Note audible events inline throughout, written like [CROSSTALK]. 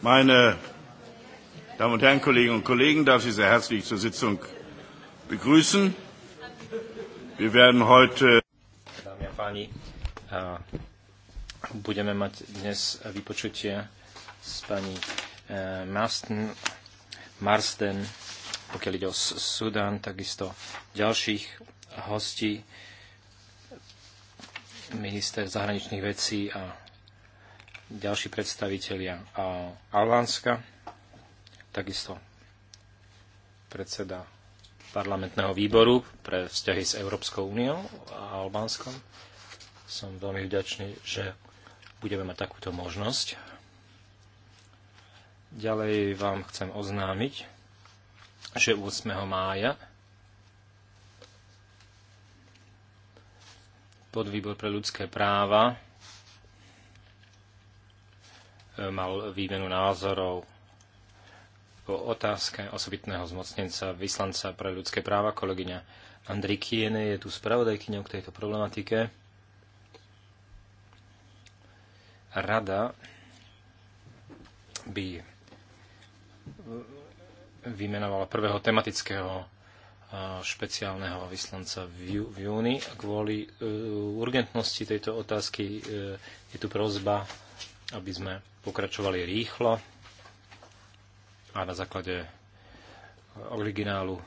Meine Damen und Herren, Kolleginnen und Kollegen, darf ich Sie sehr herzlich zur Sitzung begrüßen. Wir werden heute Dámy a páni, budeme mať dnes vypočutie s pani e, Marsten, Marsten pokiaľ ide o Sudan, takisto ďalších hostí, minister zahraničných vecí a ďalší predstavitelia Albánska, takisto predseda parlamentného výboru pre vzťahy s Európskou úniou a Albánskom. Som veľmi vďačný, že budeme mať takúto možnosť. Ďalej vám chcem oznámiť, že 8. mája podvýbor pre ľudské práva mal výmenu názorov po otázke osobitného zmocnenca vyslanca pre ľudské práva kolegyňa Andri Kiene je tu spravodajkyňou k tejto problematike. Rada by vymenovala prvého tematického špeciálneho vyslanca v júni. Kvôli e, urgentnosti tejto otázky e, je tu prozba, aby sme pokračovali rýchlo a na základe originálu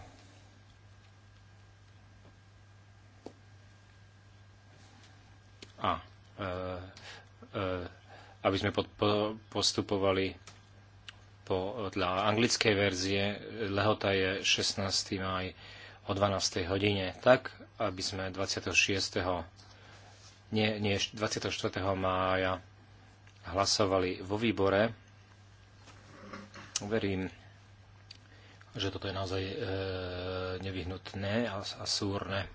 a e, e, aby sme pod, po, postupovali podľa anglickej verzie, lehota je 16. maj o 12. hodine, tak aby sme 26. Nie, nie, 24. mája hlasovali vo výbore. Verím, že toto je naozaj e, nevyhnutné a, a súrne.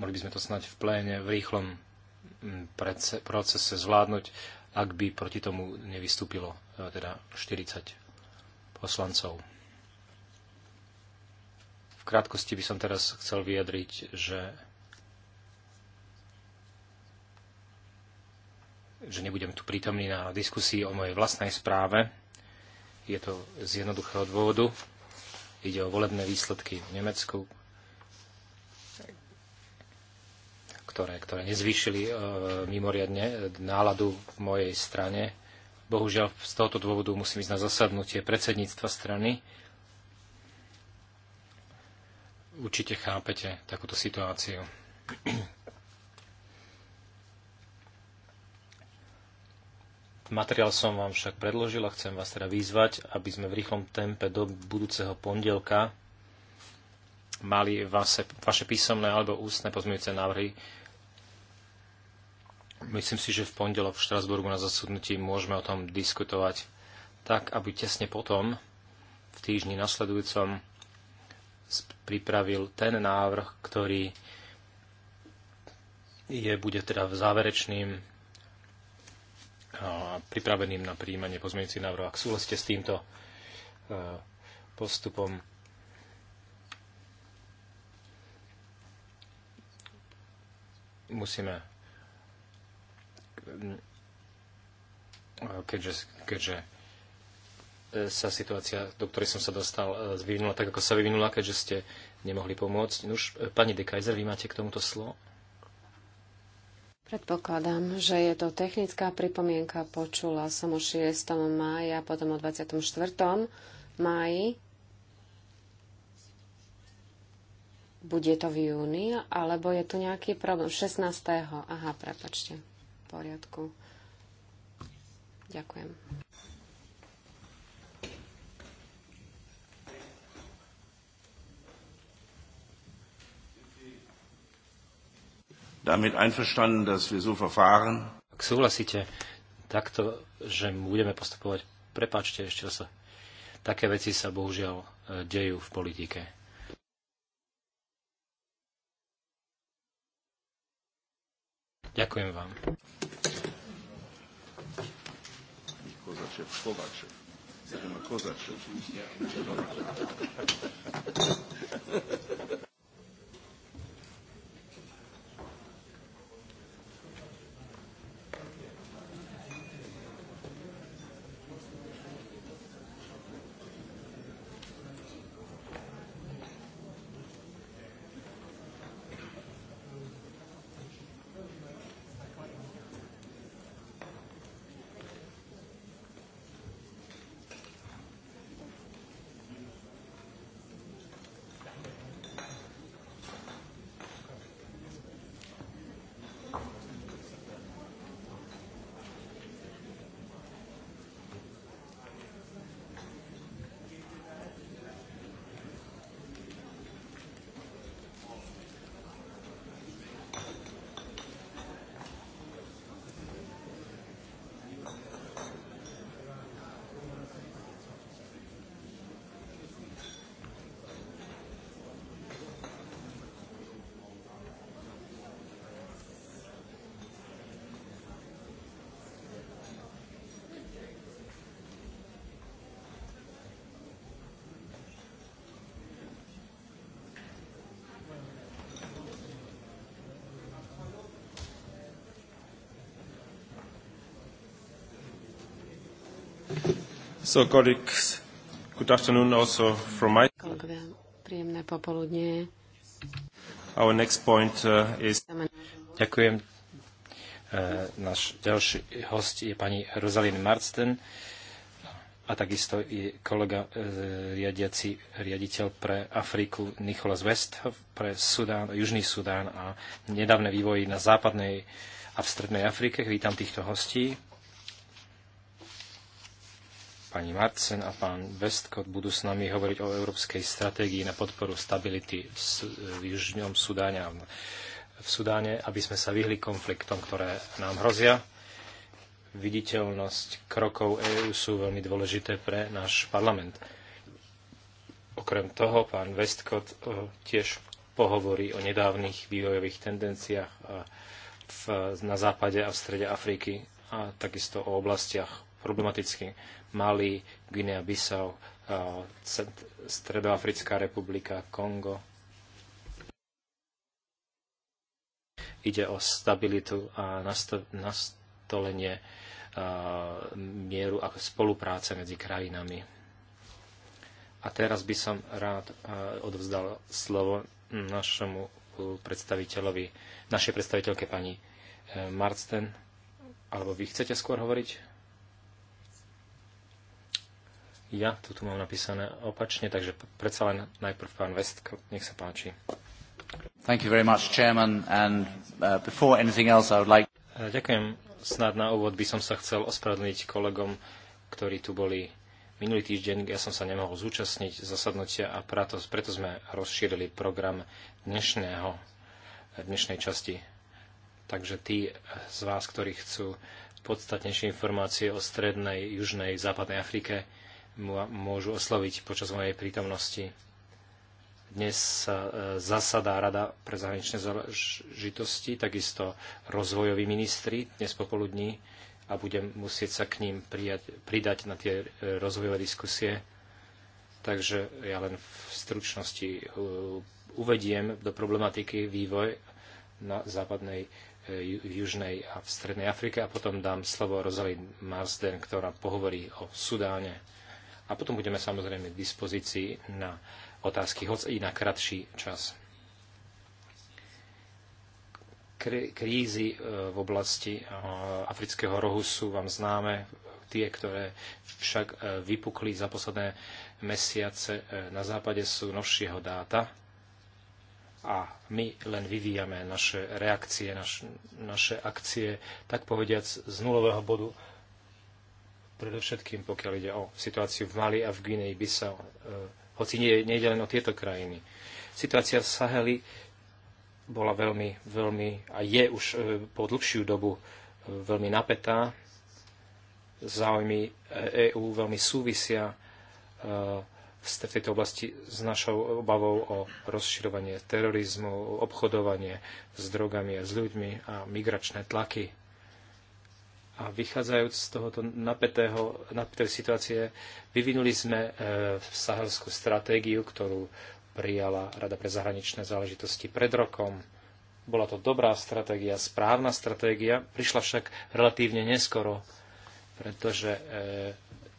Mohli by sme to snať v pléne v rýchlom procese zvládnuť, ak by proti tomu nevystúpilo e, teda 40 poslancov. V krátkosti by som teraz chcel vyjadriť, že že nebudem tu prítomný na diskusii o mojej vlastnej správe. Je to z jednoduchého dôvodu. Ide o volebné výsledky v Nemecku, ktoré, ktoré nezvýšili e, mimoriadne náladu v mojej strane. Bohužiaľ, z tohoto dôvodu musím ísť na zasadnutie predsedníctva strany. Určite chápete takúto situáciu. Materiál som vám však predložil a chcem vás teda vyzvať, aby sme v rýchlom tempe do budúceho pondelka mali vaše, vaše písomné alebo ústne pozmeňujúce návrhy. Myslím si, že v pondelok v Štrasburgu na zasudnutí môžeme o tom diskutovať tak, aby tesne potom, v týždni nasledujúcom, pripravil ten návrh, ktorý je, bude teda záverečným pripraveným na príjmanie pozmeňujúci návrhov. Ak súhlasíte s týmto e, postupom, musíme keďže, keďže e, sa situácia, do ktorej som sa dostal, e, vyvinula tak, ako sa vyvinula, keďže ste nemohli pomôcť. Už, pani de Kaiser, vy máte k tomuto slovo? Predpokladám, že je to technická pripomienka. Počula som o 6. mája, potom o 24. máji. Bude to v júni, alebo je tu nejaký problém? 16. Aha, prepačte. V poriadku. Ďakujem. damit einverstanden, dass wir so verfahren? Ak súhlasíte takto, že budeme postupovať, prepáčte ešte sa. Také veci sa bohužiaľ e, dejú v politike. Ďakujem vám. Kozačev, Kovačev. Kozačev. So, colleagues, good afternoon also from my... Kolegovia, príjemné popoludnie. Our next point uh, is... Ďakujem. Uh, náš ďalší host je pani Rosaline Marsten a takisto je kolega uh, riadiaci, riaditeľ pre Afriku Nicholas West pre Sudán, Južný Sudán a nedávne vývoji na západnej a v Strednej Afrike. Vítam týchto hostí. Pani Marcen a pán Westcott budú s nami hovoriť o európskej stratégii na podporu stability v, v Južnom Sudáne a v Sudáne, aby sme sa vyhli konfliktom, ktoré nám hrozia. Viditeľnosť krokov EÚ sú veľmi dôležité pre náš parlament. Okrem toho, pán Westcott eh, tiež pohovorí o nedávnych vývojových tendenciách eh, v, na západe a v strede Afriky a takisto o oblastiach problematicky. Mali, Guinea-Bissau, Stredoafrická republika, Kongo. Ide o stabilitu a nastolenie mieru a spolupráce medzi krajinami. A teraz by som rád odovzdal slovo našemu predstaviteľovi, našej predstaviteľke pani e, Marsten. Alebo vy chcete skôr hovoriť? Ja to tu mám napísané opačne, takže predsa len najprv pán West, nech sa páči. Thank you very much, Chairman, and uh, before anything else I would like... Uh, ďakujem. Snad na úvod by som sa chcel ospravedlniť kolegom, ktorí tu boli minulý týždeň. Ja som sa nemohol zúčastniť zasadnutia a preto, preto sme rozšírili program dnešného, dnešnej časti. Takže tí z vás, ktorí chcú podstatnejšie informácie o strednej, južnej, západnej Afrike, môžu osloviť počas mojej prítomnosti. Dnes sa e, zasadá Rada pre zahraničné záležitosti, takisto rozvojoví ministri dnes popoludní a budem musieť sa k ním prijať, pridať na tie e, rozvojové diskusie. Takže ja len v stručnosti e, uvediem do problematiky vývoj na západnej, južnej a v strednej Afrike a potom dám slovo Rosalind Marsden, ktorá pohovorí o Sudáne. A potom budeme samozrejme k dispozícii na otázky, hoc i na kratší čas. Krízy e, v oblasti e, afrického rohu sú vám známe, tie, ktoré však e, vypukli za posledné mesiace na západe sú novšieho dáta a my len vyvíjame naše reakcie, naš, naše akcie, tak povediac, z nulového bodu predovšetkým pokiaľ ide o situáciu v Mali a v Guinei Bissau, e, hoci nie, nie ide len o tieto krajiny. Situácia v Saheli bola veľmi, veľmi a je už e, po dlhšiu dobu e, veľmi napätá. Záujmy EÚ veľmi súvisia v tejto oblasti s našou obavou o rozširovanie terorizmu, obchodovanie s drogami a s ľuďmi a migračné tlaky a vychádzajúc z tohoto napätého, napätej situácie, vyvinuli sme v e, Sahelsku stratégiu, ktorú prijala Rada pre zahraničné záležitosti pred rokom. Bola to dobrá stratégia, správna stratégia, prišla však relatívne neskoro, pretože e,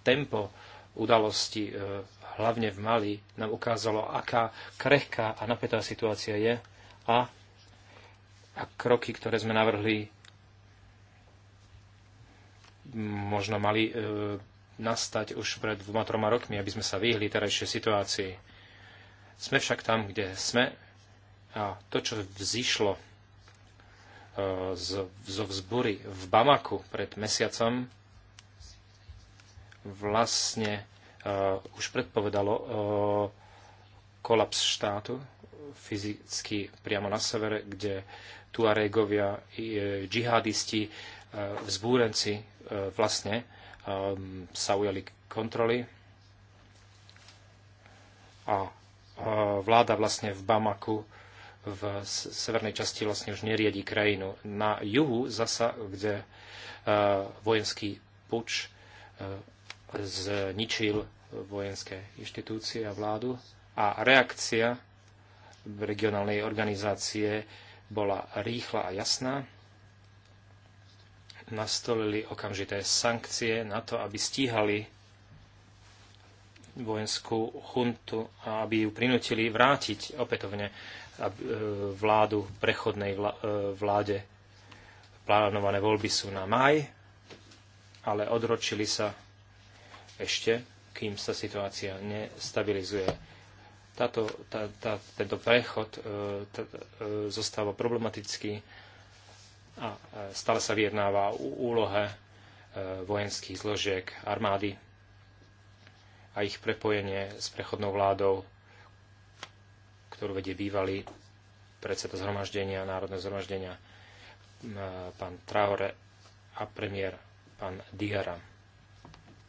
tempo udalosti, e, hlavne v Mali, nám ukázalo, aká krehká a napätá situácia je a, a kroky, ktoré sme navrhli, možno mali e, nastať už pred dvoma, troma rokmi, aby sme sa vyhli terajšej situácii. Sme však tam, kde sme a to, čo vzýšlo e, z, zo vzbury v Bamaku pred mesiacom, vlastne e, už predpovedalo e, kolaps štátu fyzicky priamo na severe, kde Tuaregovia, e, džihadisti E, vzbúrenci e, vlastne e, sa ujali kontroly a vláda vlastne v Bamaku v severnej časti vlastne už neriedi krajinu. Na juhu zasa, kde vojenský puč zničil vojenské inštitúcie a vládu a reakcia regionálnej organizácie bola rýchla a jasná nastolili okamžité sankcie na to, aby stíhali vojenskú chuntu a aby ju prinútili vrátiť opätovne e, vládu prechodnej e, vláde. Plánované voľby sú na maj, ale odročili sa ešte, kým sa situácia nestabilizuje. Táto, tá, tá, tento prechod e, tá, zostáva problematický a e, stále sa vyjednáva o úlohe e, vojenských zložiek armády a ich prepojenie s prechodnou vládou, ktorú vedie bývalý predseda zhromaždenia, národného zhromaždenia, e, pán Traore a premiér pán Diara,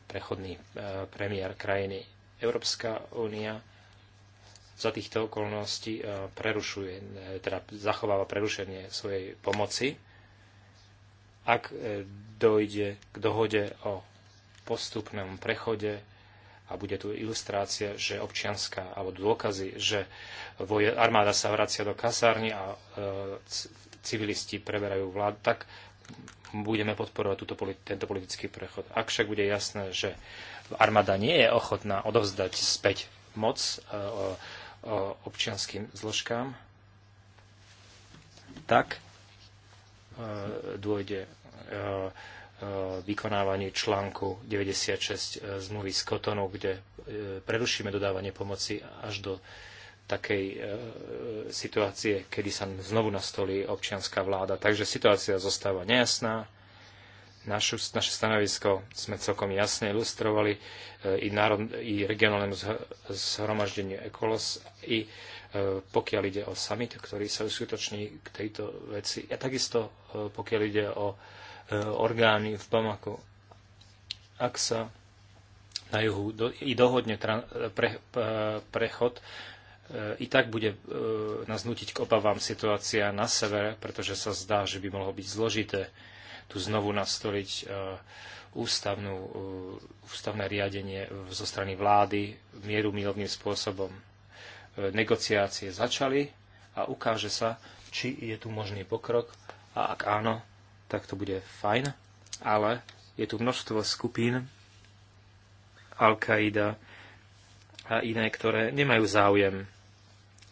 prechodný premiér krajiny. Európska únia za týchto okolností prerušuje, teda zachováva prerušenie svojej pomoci ak e, dojde k dohode o postupnom prechode a bude tu ilustrácia, že občianská, alebo dôkazy, že voje, armáda sa vracia do kasárny a e, civilisti preberajú vládu, tak budeme podporovať túto, tento politický prechod. Ak však bude jasné, že armáda nie je ochotná odovzdať späť moc e, e, občianským zložkám, tak E, dôjde e, e, vykonávanie článku 96 zmluvy z Kotonou, kde prerušíme dodávanie pomoci až do takej situácie, kedy sa znovu nastolí občianská vláda. Takže situácia zostáva nejasná. Našu, naše stanovisko sme celkom jasne ilustrovali i, národ, i regionálnemu zhromaždeniu ECOLOS, i E, pokiaľ ide o summit, ktorý sa uskutoční k tejto veci a takisto e, pokiaľ ide o e, orgány v Bamaku. Ak sa na juhu do, i dohodne tra, pre, prechod, i tak bude nás nutiť k obavám situácia na severe, pretože sa zdá, že by mohlo byť zložité tu znovu nastoliť ústavnú, ústavné riadenie zo strany vlády mieru milovným spôsobom E, negociácie začali a ukáže sa, či je tu možný pokrok a ak áno, tak to bude fajn, ale je tu množstvo skupín Al-Qaida a iné, ktoré nemajú záujem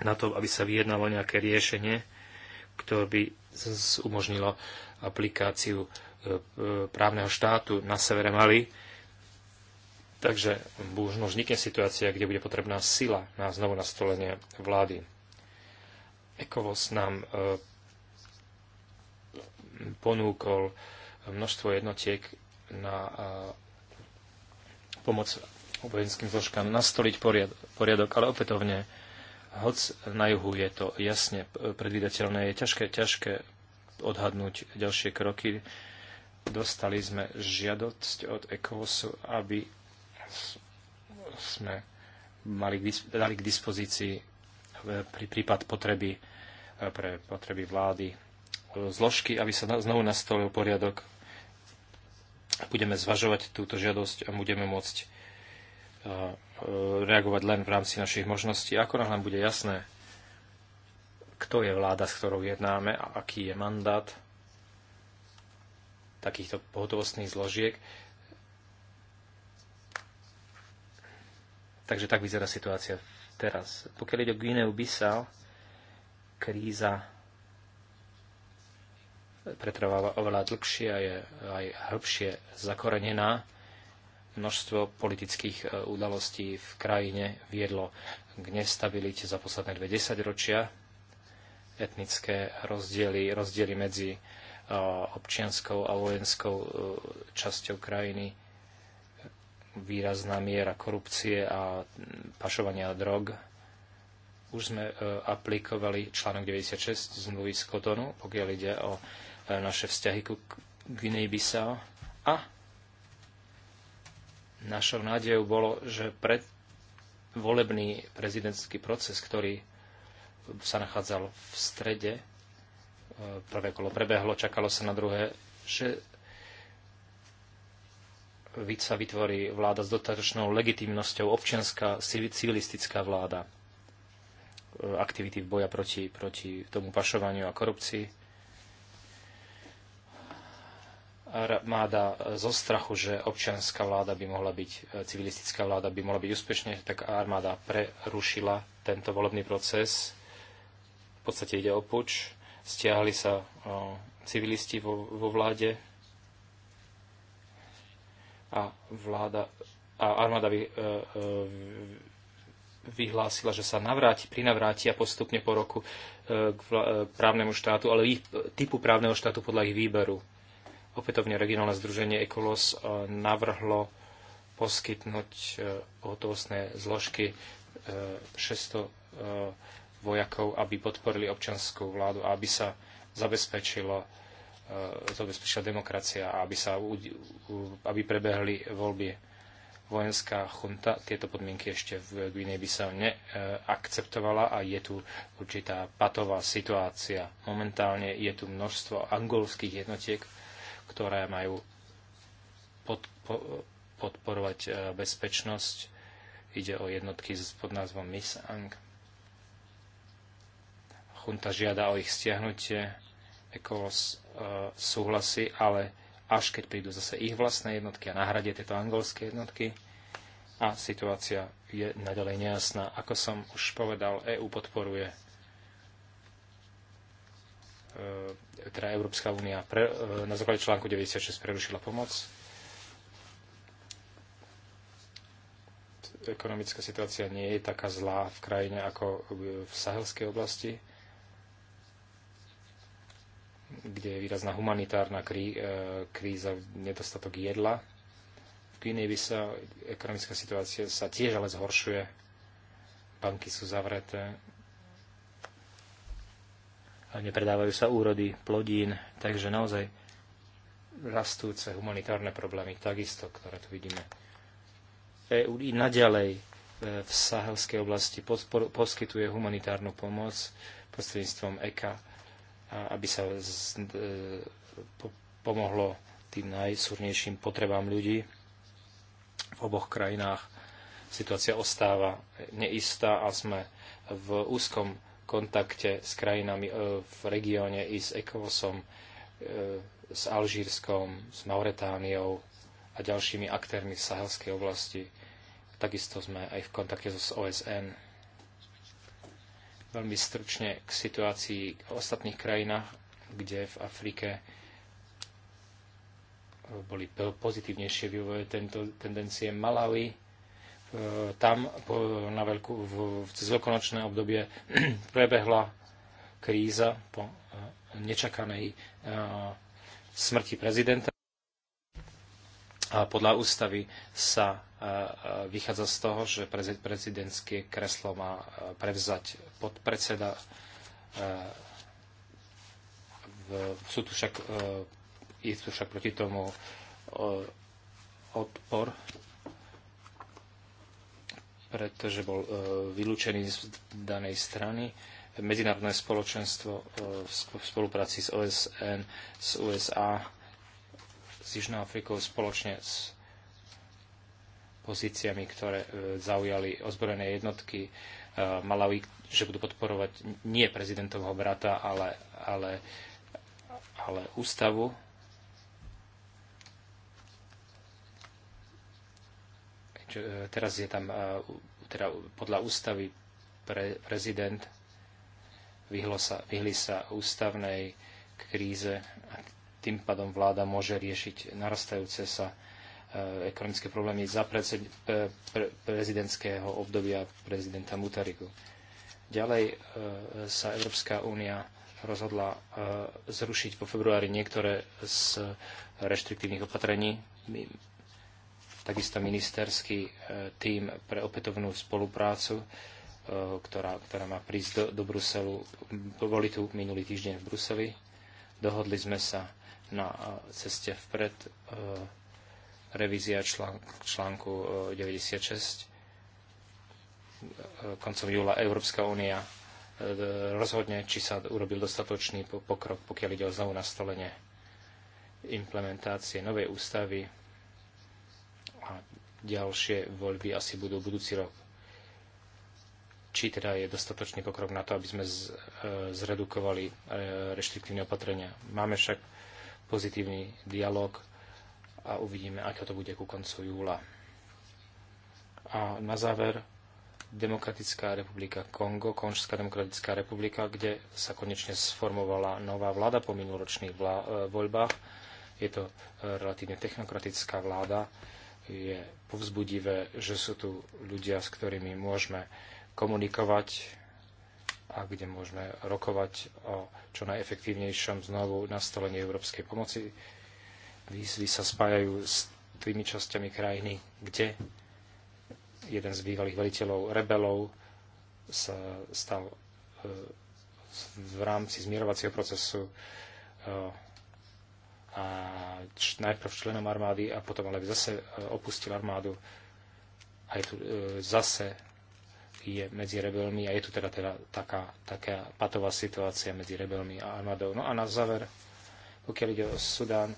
na to, aby sa vyjednalo nejaké riešenie, ktoré by umožnilo aplikáciu e, e, právneho štátu na severe Mali, Takže možno vznikne situácia, kde bude potrebná sila na znovu nastolenie vlády. Ekovos nám e, ponúkol množstvo jednotiek na e, pomoc vojenským zložkám nastoliť poriadok, ale opätovne, hoc na juhu je to jasne predvídateľné, je ťažké, ťažké odhadnúť ďalšie kroky. Dostali sme žiadosť od ECOSu, aby sme mali, dali k dispozícii e, pri prípad potreby e, pre potreby vlády e, zložky, aby sa znovu nastolil poriadok. Budeme zvažovať túto žiadosť a budeme môcť reagovať len v rámci našich možností. Ako nám bude jasné, kto je vláda, s ktorou jednáme a aký je mandát takýchto pohotovostných zložiek, Takže tak vyzerá situácia teraz. Pokiaľ ide o Guineu Bissau, kríza pretrváva oveľa dlhšie a je aj hĺbšie zakorenená. Množstvo politických e, udalostí v krajine viedlo k nestabilite za posledné dve desaťročia. Etnické rozdiely, rozdiely medzi e, občianskou a vojenskou e, časťou krajiny výrazná miera korupcie a pašovania drog. Už sme e, aplikovali článok 96 z mluvy z Kotonu, pokiaľ ide o e, naše vzťahy ku Guinea-Bissau. A našou nádejou bolo, že pred volebný prezidentský proces, ktorý sa nachádzal v strede, e, prvé kolo prebehlo, čakalo sa na druhé, že sa vytvorí vláda s dotatočnou legitimnosťou, občianská civilistická vláda e, aktivity v boja proti, proti tomu pašovaniu a korupcii. Armáda zo strachu, že občianská vláda by mohla byť, e, civilistická vláda by mohla byť úspešne, tak armáda prerušila tento volebný proces. V podstate ide o puč. Stiahli sa e, civilisti vo, vo vláde, a vláda a armáda vy, e, e, vyhlásila, že sa navráti, prinavrátia postupne po roku e, k právnemu štátu, ale ich typu právneho štátu podľa ich výberu. Opätovne regionálne združenie Ekolos navrhlo poskytnúť hotovostné zložky 600 vojakov, aby podporili občanskú vládu a aby sa zabezpečilo E, zabezpečila demokracia a aby, sa, aby prebehli voľby vojenská chunta tieto podmienky ešte v Gvinej by sa neakceptovala a je tu určitá patová situácia. Momentálne je tu množstvo angolských jednotiek, ktoré majú pod, po, podporovať e, bezpečnosť. Ide o jednotky pod názvom Ang. Chunta žiada o ich stiahnutie. ECOWAS E, súhlasy, ale až keď prídu zase ich vlastné jednotky a nahradia tieto angolské jednotky a situácia je naďalej nejasná. Ako som už povedal, EÚ podporuje e, teda Európska únia e, na základe článku 96 prerušila pomoc ekonomická situácia nie je taká zlá v krajine ako v sahelskej oblasti kde je výrazná humanitárna krí, e, kríza, nedostatok jedla. V Guinei by sa ekonomická situácia sa tiež ale zhoršuje. Banky sú zavreté. A nepredávajú sa úrody plodín, takže naozaj rastúce humanitárne problémy takisto, ktoré tu vidíme. EU i naďalej e, v sahelskej oblasti poskytuje humanitárnu pomoc prostredníctvom EKA aby sa z, e, pomohlo tým najsúrnejším potrebám ľudí. V oboch krajinách situácia ostáva neistá a sme v úzkom kontakte s krajinami e, v regióne i s Ecosom, e, s Alžírskom, s Mauretániou a ďalšími aktérmi v sahelskej oblasti. Takisto sme aj v kontakte s OSN. Veľmi stručne k situácii v ostatných krajinách, kde v Afrike eh, boli pozitívnejšie vývoje tento, tendencie Malawi. Eh, tam na veľkú, v, cez veľkonočné obdobie [CLEARS THROAT] prebehla kríza po eh, nečakanej smrti prezidenta podľa ústavy sa e, e, vychádza z toho, že prezidentské kreslo má e, prevzať podpredseda. Sú tu však, je tu však proti tomu odpor, pretože bol vylúčený z danej strany medzinárodné spoločenstvo v spolupráci s OSN, s USA s Južnou Afrikou spoločne s pozíciami, ktoré e, zaujali ozbrojené jednotky e, Malawi, že budú podporovať nie prezidentovho brata, ale, ale, ale ústavu. E, teraz je tam teda podľa ústavy pre, prezident vyhlo sa, vyhli sa ústavnej kríze a tým pádom vláda môže riešiť narastajúce sa e, ekonomické problémy za e, prezidentského obdobia prezidenta Mutariku. Ďalej e, sa Európska únia rozhodla zrušiť po februári niektoré z reštriktívnych opatrení. Takisto ministerský tím pre opätovnú spoluprácu, ktorá, ktorá má prísť do, do Bruselu, boli tu minulý týždeň v Bruseli. Dohodli sme sa na ceste vpred e, revízia článku 96 e, e, koncom júla Európska únia rozhodne, či sa urobil dostatočný pokrok, pokiaľ ide o znovu nastolenie implementácie novej ústavy a ďalšie voľby asi budú budúci rok. Či teda je dostatočný pokrok na to, aby sme zredukovali reštriktívne opatrenia. Máme však pozitívny dialog a uvidíme, ako to bude ku koncu júla. A na záver Demokratická republika Kongo, Konžská demokratická republika, kde sa konečne sformovala nová vláda po minuloročných vlá- e, voľbách. Je to e, relatívne technokratická vláda. Je povzbudivé, že sú tu ľudia, s ktorými môžeme komunikovať, a kde môžeme rokovať o čo najefektívnejšom znovu nastolení európskej pomoci. Výzvy sa spájajú s tými časťami krajiny, kde jeden z bývalých veliteľov rebelov sa stal e, v rámci zmierovacieho procesu e, a najprv členom armády a potom ale zase e, opustil armádu. Aj tu zase je medzi rebelmi a je tu teda, teda taká, taká patová situácia medzi rebelmi a armádou. No a na záver, pokiaľ ide o Sudán,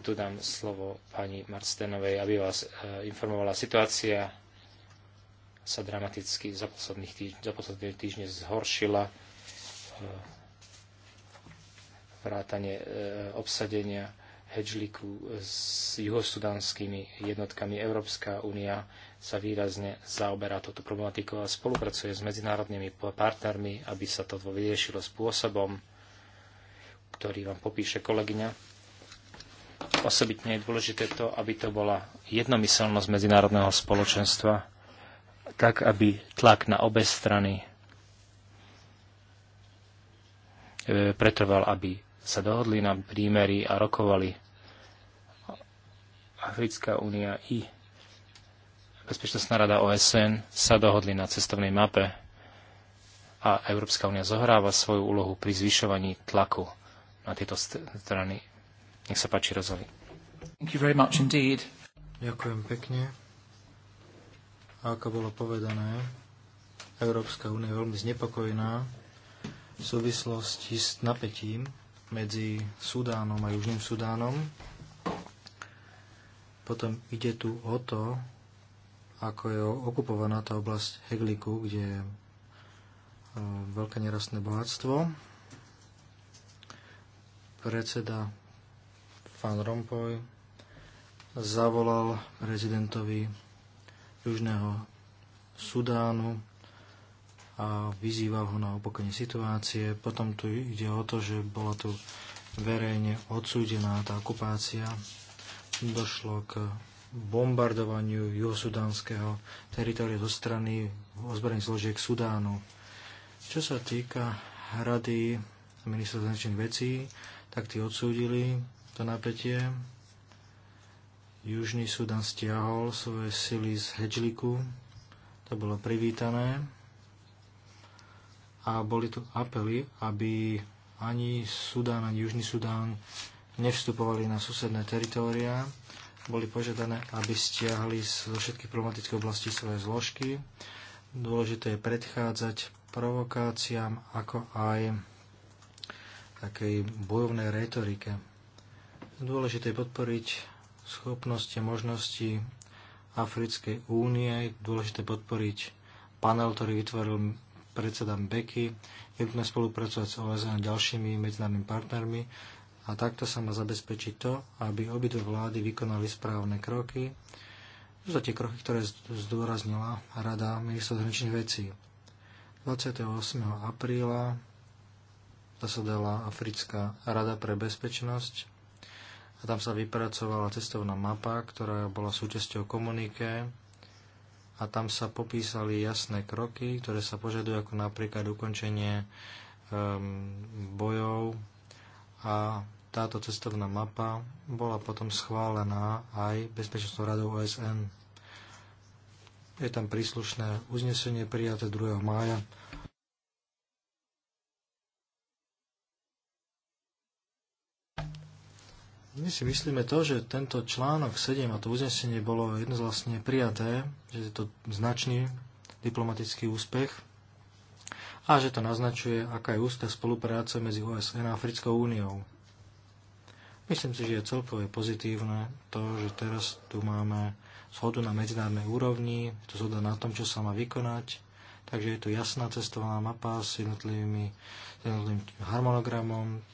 tu dám slovo pani Marstenovej, aby vás e, informovala. Situácia sa dramaticky za, posledných týž- za posledný týždne zhoršila. E, vrátanie e, obsadenia Hedžliku s juhosudánskymi jednotkami Európska únia sa výrazne zaoberá touto problematikou a spolupracuje s medzinárodnými partnermi, aby sa to vyriešilo spôsobom, ktorý vám popíše kolegyňa. Osobitne je dôležité to, aby to bola jednomyselnosť medzinárodného spoločenstva, tak aby tlak na obe strany e, pretrval, aby sa dohodli na prímery a rokovali Africká únia i Bezpečnostná rada OSN sa dohodli na cestovnej mape a Európska únia zohráva svoju úlohu pri zvyšovaní tlaku na tieto strany. Nech sa páči, Rozali. Ďakujem pekne. A ako bolo povedané, Európska únia je veľmi znepokojená v súvislosti s napätím medzi Sudánom a Južným Sudánom. Potom ide tu o to, ako je okupovaná tá oblasť Hegliku, kde je e, veľké nerastné bohatstvo. Predseda Van Rompuy zavolal prezidentovi Južného Sudánu a vyzýval ho na opokojenie situácie. Potom tu ide o to, že bola tu verejne odsúdená tá okupácia. Došlo k bombardovaniu juhosudánskeho teritoria zo strany ozbrojených zložiek Sudánu. Čo sa týka rady ministra zahraničných vecí, tak tí odsúdili to napätie. Južný Sudan stiahol svoje sily z Hedžliku. To bolo privítané. A boli tu apely, aby ani Sudán, ani Južný Sudán nevstupovali na susedné teritória boli požiadané, aby stiahli zo všetkých problematických oblastí svoje zložky. Dôležité je predchádzať provokáciám, ako aj takej bojovnej retorike. Dôležité je podporiť schopnosti a možnosti Africkej únie, dôležité podporiť panel, ktorý vytvoril predseda Beky, je spolupracovať s OSN a ďalšími medzinárodnými partnermi, a takto sa má zabezpečiť to, aby obidve vlády vykonali správne kroky. Sú tie kroky, ktoré zdôraznila Rada ministrov zahraničných vecí. 28. apríla zasadala Africká rada pre bezpečnosť a tam sa vypracovala cestovná mapa, ktorá bola súčasťou komuniké a tam sa popísali jasné kroky, ktoré sa požadujú ako napríklad ukončenie um, bojov a táto cestovná mapa bola potom schválená aj Bezpečnostnou radou OSN. Je tam príslušné uznesenie prijaté 2. mája. My si myslíme to, že tento článok 7 a to uznesenie bolo jednoznačne prijaté, že je to značný diplomatický úspech a že to naznačuje, aká je úzka spolupráca medzi OSN a Africkou úniou. Myslím si, že je celkové pozitívne to, že teraz tu máme zhodu na medzinárodnej úrovni, je to zhoda na tom, čo sa má vykonať, takže je tu jasná cestovaná mapa s jednotlivými, s jednotlivým harmonogramom.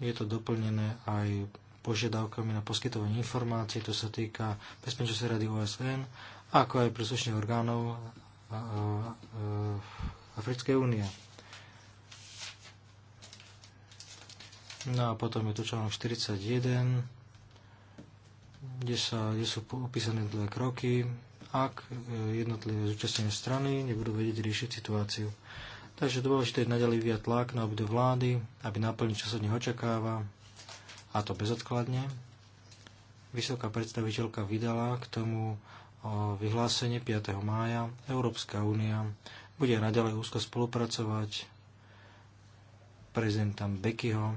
Je to doplnené aj požiadavkami na poskytovanie informácií, to sa týka bezpečnosti rady OSN, ako aj príslušných orgánov Africkej únie. No a potom je tu článok 41, kde, sa, kde sú opísané dve kroky, ak e, jednotlivé zúčastnené strany nebudú vedieť riešiť situáciu. Takže dôležité je naďalej vyjať tlak na obdve vlády, aby naplniť, čo sa od nich očakáva, a to bezodkladne. Vysoká predstaviteľka vydala k tomu vyhlásenie 5. mája. Európska únia bude naďalej úzko spolupracovať prezidentom Bekyho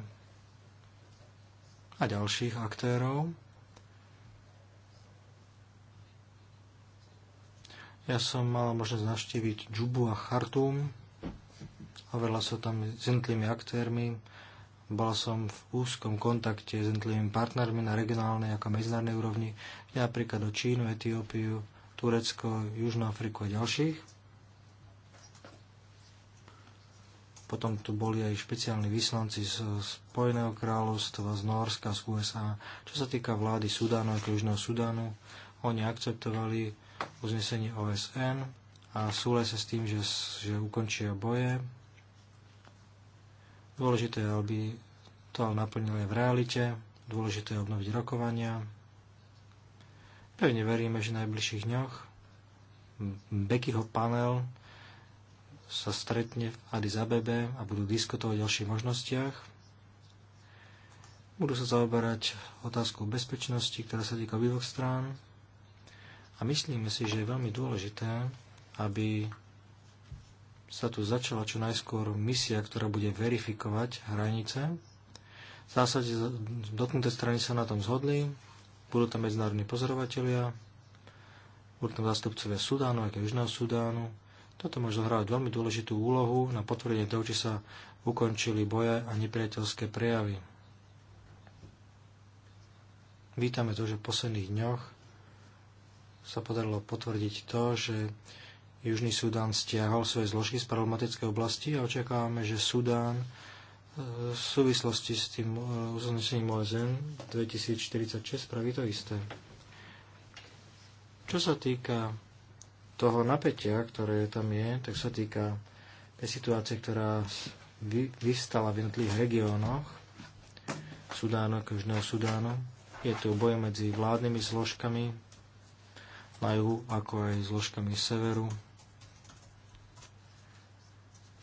a ďalších aktérov. Ja som mal možnosť navštíviť Džubu a Chartum. Hovorila som tam s jednotlivými aktérmi. Bola som v úzkom kontakte s jednotlivými partnermi na regionálnej ako medzinárodnej úrovni, napríklad do Čínu, Etiópiu, Turecko, Južnú Afriku a ďalších. Potom tu boli aj špeciálni vyslanci z Spojeného kráľovstva, z Norska, z USA. Čo sa týka vlády Sudánu a Južného Sudánu, oni akceptovali uznesenie OSN a sa s tým, že, že ukončia boje. Dôležité je, aby to ale naplnili aj v realite. Dôležité je obnoviť rokovania. Pevne veríme, že v najbližších dňoch Bekyho panel sa stretne v Addis Abebe a budú diskutovať o ďalších možnostiach. Budú sa zaoberať otázkou bezpečnosti, ktorá sa týka obidvoch strán. A myslíme si, že je veľmi dôležité, aby sa tu začala čo najskôr misia, ktorá bude verifikovať hranice. V zásade dotknuté strany sa na tom zhodli, budú tam medzinárodní pozorovatelia, budú tam zástupcovia Sudánu, aj Južného Sudánu, toto môže zohrávať veľmi dôležitú úlohu na potvrdenie toho, či sa ukončili boje a nepriateľské prejavy. Vítame to, že v posledných dňoch sa podarilo potvrdiť to, že Južný Sudán stiahol svoje zložky z problematickej oblasti a očakávame, že Sudán e, v súvislosti s tým uznesením OSN 2046 spraví to isté. Čo sa týka toho napätia, ktoré tam je, tak sa týka tej situácie, ktorá vy, vystala v jednotlivých regiónoch Sudánu, Južného Sudánu. Je tu boj medzi vládnymi zložkami na juhu, ako aj zložkami severu.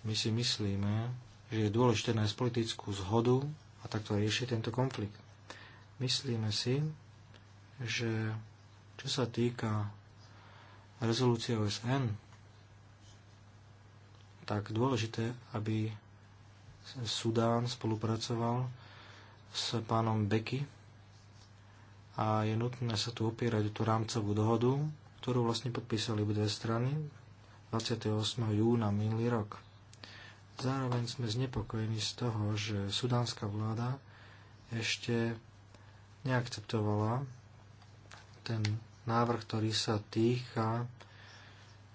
My si myslíme, že je dôležité nájsť politickú zhodu a takto riešiť tento konflikt. Myslíme si, že čo sa týka rezolúcie OSN, tak dôležité, aby Sudán spolupracoval s pánom Beky a je nutné sa tu opierať o tú rámcovú dohodu, ktorú vlastne podpísali dve strany 28. júna minulý rok. Zároveň sme znepokojení z toho, že sudánska vláda ešte neakceptovala ten návrh, ktorý sa týka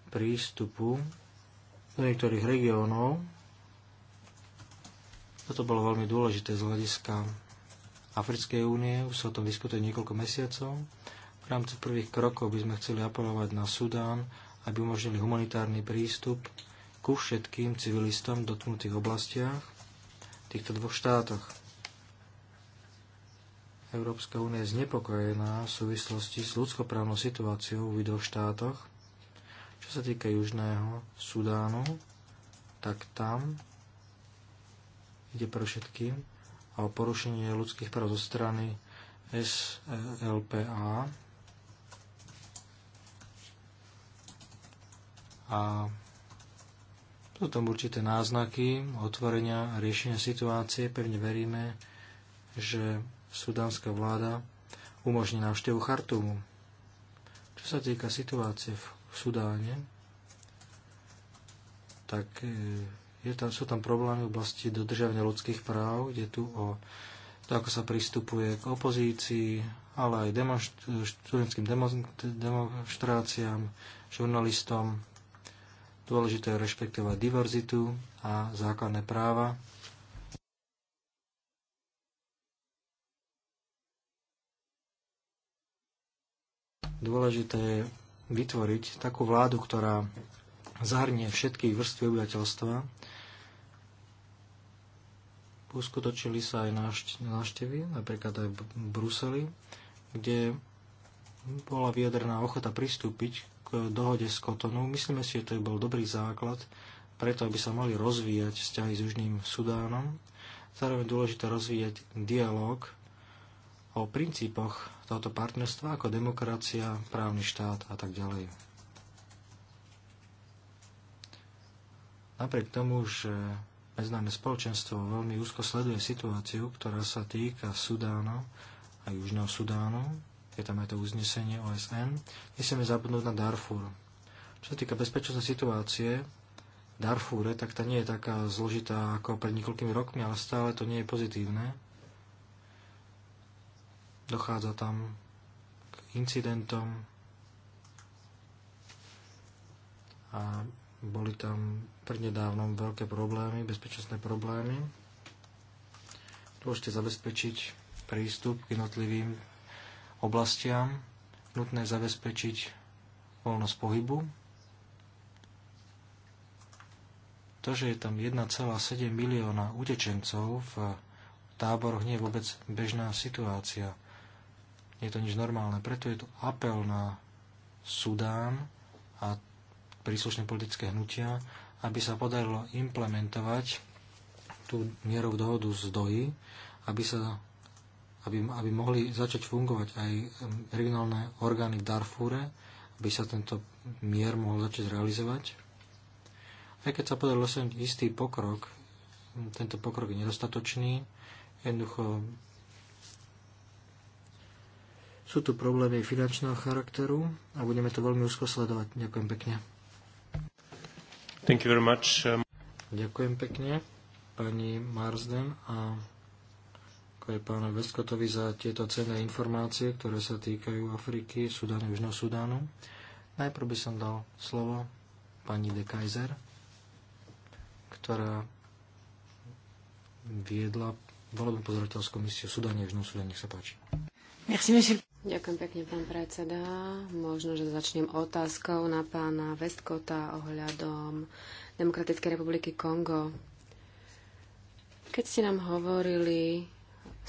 prístupu do niektorých regiónov. Toto bolo veľmi dôležité z hľadiska Africkej únie, už sa o tom diskutuje niekoľko mesiacov. V rámci prvých krokov by sme chceli apelovať na Sudán, aby umožnili humanitárny prístup ku všetkým civilistom v dotknutých oblastiach v týchto dvoch štátoch. Európska únie je znepokojená v súvislosti s ľudskoprávnou situáciou v dvoch štátoch. Čo sa týka Južného Sudánu, tak tam ide pre všetkým a o porušenie ľudských práv zo strany SLPA a sú tam určité náznaky otvorenia a riešenia situácie. Pevne veríme, že sudánska vláda umožní návštevu Chartúmu. Čo sa týka situácie v Sudáne, tak e, je tam, sú tam problémy v oblasti dodržiavania ľudských práv, kde tu o to, ako sa pristupuje k opozícii, ale aj demonstr- študentským demonstráciám, žurnalistom. Dôležité je rešpektovať diverzitu a základné práva Dôležité je vytvoriť takú vládu, ktorá zahrnie všetky vrstvy obyvateľstva. Uskutočili sa aj návštevy, napríklad aj v Bruseli, kde bola vyjadrená ochota pristúpiť k dohode s Kotonu. Myslíme si, že to bol dobrý základ preto, aby sa mali rozvíjať vzťahy s Južným Sudánom. Zároveň dôležité rozvíjať dialog o princípoch tohoto partnerstva ako demokracia, právny štát a tak ďalej. Napriek tomu, že medzinárodné spoločenstvo veľmi úzko sleduje situáciu, ktorá sa týka Sudánu a Južného Sudánu, je tam aj to uznesenie OSN, nesieme zabudnúť na Darfur. Čo sa týka bezpečnostnej situácie v Darfúre, tak tá nie je taká zložitá ako pred niekoľkými rokmi, ale stále to nie je pozitívne. Dochádza tam k incidentom a boli tam prednedávnom veľké problémy, bezpečnostné problémy. Dôležité zabezpečiť prístup k jednotlivým oblastiam, nutné zabezpečiť voľnosť pohybu. To, že je tam 1,7 milióna utečencov v táboroch, nie je vôbec bežná situácia nie je to nič normálne. Preto je to apel na Sudán a príslušné politické hnutia, aby sa podarilo implementovať tú mierovú dohodu z DOI, aby, sa, aby, aby mohli začať fungovať aj um, regionálne orgány v Darfúre, aby sa tento mier mohol začať realizovať. Aj keď sa podarilo dosiahnuť istý pokrok, tento pokrok je nedostatočný, jednoducho sú tu problémy finančného charakteru a budeme to veľmi úzko sledovať. Ďakujem pekne. Thank you very much. Um, Ďakujem pekne pani Marsden a aj pána Veskotovi za tieto cenné informácie, ktoré sa týkajú Afriky, Sudánu, Južného Sudánu. Najprv by som dal slovo pani de Kaiser, ktorá viedla volebnú pozorateľskú misiu Sudáne, Južnom Sudáne. Nech sa páči. Merci, monsieur. Ďakujem pekne, pán predseda. Možno, že začnem otázkou na pána Vestkota ohľadom Demokratickej republiky Kongo. Keď ste nám hovorili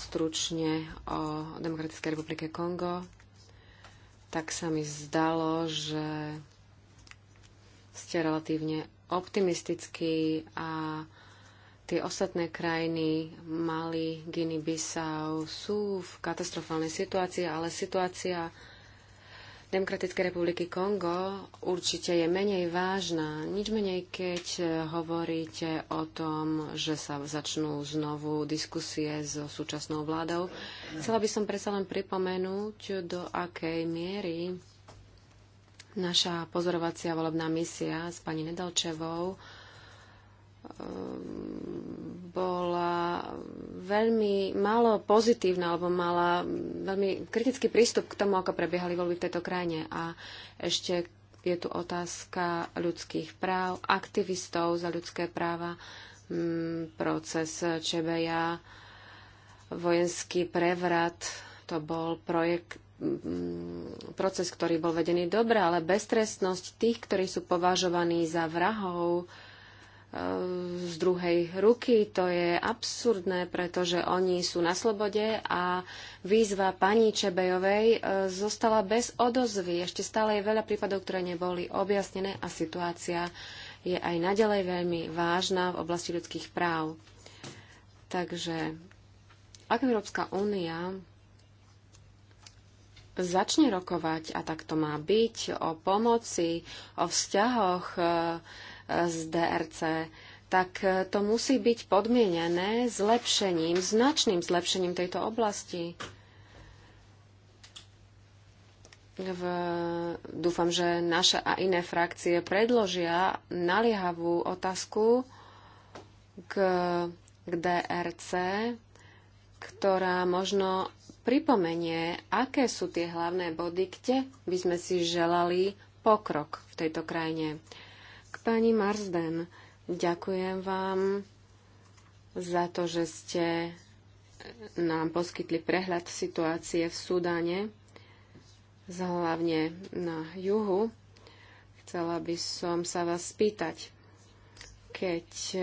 stručne o Demokratickej republike Kongo, tak sa mi zdalo, že ste relatívne optimistický a tie ostatné krajiny, Mali, Guinea-Bissau, sú v katastrofálnej situácii, ale situácia Demokratickej republiky Kongo určite je menej vážna. Nič menej, keď hovoríte o tom, že sa začnú znovu diskusie so súčasnou vládou. Chcela by som predsa len pripomenúť, do akej miery naša pozorovacia volebná misia s pani Nedalčevou bola veľmi málo pozitívna, alebo mala veľmi kritický prístup k tomu, ako prebiehali voľby v tejto krajine. A ešte je tu otázka ľudských práv, aktivistov za ľudské práva, mm, proces Čebeja, vojenský prevrat, to bol projekt, mm, proces, ktorý bol vedený dobre, ale beztrestnosť tých, ktorí sú považovaní za vrahov, Eh, z druhej ruky. To je absurdné, pretože oni sú na slobode a výzva pani Čebejovej eh, zostala bez odozvy. Ešte stále je veľa prípadov, ktoré neboli objasnené a situácia je aj naďalej veľmi vážna v oblasti ľudských práv. Takže ak Európska únia začne rokovať, a tak to má byť, o pomoci, o vzťahoch, eh, z DRC, tak e, to musí byť podmienené zlepšením, značným zlepšením tejto oblasti. V, dúfam, že naše a iné frakcie predložia naliehavú otázku k, k DRC, ktorá možno pripomenie, aké sú tie hlavné body, kde by sme si želali pokrok v tejto krajine pani Marsden. Ďakujem vám za to, že ste nám poskytli prehľad situácie v Sudáne, hlavne na juhu. Chcela by som sa vás spýtať, keď e,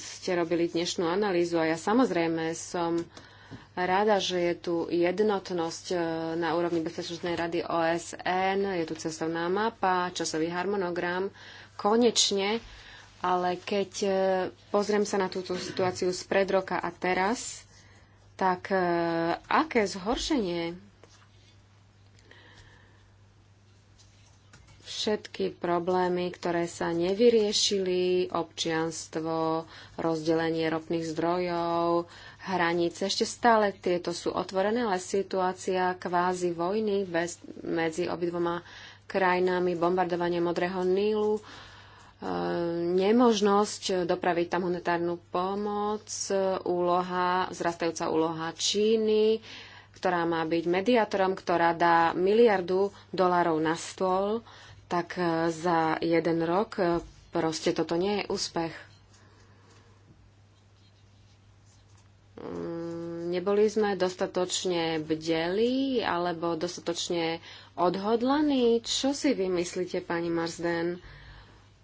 ste robili dnešnú analýzu, a ja samozrejme som rada, že je tu jednotnosť e, na úrovni Bezpečnostnej rady OSN, je tu cestovná mapa, časový harmonogram, konečne, ale keď e, pozriem sa na túto situáciu z pred roka a teraz, tak e, aké zhoršenie všetky problémy, ktoré sa nevyriešili, občianstvo, rozdelenie ropných zdrojov, hranice. Ešte stále tieto sú otvorené, ale situácia kvázi vojny bez, medzi obidvoma krajinami, bombardovanie Modrého Nílu, nemožnosť dopraviť tam humanitárnu pomoc, úloha, zrastajúca úloha Číny, ktorá má byť mediátorom, ktorá dá miliardu dolárov na stôl, tak eh, za jeden rok eh, proste toto nie je úspech. Mm, neboli sme dostatočne bdeli alebo dostatočne odhodlaní. Čo si vymyslíte, pani Marsden?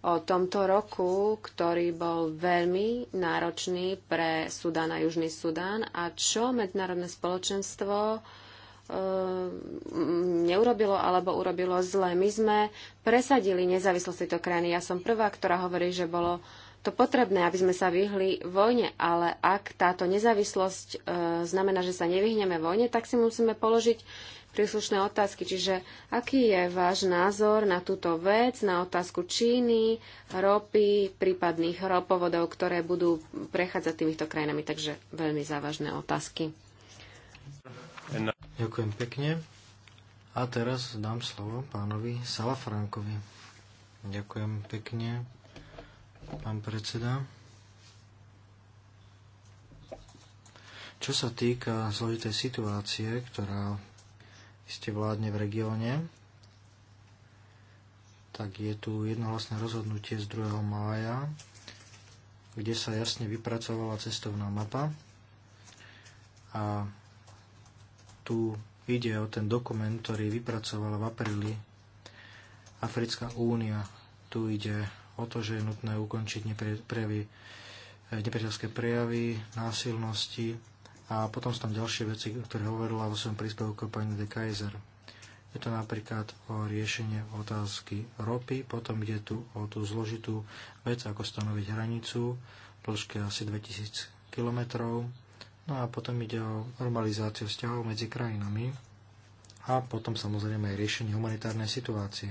o tomto roku, ktorý bol veľmi náročný pre Sudán a Južný Sudán a čo medzinárodné spoločenstvo e, neurobilo alebo urobilo zle. My sme presadili nezávislosť tejto krajiny. Ja som prvá, ktorá hovorí, že bolo to potrebné, aby sme sa vyhli vojne, ale ak táto nezávislosť e, znamená, že sa nevyhneme vojne, tak si musíme položiť príslušné otázky. Čiže aký je váš názor na túto vec, na otázku Číny, ropy, prípadných ropovodov, ktoré budú prechádzať týmito krajinami? Takže veľmi závažné otázky. Ďakujem pekne. A teraz dám slovo pánovi Salafrankovi. Ďakujem pekne, pán predseda. Čo sa týka zložitej situácie, ktorá iste vládne v regióne, tak je tu jednohlasné rozhodnutie z 2. mája, kde sa jasne vypracovala cestovná mapa a tu ide o ten dokument, ktorý vypracovala v apríli Africká únia. Tu ide o to, že je nutné ukončiť eh, nepriateľské prejavy, násilnosti, a potom sú tam ďalšie veci, ktoré hovorila vo svojom príspevku pani de Kaiser. Je to napríklad o riešenie otázky ropy, potom ide tu o tú zložitú vec, ako stanoviť hranicu, dĺžke asi 2000 km, no a potom ide o normalizáciu vzťahov medzi krajinami a potom samozrejme aj riešenie humanitárnej situácie.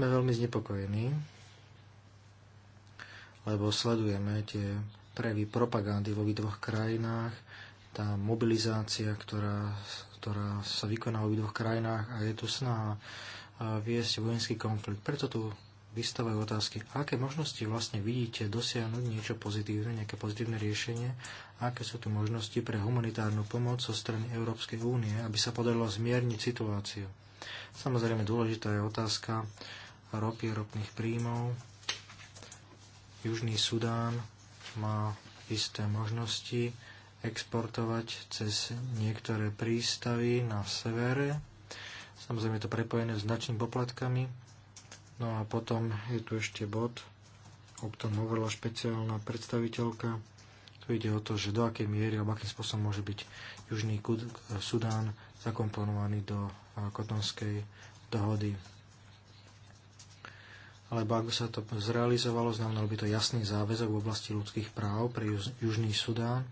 Sme veľmi znepokojení, lebo sledujeme tie prejavy propagandy vo dvoch krajinách, tá mobilizácia, ktorá, ktorá sa vykoná v dvoch krajinách a je tu snaha e, viesť vojenský konflikt. Preto tu vystávajú otázky, aké možnosti vlastne vidíte dosiahnuť niečo pozitívne, nejaké pozitívne riešenie, aké sú tu možnosti pre humanitárnu pomoc zo strany Európskej únie, aby sa podarilo zmierniť situáciu. Samozrejme dôležitá je otázka ropy, ropných príjmov. Južný Sudán má isté možnosti, exportovať cez niektoré prístavy na severe. Samozrejme je to prepojené s značnými poplatkami. No a potom je tu ešte bod, o ktorom hovorila špeciálna predstaviteľka. Tu ide o to, že do akej miery alebo akým spôsobom môže byť Južný Sudán zakomponovaný do uh, kotonskej dohody. Alebo ak by sa to zrealizovalo, znamenalo by to jasný záväzok v oblasti ľudských práv pre Južný Sudán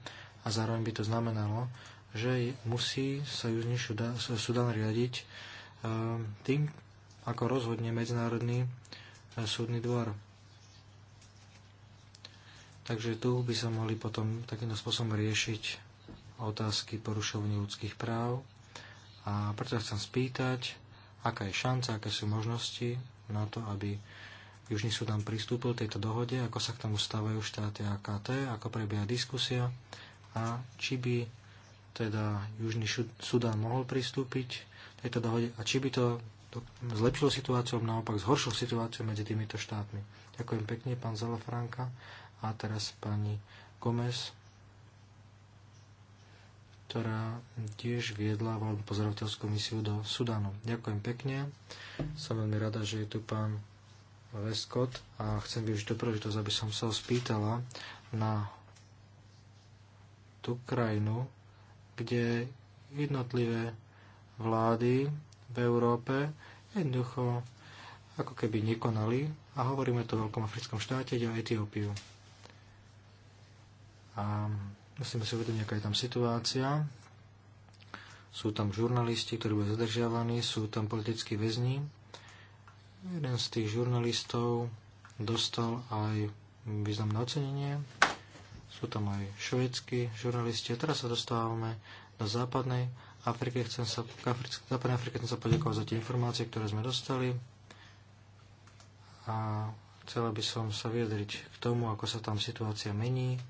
a zároveň by to znamenalo, že musí sa Južný Sudan riadiť e, tým, ako rozhodne Medzinárodný e, súdny dvor. Takže tu by sa mohli potom takýmto spôsobom riešiť otázky porušovania ľudských práv a preto chcem spýtať, aká je šanca, aké sú možnosti na to, aby Južný Sudan pristúpil tejto dohode, ako sa k tomu stavajú štáty AKT, ako prebieha diskusia a či by teda Južný Sudán mohol pristúpiť tejto dohode a či by to zlepšilo situáciu, naopak zhoršilo situáciu medzi týmito štátmi. Ďakujem pekne, pán Zalafranka a teraz pani Gomez, ktorá tiež viedla voľbu pozorovateľskú misiu do Sudanu. Ďakujem pekne. Som veľmi rada, že je tu pán Lescott a chcem využiť tú príležitosť, aby som sa spýtala na tú krajinu, kde jednotlivé vlády v Európe jednoducho ako keby nekonali a hovoríme to o veľkom africkom štáte, ide o Etiópiu. A musíme si uvedomiť, aká je tam situácia. Sú tam žurnalisti, ktorí boli zadržiavaní, sú tam politickí väzni. Jeden z tých žurnalistov dostal aj významné ocenenie sú tam aj švédsky žurnalisti. A teraz sa dostávame do západnej Afriky. Chcem sa, k Afric- západnej Afrike chcem sa poďakovať za tie informácie, ktoré sme dostali. A chcela by som sa vyjadriť k tomu, ako sa tam situácia mení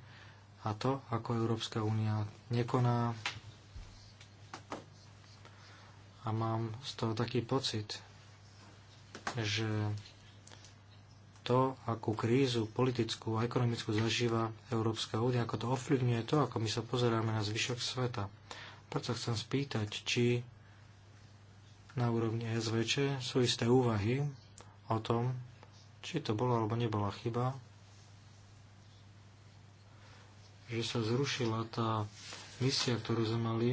a to, ako Európska únia nekoná. A mám z toho taký pocit, že to, akú krízu politickú a ekonomickú zažíva Európska únia, ako to ovplyvňuje to, ako my sa pozeráme na zvyšok sveta. Preto chcem spýtať, či na úrovni SVČ sú isté úvahy o tom, či to bola alebo nebola chyba, že sa zrušila tá misia, ktorú sme mali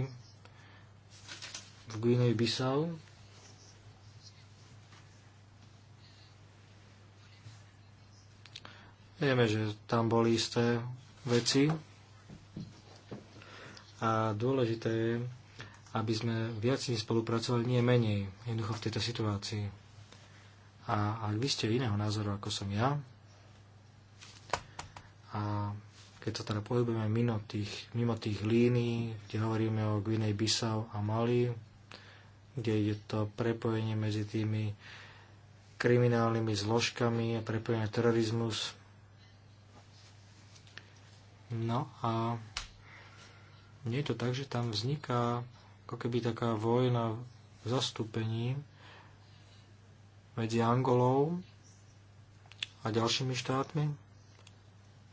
v guinej Bissau, Vieme, že tam boli isté veci a dôležité je, aby sme viac spolupracovali, nie menej, jednoducho v tejto situácii. A ak vy ste iného názoru ako som ja, a keď sa teda pohybujeme mimo tých, mimo tých línií, kde hovoríme o Guinej Bissau a Mali, kde je to prepojenie medzi tými kriminálnymi zložkami a prepojenie terorizmus No a nie je to tak, že tam vzniká ako keby taká vojna v zastúpení medzi Angolou a ďalšími štátmi.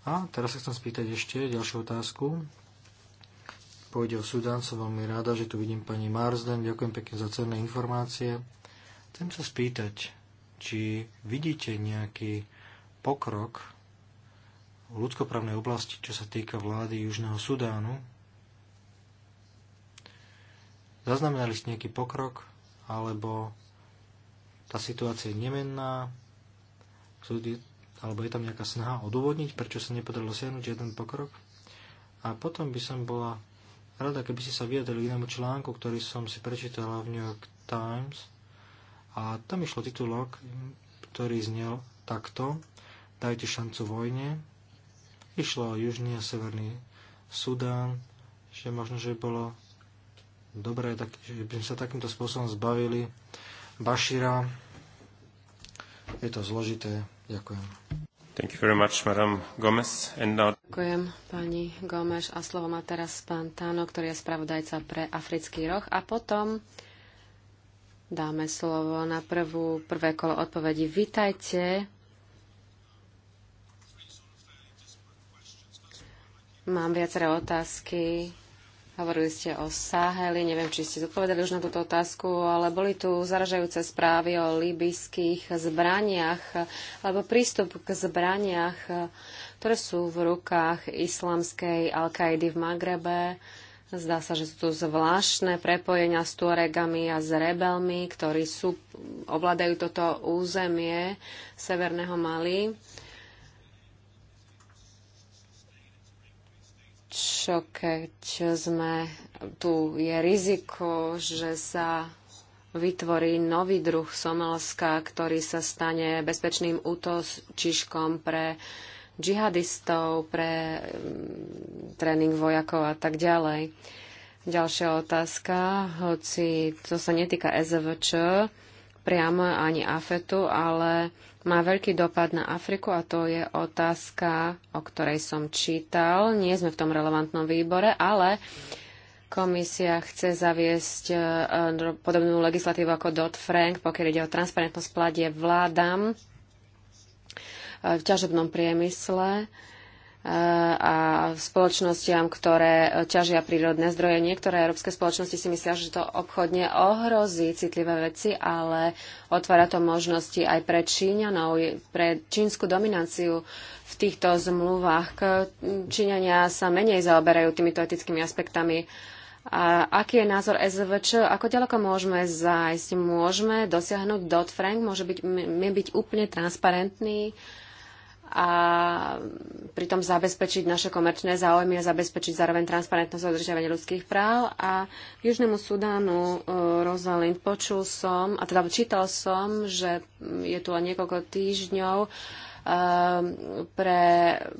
A teraz sa chcem spýtať ešte ďalšiu otázku. Pôjde o Sudán, som veľmi rada, že tu vidím pani Marsden. Ďakujem pekne za cenné informácie. Chcem sa spýtať, či vidíte nejaký pokrok ľudskoprávnej oblasti, čo sa týka vlády Južného Sudánu. Zaznamenali ste nejaký pokrok, alebo tá situácia je nemenná, alebo je tam nejaká snaha odôvodniť, prečo sa nepodarilo siahnuť jeden pokrok. A potom by som bola rada, keby ste sa vyjadrili k inému článku, ktorý som si prečítala v New York Times. A tam išlo titulok, ktorý znel takto. Dajte šancu vojne. Išlo o Južný a Severný Sudán, že možno, že bolo dobré, tak, že by sme sa takýmto spôsobom zbavili Bašíra. Je to zložité. Ďakujem. Thank you very much, Madam Gomez. And now... Ďakujem, pani Gomez. A slovo má teraz pán Táno, ktorý je spravodajca pre Africký roh. A potom dáme slovo na prvú, prvé kolo odpovedí. Vítajte Mám viaceré otázky. Hovorili ste o Saheli, neviem, či ste zodpovedali už na túto otázku, ale boli tu zaražajúce správy o libyských zbraniach alebo prístup k zbraniach, ktoré sú v rukách islamskej al v Magrebe. Zdá sa, že sú tu zvláštne prepojenia s Tuaregami a s rebelmi, ktorí sú, ovládajú toto územie Severného Mali. čo keď sme, tu je riziko, že sa vytvorí nový druh Somalska, ktorý sa stane bezpečným útočiškom pre džihadistov, pre mm, tréning vojakov a tak ďalej. Ďalšia otázka, hoci to sa netýka SVČ priamo ani AFETu, ale má veľký dopad na Afriku a to je otázka, o ktorej som čítal. Nie sme v tom relevantnom výbore, ale komisia chce zaviesť e, e, podobnú legislatívu ako Dodd-Frank, pokiaľ ide o transparentnosť pladie vládam e, v ťažobnom priemysle a spoločnostiam, ktoré ťažia prírodné zdroje. Niektoré európske spoločnosti si myslia, že to obchodne ohrozí citlivé veci, ale otvára to možnosti aj pre Číňanov, pre čínsku dominanciu v týchto zmluvách. Číňania sa menej zaoberajú týmito etickými aspektami. A aký je názor SVČ? Ako ďaleko môžeme zájsť? Môžeme dosiahnuť Dodd-Frank? Môže byť, my byť úplne transparentný. Uh, a pritom zabezpečiť naše komerčné záujmy a zabezpečiť zároveň transparentnosť a udržiavanie ľudských práv. A Južnému Sudánu, e, Rosalind, počul som, a teda čítal som, že je tu len niekoľko týždňov, e, pre,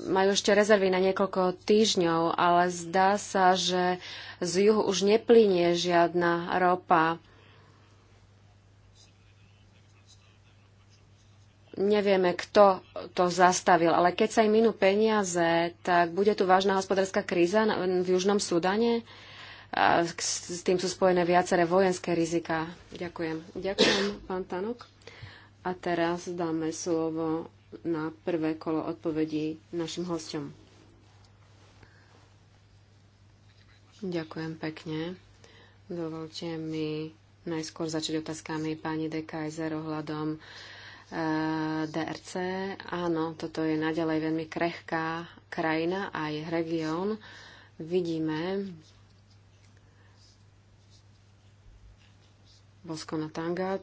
majú ešte rezervy na niekoľko týždňov, ale zdá sa, že z juhu už neplynie žiadna ropa nevieme, kto to zastavil, ale keď sa im minú peniaze, tak bude tu vážna hospodárska kríza v Južnom Sudane. A s tým sú spojené viaceré vojenské rizika. Ďakujem. Ďakujem, pán Tanok. A teraz dáme slovo na prvé kolo odpovedí našim hosťom. Ďakujem pekne. Dovolte mi najskôr začať otázkami pani Dekajzer ohľadom uh, Eh, DRC. Áno, toto je naďalej veľmi krehká krajina aj región. Vidíme Bosko na Tanga,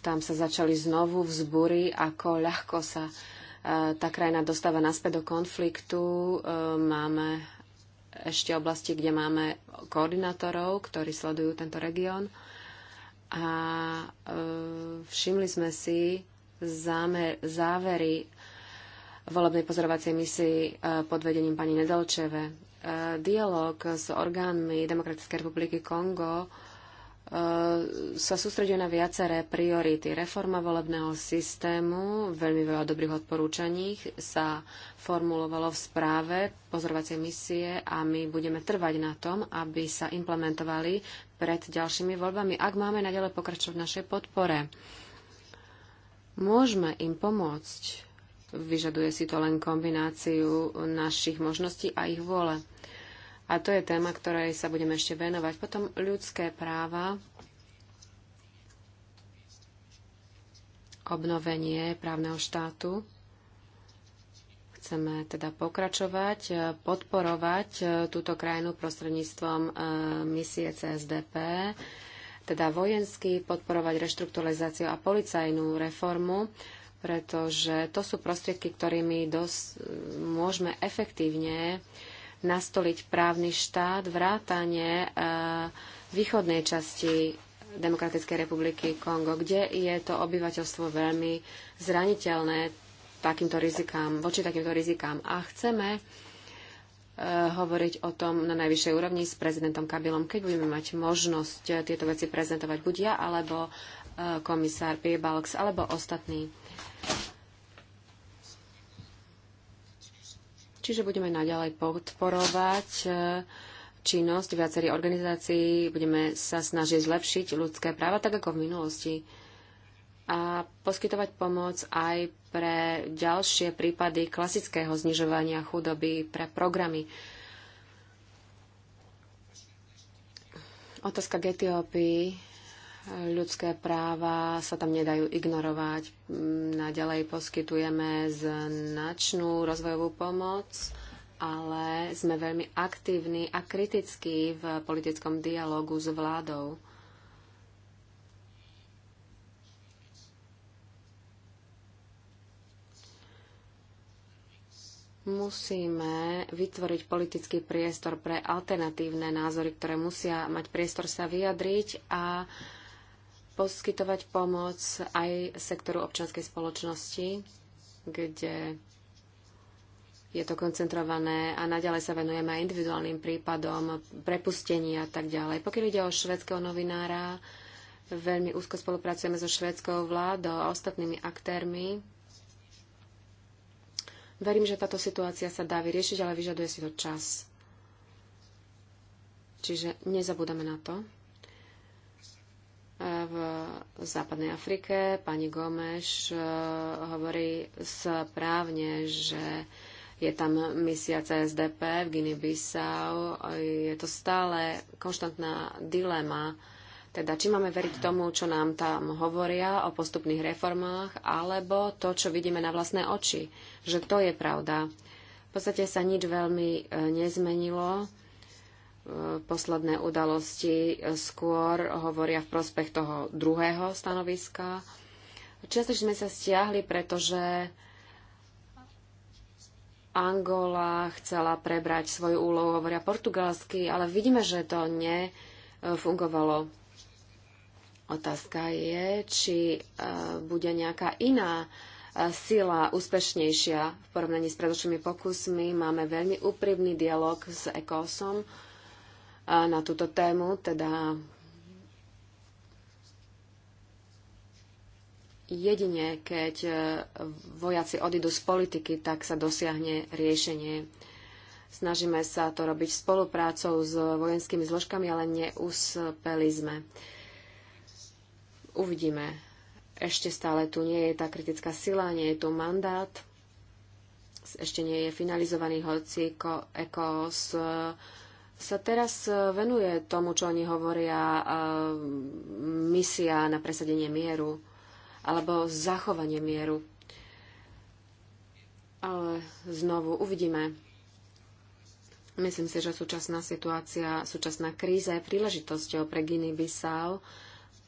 tam sa začali znovu vzbúry, ako ľahko sa eh, tá krajina dostáva naspäť do konfliktu. Eh, máme ešte oblasti, kde máme koordinátorov, ktorí sledujú tento región a e, všimli sme si zámer, závery volebnej pozorovacej misii e, pod vedením pani Nedelčeve. E, Dialóg s orgánmi Demokratickej republiky Kongo sa sústreduje na viaceré priority. Reforma volebného systému, veľmi veľa dobrých odporúčaní sa formulovalo v správe pozorovacej misie a my budeme trvať na tom, aby sa implementovali pred ďalšími voľbami, ak máme naďalej pokračovať v našej podpore. Môžeme im pomôcť. Vyžaduje si to len kombináciu našich možností a ich vôle. A to je téma, ktorej sa budeme ešte venovať. Potom ľudské práva, obnovenie právneho štátu. Chceme teda pokračovať, e, podporovať e, túto krajinu prostredníctvom e, misie CSDP, teda vojensky, podporovať reštrukturalizáciu a policajnú reformu, pretože to sú prostriedky, ktorými dosť môžeme efektívne nastoliť právny štát, vrátanie východnej časti Demokratickej republiky Kongo, kde je to obyvateľstvo veľmi zraniteľné takýmto rizikám, voči takýmto rizikám. A chceme e, hovoriť o tom na najvyššej úrovni s prezidentom Kabilom, keď budeme mať možnosť e, tieto veci prezentovať buď ja, alebo e, komisár Piebalks, alebo ostatní. Čiže budeme naďalej podporovať e, činnosť viacerých organizácií, budeme sa snažiť zlepšiť ľudské práva, tak ako v minulosti a poskytovať pomoc aj pre ďalšie prípady klasického znižovania chudoby pre programy. Otázka k Etiópii. Ľudské práva sa tam nedajú ignorovať. Naďalej poskytujeme značnú rozvojovú pomoc, ale sme veľmi aktívni a kritickí v politickom dialogu s vládou. musíme vytvoriť politický priestor pre alternatívne názory, ktoré musia mať priestor sa vyjadriť a poskytovať pomoc aj sektoru občianskej spoločnosti, kde je to koncentrované a naďalej sa venujeme aj individuálnym prípadom prepustenia a tak ďalej. Pokiaľ ide o švedského novinára, veľmi úzko spolupracujeme so švedskou vládou a ostatnými aktérmi Verím, že táto situácia sa dá vyriešiť, ale vyžaduje si to čas. Čiže nezabúdame na to. V západnej Afrike pani Gomeš eh, hovorí správne, že je tam misia CSDP v Guinea-Bissau. Je to stále konštantná dilema teda, či máme veriť tomu, čo nám tam hovoria o postupných reformách, alebo to, čo vidíme na vlastné oči. Že to je pravda. V podstate sa nič veľmi e, nezmenilo. E, posledné udalosti e, skôr hovoria v prospech toho druhého stanoviska. Čiastočne sme sa stiahli, pretože Angola chcela prebrať svoju úlohu, hovoria portugalsky, ale vidíme, že to nefungovalo. Otázka je, či e, bude nejaká iná e, sila úspešnejšia v porovnaní s predošlými pokusmi. Máme veľmi úprimný dialog s ECOSom e, na túto tému, teda jedine keď vojaci odídu z politiky, tak sa dosiahne riešenie. Snažíme sa to robiť spoluprácou s vojenskými zložkami, ale neúspeli sme. Uh, Uvidíme. Ešte stále tu nie je tá kritická sila, nie je tu mandát, ešte nie je finalizovaný, hoci ECOS e, sa teraz e, venuje tomu, čo oni hovoria e, misia na presadenie mieru alebo zachovanie mieru. Ale znovu uvidíme. Myslím si, že súčasná situácia, súčasná kríza je príležitosťou pre Guinea-Bissau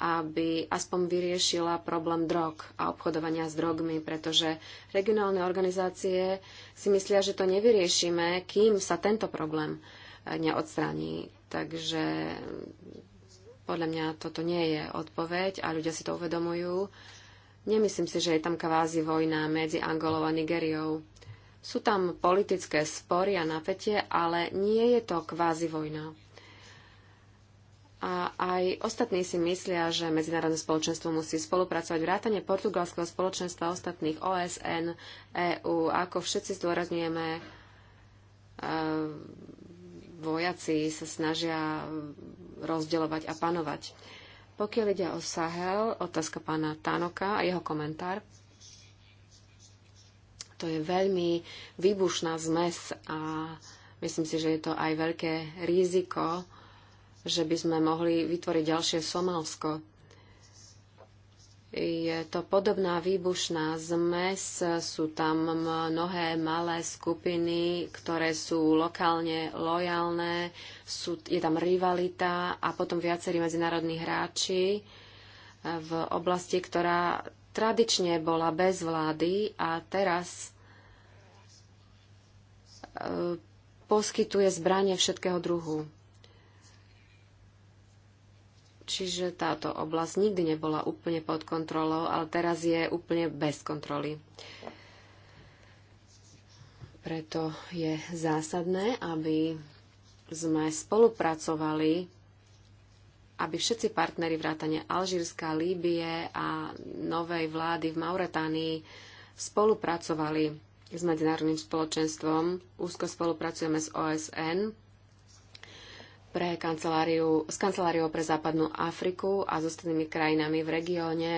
aby aspoň vyriešila problém drog a obchodovania s drogmi, pretože regionálne organizácie si myslia, že to nevyriešime, kým sa tento problém e, neodstraní. Takže mm, podľa mňa toto nie je odpoveď a ľudia si to uvedomujú. Nemyslím si, že je tam kvázi vojna medzi Angolou a Nigeriou. Sú tam politické spory a napätie, ale nie je to kvázi vojna. A aj ostatní si myslia, že medzinárodné spoločenstvo musí spolupracovať vrátane portugalského spoločenstva ostatných OSN, EU. Ako všetci zdôrazňujeme, e, vojaci sa snažia rozdeľovať a panovať. Pokiaľ ide o Sahel, otázka pána Tanoka a jeho komentár. To je veľmi výbušná zmes a myslím si, že je to aj veľké riziko, že by sme mohli vytvoriť ďalšie Somálsko. Je to podobná výbušná zmes, sú tam mnohé malé skupiny, ktoré sú lokálne lojálne, sú, je tam rivalita a potom viacerí medzinárodní hráči eh, v oblasti, ktorá tradične bola bez vlády a teraz eh, poskytuje zbranie všetkého druhu. Čiže táto oblasť nikdy nebola úplne pod kontrolou, ale teraz je úplne bez kontroly. Preto je zásadné, aby sme spolupracovali, aby všetci partneri vrátane Alžírska, Líbie a novej vlády v Mauretánii spolupracovali s medzinárodným spoločenstvom. Úzko spolupracujeme s OSN, pre kanceláriu, s kanceláriou pre západnú Afriku a s ostatnými krajinami v regióne.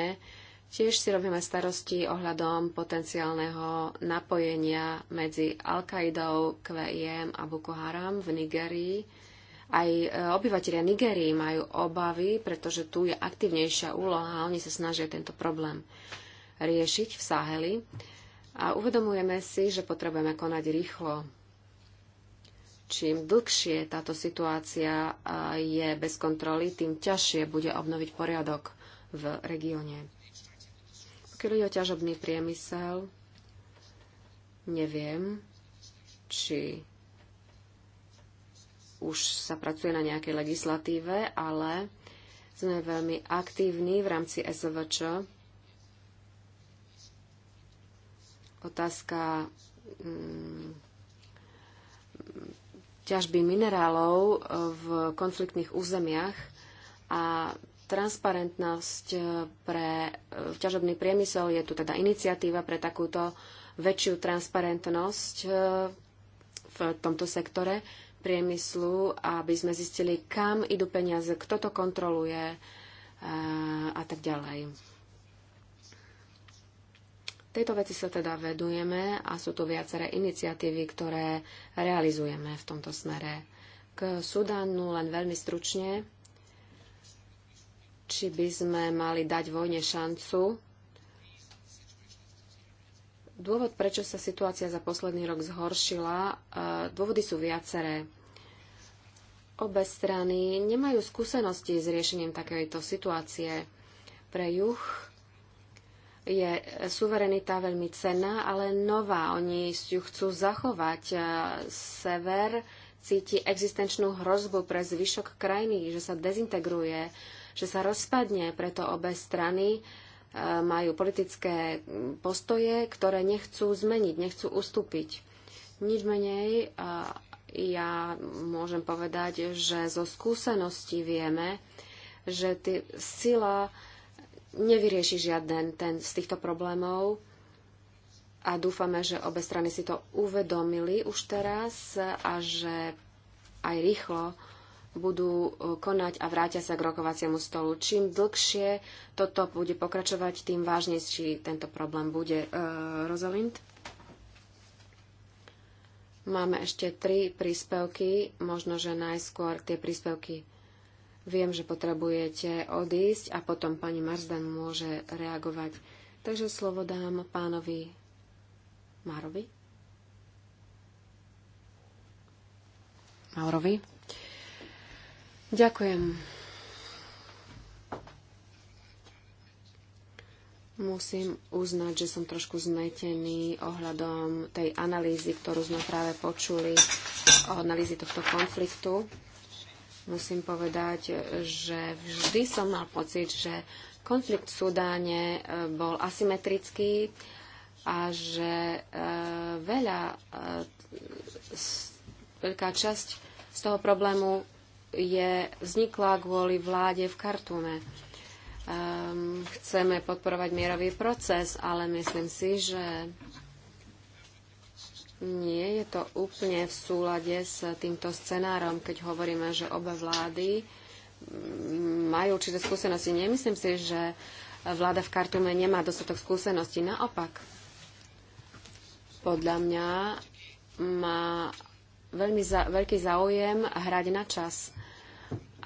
Tiež si robíme starosti ohľadom potenciálneho napojenia medzi Al-Qaidou, QIM a Boko Haram v Nigerii. Aj e, obyvateľia Nigerii majú obavy, pretože tu je aktívnejšia úloha a oni sa snažia tento problém riešiť v Saheli. A uvedomujeme si, že potrebujeme konať rýchlo Čím dlhšie táto situácia je bez kontroly, tým ťažšie bude obnoviť poriadok v regióne. Pokiaľ je o ťažobný priemysel, neviem, či už sa pracuje na nejakej legislatíve, ale sme veľmi aktívni v rámci SVČ. Otázka mm, ťažby minerálov e, v konfliktných územiach a transparentnosť e, pre e, ťažobný priemysel. Je tu teda iniciatíva pre takúto väčšiu transparentnosť v tomto sektore priemyslu, aby sme zistili, kam idú peniaze, kto to kontroluje a tak ďalej. Tejto veci sa teda vedujeme a sú tu viaceré iniciatívy, ktoré realizujeme v tomto smere. K Sudánu len veľmi stručne, či by sme mali dať vojne šancu. Dôvod, prečo sa situácia za posledný rok zhoršila, e, dôvody sú viaceré. Obe strany nemajú skúsenosti s riešením takejto situácie. Pre juh je suverenita veľmi cenná, ale nová. Oni ju chcú zachovať. Sever cíti existenčnú hrozbu pre zvyšok krajiny, že sa dezintegruje, že sa rozpadne, preto obe strany e, majú politické postoje, ktoré nechcú zmeniť, nechcú ustúpiť. Nič menej e, ja môžem povedať, že zo skúseností vieme, že ty sila nevyrieši žiaden ten z týchto problémov a dúfame, že obe strany si to uvedomili už teraz a že aj rýchlo budú e, konať a vrátia sa k rokovaciemu stolu. Čím dlhšie toto bude pokračovať, tým vážnejší tento problém bude. E, Rosalind? Máme ešte tri príspevky, možno, že najskôr tie príspevky Viem, že potrebujete odísť a potom pani Marsdan môže reagovať. Takže slovo dám pánovi Márovi. Maurovi. Ďakujem. Musím uznať, že som trošku zmetený ohľadom tej analýzy, ktorú sme práve počuli, o analýzy tohto konfliktu musím povedať, že vždy som mal pocit, že konflikt v Sudáne e, bol asymetrický a že e, veľa, e, veľká časť z toho problému je, vznikla kvôli vláde v Kartume. Ehm, chceme podporovať mierový proces, ale myslím si, že nie je to úplne v súlade s týmto scenárom, keď hovoríme, že obe vlády mm, majú určité skúsenosti. Nemyslím si, že vláda v Kartume nemá dostatok skúseností. Naopak, podľa mňa má veľmi za, veľký záujem hrať na čas.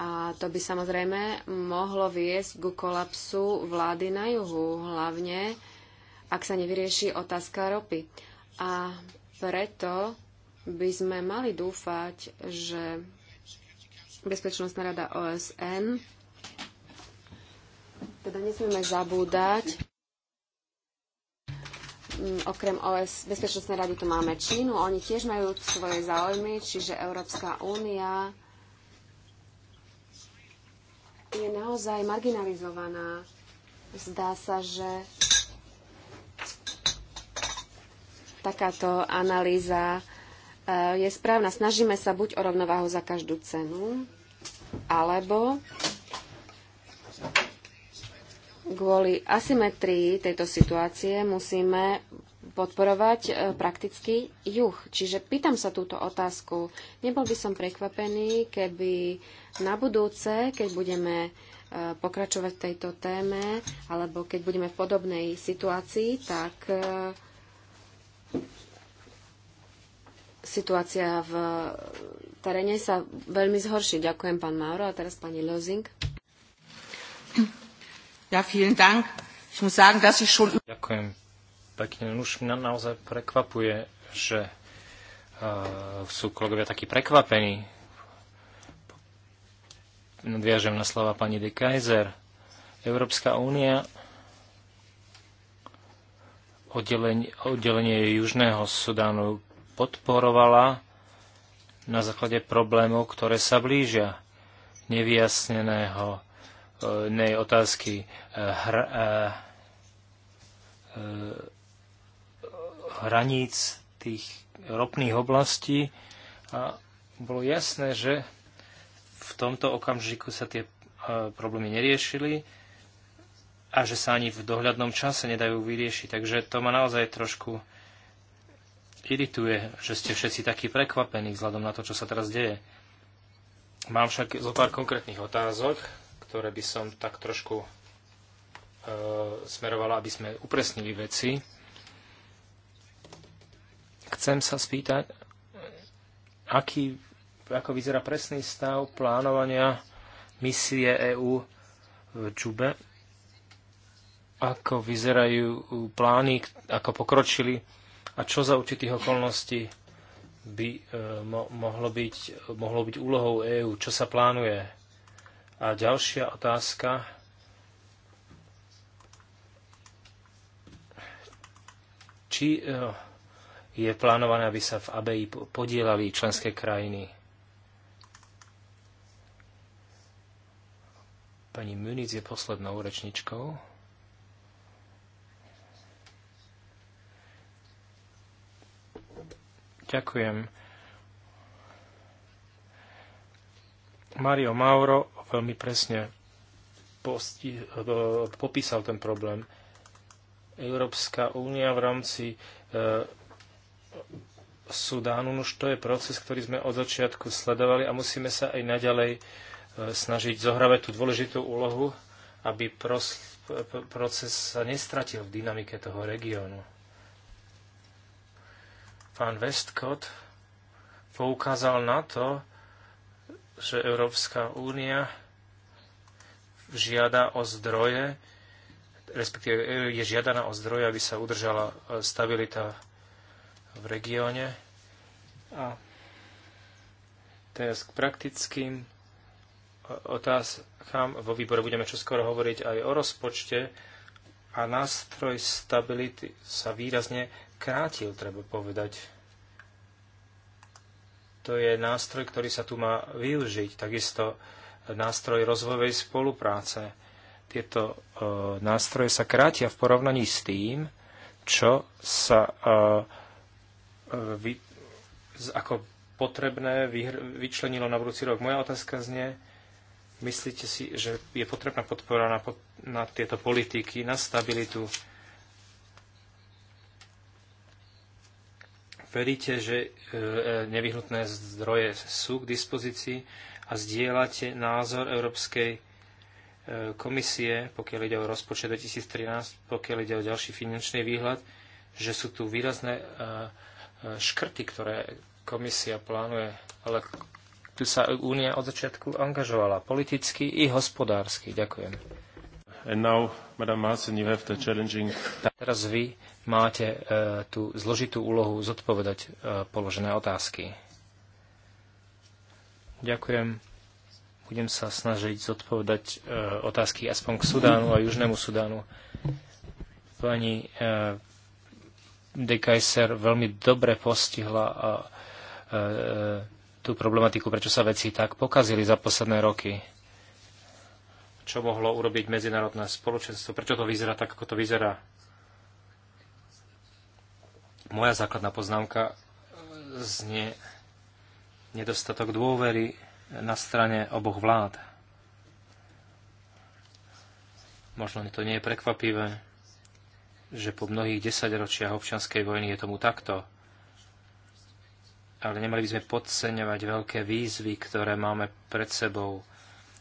A to by samozrejme mohlo viesť ku kolapsu vlády na juhu, hlavne ak sa nevyrieši otázka ropy. A preto by sme mali dúfať, že Bezpečnostná rada OSN, teda nesmieme zabúdať, mm, okrem OS, Bezpečnostnej rady tu máme Čínu, oni tiež majú svoje záujmy, čiže Európska únia je naozaj marginalizovaná. Zdá sa, že takáto analýza eh, je správna. Snažíme sa buď o rovnováhu za každú cenu, alebo kvôli asymetrii tejto situácie musíme podporovať eh, prakticky juh. Čiže pýtam sa túto otázku. Nebol by som prekvapený, keby na budúce, keď budeme eh, pokračovať v tejto téme, alebo keď budeme v podobnej situácii, tak situácia v teréne sa veľmi zhorší. Ďakujem, pán Mauro. A teraz pani Lozing. Ja, vielen Dank. Ich muss sagen, dass ich schon... Ďakujem pekne. Už mňa naozaj prekvapuje, že uh, sú kolegovia takí prekvapení. Nadviažem na slova pani de Kaiser. Európska únia oddelenie, oddelenie Južného Sudánu podporovala na základe problémov, ktoré sa blížia. Nevyjasneného e, nej otázky e, hr, e, hraníc tých ropných oblastí a bolo jasné, že v tomto okamžiku sa tie problémy neriešili a že sa ani v dohľadnom čase nedajú vyriešiť. Takže to ma naozaj trošku irituje, že ste všetci takí prekvapení vzhľadom na to, čo sa teraz deje. Mám však zo pár konkrétnych otázok, ktoré by som tak trošku e, smerovala, aby sme upresnili veci. Chcem sa spýtať, aký, ako vyzerá presný stav plánovania misie EÚ v Čube, ako vyzerajú plány, ako pokročili a čo za určitých okolností by e, mo- mohlo, byť, mohlo byť úlohou EÚ, čo sa plánuje. A ďalšia otázka. Či e, je plánované, aby sa v ABI podielali členské krajiny? Pani Muniz je poslednou rečničkou. Ďakujem. Mario Mauro veľmi presne posti- e, popísal ten problém. Európska únia v rámci e, Sudánu, už to je proces, ktorý sme od začiatku sledovali a musíme sa aj naďalej e, snažiť zohravať tú dôležitú úlohu, aby pros- proces sa nestratil v dynamike toho regiónu. Pán Westcott poukázal na to, že Európska únia žiada o zdroje, respektíve e, je žiadaná o zdroje, aby sa udržala e, stabilita v regióne. A teraz k praktickým e, otázkam. Vo výbore budeme čoskoro hovoriť aj o rozpočte a nástroj stability sa výrazne krátil, treba povedať. To je nástroj, ktorý sa tu má využiť. Takisto nástroj rozvojovej spolupráce. Tieto e, nástroje sa krátia v porovnaní s tým, čo sa e, e vy, ako potrebné vyhr, vyčlenilo na budúci rok. Moja otázka znie, myslíte si, že je potrebná podpora na, na tieto politiky, na stabilitu, Veríte, že e, e, nevyhnutné zdroje sú k dispozícii a zdieľate názor Európskej e, komisie, pokiaľ ide o rozpočet 2013, pokiaľ ide o ďalší finančný výhľad, že sú tu výrazné škrty, ktoré komisia plánuje, ale tu sa Únia od začiatku angažovala politicky i hospodársky. Ďakujem. Now, Marcin, Teraz vy, máte e, tú zložitú úlohu zodpovedať e, položené otázky. Ďakujem. Budem sa snažiť zodpovedať e, otázky aspoň k Sudánu a Južnému Sudánu. Pani De Kaiser veľmi dobre postihla a, tú problematiku, prečo sa veci tak pokazili za posledné roky čo mohlo urobiť medzinárodné spoločenstvo, prečo to vyzerá tak, ako to vyzerá. Moja základná poznámka e, znie nedostatok dôvery na strane oboch vlád. Možno to nie je prekvapivé, že po mnohých desaťročiach občianskej vojny je tomu takto. Ale nemali by sme podceňovať veľké výzvy, ktoré máme pred sebou,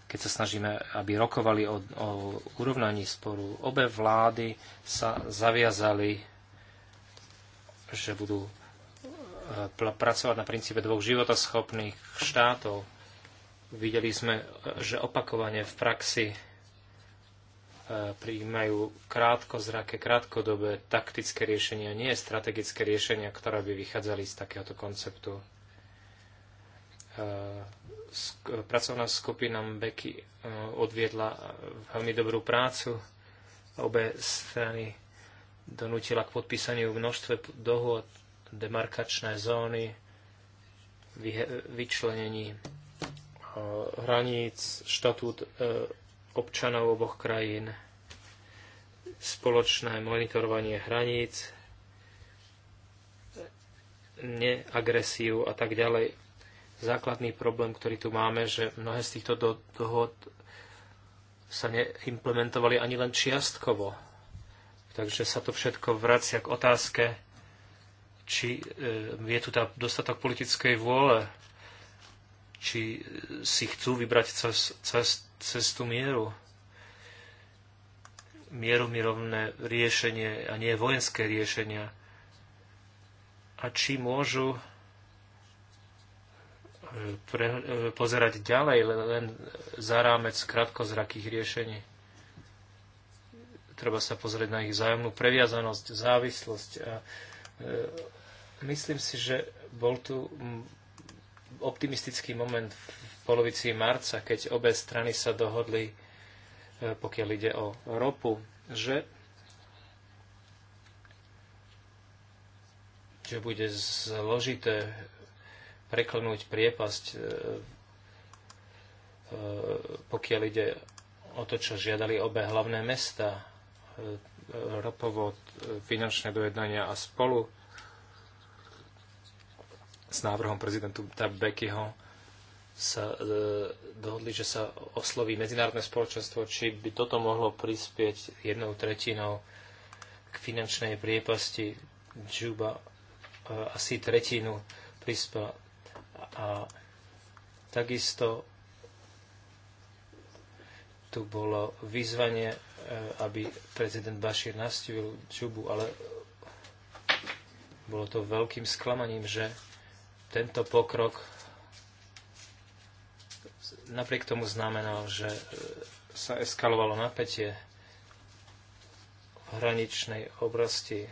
keď sa snažíme, aby rokovali o, o urovnaní sporu. Obe vlády sa zaviazali že budú e, pracovať na princípe dvoch životoschopných štátov. Videli sme, e, že opakovane v praxi e, prijímajú krátkozraké, krátkodobé taktické riešenia, nie strategické riešenia, ktoré by vychádzali z takéhoto konceptu. Pracovná skupina Beky odviedla veľmi dobrú prácu. Obe strany donútila k podpísaniu množstve dohôd, demarkačné zóny, vyčlenení eh, hraníc, štatút eh, občanov oboch krajín, spoločné monitorovanie hraníc, neagresiu a tak ďalej. Základný problém, ktorý tu máme, že mnohé z týchto dohod sa neimplementovali ani len čiastkovo Takže sa to všetko vracia k otázke, či e, je tu tá dostatok politickej vôle, či e, si chcú vybrať cez, cez, cestu mieru. Mieru mirovné riešenie a nie vojenské riešenia. A či môžu e, pre, pozerať ďalej len za rámec krátkozrakých riešení treba sa pozrieť na ich vzájomnú previazanosť, závislosť. A, e, myslím si, že bol tu optimistický moment v polovici marca, keď obe strany sa dohodli, e, pokiaľ ide o ropu, že že bude zložité preklenúť priepasť, e, e, pokiaľ ide o to, čo žiadali obe hlavné mesta ropovod, e, finančné dojednania a spolu s návrhom prezidentu Tabekyho sa e, dohodli, že sa osloví medzinárodné spoločenstvo, či by toto mohlo prispieť jednou tretinou k finančnej priepasti Džuba e, asi tretinu prispel. A takisto tu bolo vyzvanie Eh, aby prezident Bashir nastívil Čubu, ale bolo to veľkým sklamaním, že tento pokrok napriek tomu znamenal, že eh, sa eskalovalo napätie v hraničnej oblasti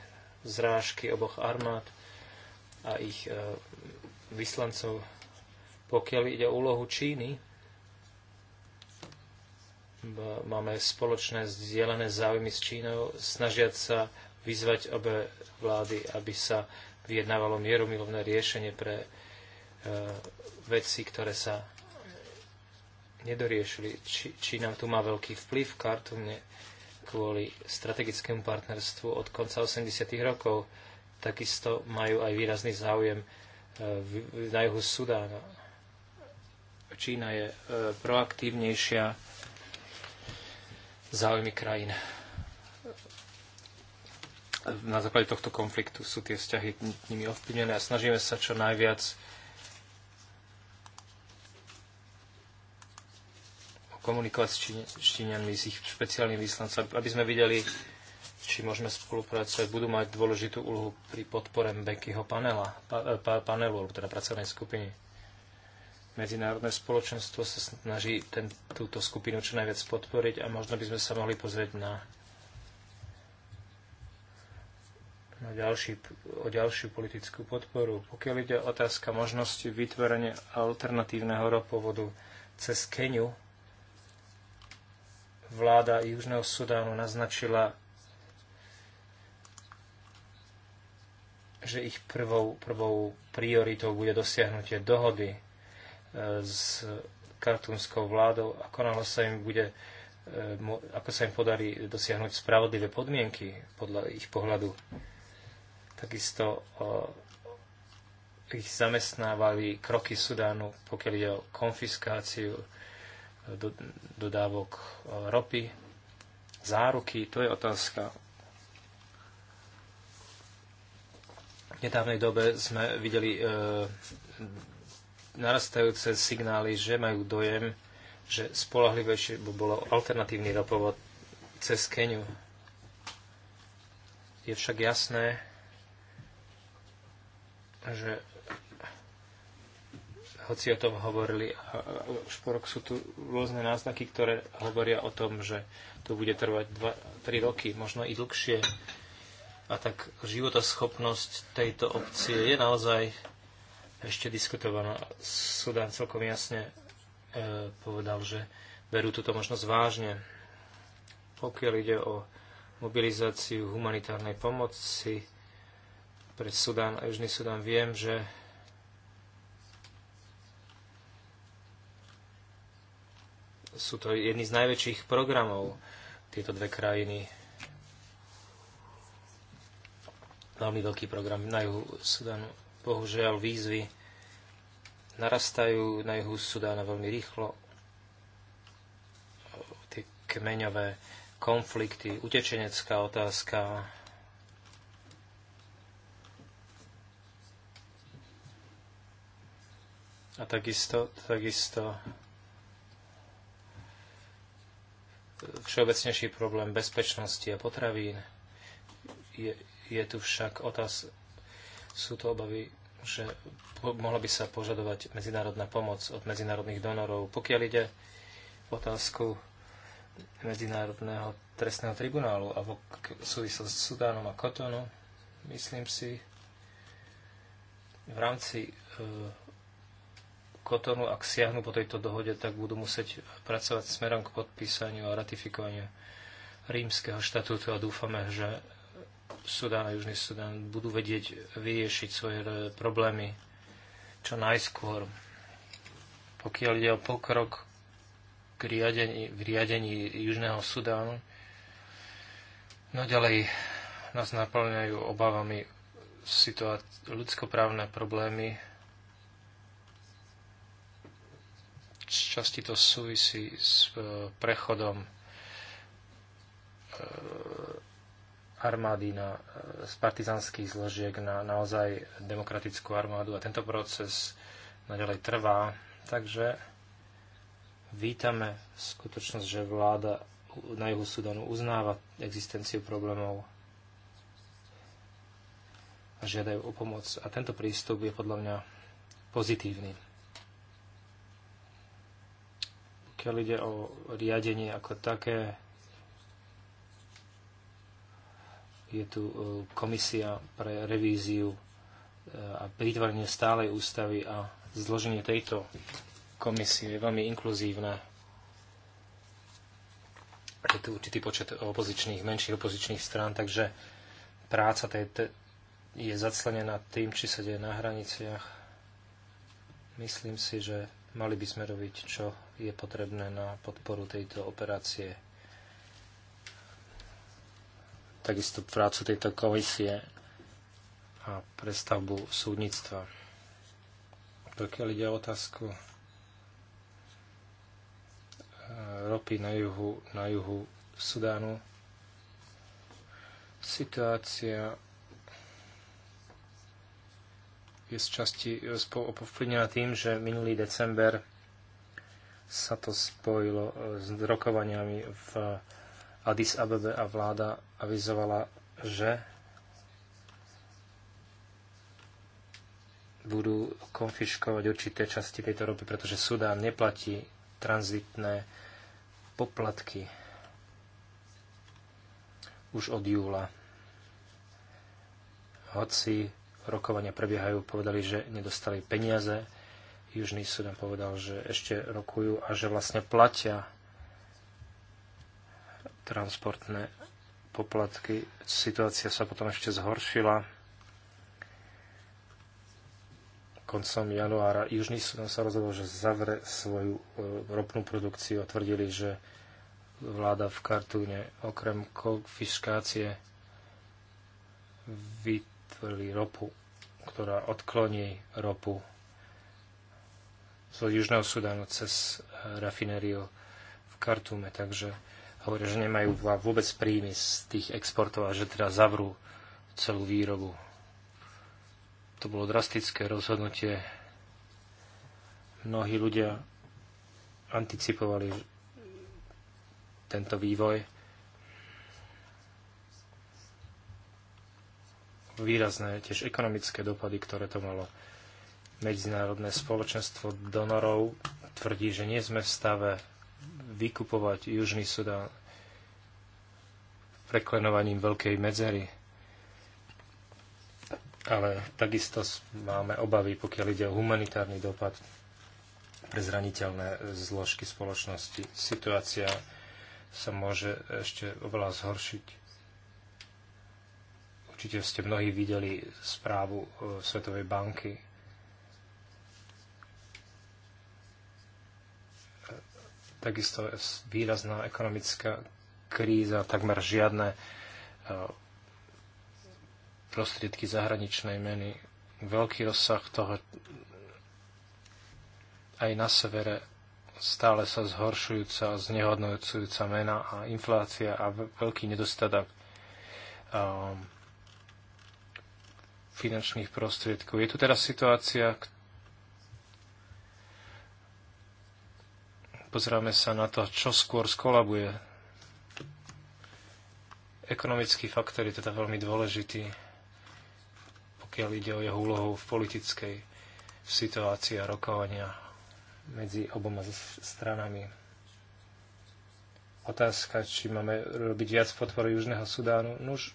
zrážky oboch armád a ich eh, vyslancov. Pokiaľ ide o úlohu Číny, Máme spoločné zdieľané záujmy s Čínou, snažiať sa vyzvať obe vlády, aby sa vyjednávalo mieromilovné riešenie pre e, veci, ktoré sa nedoriešili. Či, Čína tu má veľký vplyv v Kartumne kvôli strategickému partnerstvu od konca 80. rokov. Takisto majú aj výrazný záujem e, na juhu Sudána. Čína je e, proaktívnejšia záujmy krajín. Na základe tohto konfliktu sú tie vzťahy nimi ovplyvnené a snažíme sa čo najviac komunikovať s Číňanmi, s ich špeciálnym vyslancom, aby sme videli, či môžeme spolupracovať. Budú mať dôležitú úlohu pri podpore Bekyho panela, pa, e, pa, panelu, teda pracovnej skupiny medzinárodné spoločenstvo sa snaží ten, túto skupinu čo najviac podporiť a možno by sme sa mohli pozrieť na, na ďalší, o ďalšiu politickú podporu. Pokiaľ ide o otázka možnosti vytvorenia alternatívneho ropovodu cez Keniu, vláda Južného Sudánu naznačila, že ich prvou, prvou prioritou bude dosiahnutie dohody s kartúnskou vládou, ako náhle sa im bude e, ako sa im podarí dosiahnuť spravodlivé podmienky podľa ich pohľadu. Takisto ich zamestnávali kroky Sudánu, pokiaľ ide o konfiskáciu e, dodávok e, ropy, záruky, to je otázka. V nedávnej dobe sme videli narastajúce signály, že majú dojem, že spolahlivejšie by bolo alternatívny ropovod cez Keniu. Je však jasné, že hoci o tom hovorili, už po rok sú tu rôzne náznaky, ktoré hovoria o tom, že to bude trvať 2-3 roky, možno i dlhšie. A tak životoschopnosť tejto opcie je naozaj ešte diskutovaná. Sudan celkom jasne e, povedal, že berú túto možnosť vážne. Pokiaľ ide o mobilizáciu humanitárnej pomoci pre Sudán a Južný Sudan viem, že sú to jedni z najväčších programov tieto dve krajiny. Veľmi veľký program na juhu Sudanu Bohužiaľ, výzvy narastajú na juhu Sudána veľmi rýchlo. Tie kmeňové konflikty, utečenecká otázka, A takisto, takisto všeobecnejší problém bezpečnosti a potravín. Je, je tu však otáz, sú to obavy, že mohla by sa požadovať medzinárodná pomoc od medzinárodných donorov. Pokiaľ ide otázku Medzinárodného trestného tribunálu a v súvislosti s Sudánom a Kotonu, myslím si, v rámci e, Kotonu, ak siahnu po tejto dohode, tak budú musieť pracovať smerom k podpísaniu a ratifikovaniu rímskeho štatútu a dúfame, že Sudán a Južný Sudán budú vedieť vyriešiť svoje e, problémy čo najskôr. Pokiaľ ide o pokrok k riadení, v riadení Južného Sudánu, no ďalej nás naplňajú obavami situá- ľudskoprávne problémy. Časti to súvisí s e, prechodom e, armády na, e, z partizanských zložiek na naozaj demokratickú armádu a tento proces naďalej trvá. Takže vítame skutočnosť, že vláda na juhu Sudanu uznáva existenciu problémov a žiadajú o pomoc. A tento prístup je podľa mňa pozitívny. Pokiaľ ide o riadenie ako také, Je tu e, komisia pre revíziu e, a vytvorenie stálej ústavy a zloženie tejto komisie je veľmi inkluzívne. Je tu určitý počet opozičných, menších opozičných strán, takže práca tej, je zaclenená tým, či sa deje na hraniciach. Myslím si, že mali by sme robiť, čo je potrebné na podporu tejto operácie takisto prácu tejto komisie a prestavbu súdnictva. Pokiaľ ide o otázku e, ropy na juhu, na juhu Sudánu, situácia je z časti ovplyvnená tým, že minulý december sa to spojilo s rokovaniami v Addis Abebe a vláda avizovala, že budú konfiškovať určité časti tejto ropy, pretože Sudán neplatí tranzitné poplatky už od júla. Hoci rokovania prebiehajú, povedali, že nedostali peniaze. Južný Sudan povedal, že ešte rokujú a že vlastne platia transportné poplatky. Situácia sa potom ešte zhoršila. Koncom januára Južný Sudan sa rozhodol, že zavre svoju e, ropnú produkciu a tvrdili, že vláda v Kartúne okrem konfiskácie vytvorili ropu, ktorá odkloní ropu z Južného Sudánu cez e, rafinériu v Kartúme. Takže hovoria, že nemajú vôbec príjmy z tých exportov a že teda zavrú celú výrobu. To bolo drastické rozhodnutie. Mnohí ľudia anticipovali tento vývoj. Výrazné tiež ekonomické dopady, ktoré to malo. Medzinárodné spoločenstvo donorov tvrdí, že nie sme v stave vykupovať Južný Sudán preklenovaním veľkej medzery. Ale takisto máme obavy, pokiaľ ide o humanitárny dopad pre zraniteľné zložky spoločnosti. Situácia sa môže ešte oveľa zhoršiť. Určite ste mnohí videli správu e, Svetovej banky takisto výrazná ekonomická kríza, takmer žiadne e, prostriedky zahraničnej meny, veľký rozsah toho aj na severe stále sa zhoršujúca, znehodnocujúca mena a inflácia a veľký nedostatok e, finančných prostriedkov. Je tu teraz situácia, Pozráme sa na to, čo skôr skolabuje. Ekonomický faktor je teda veľmi dôležitý, pokiaľ ide o jeho úlohu v politickej situácii a rokovania medzi oboma stranami. Otázka, či máme robiť viac podporu Južného Sudánu. Nuž,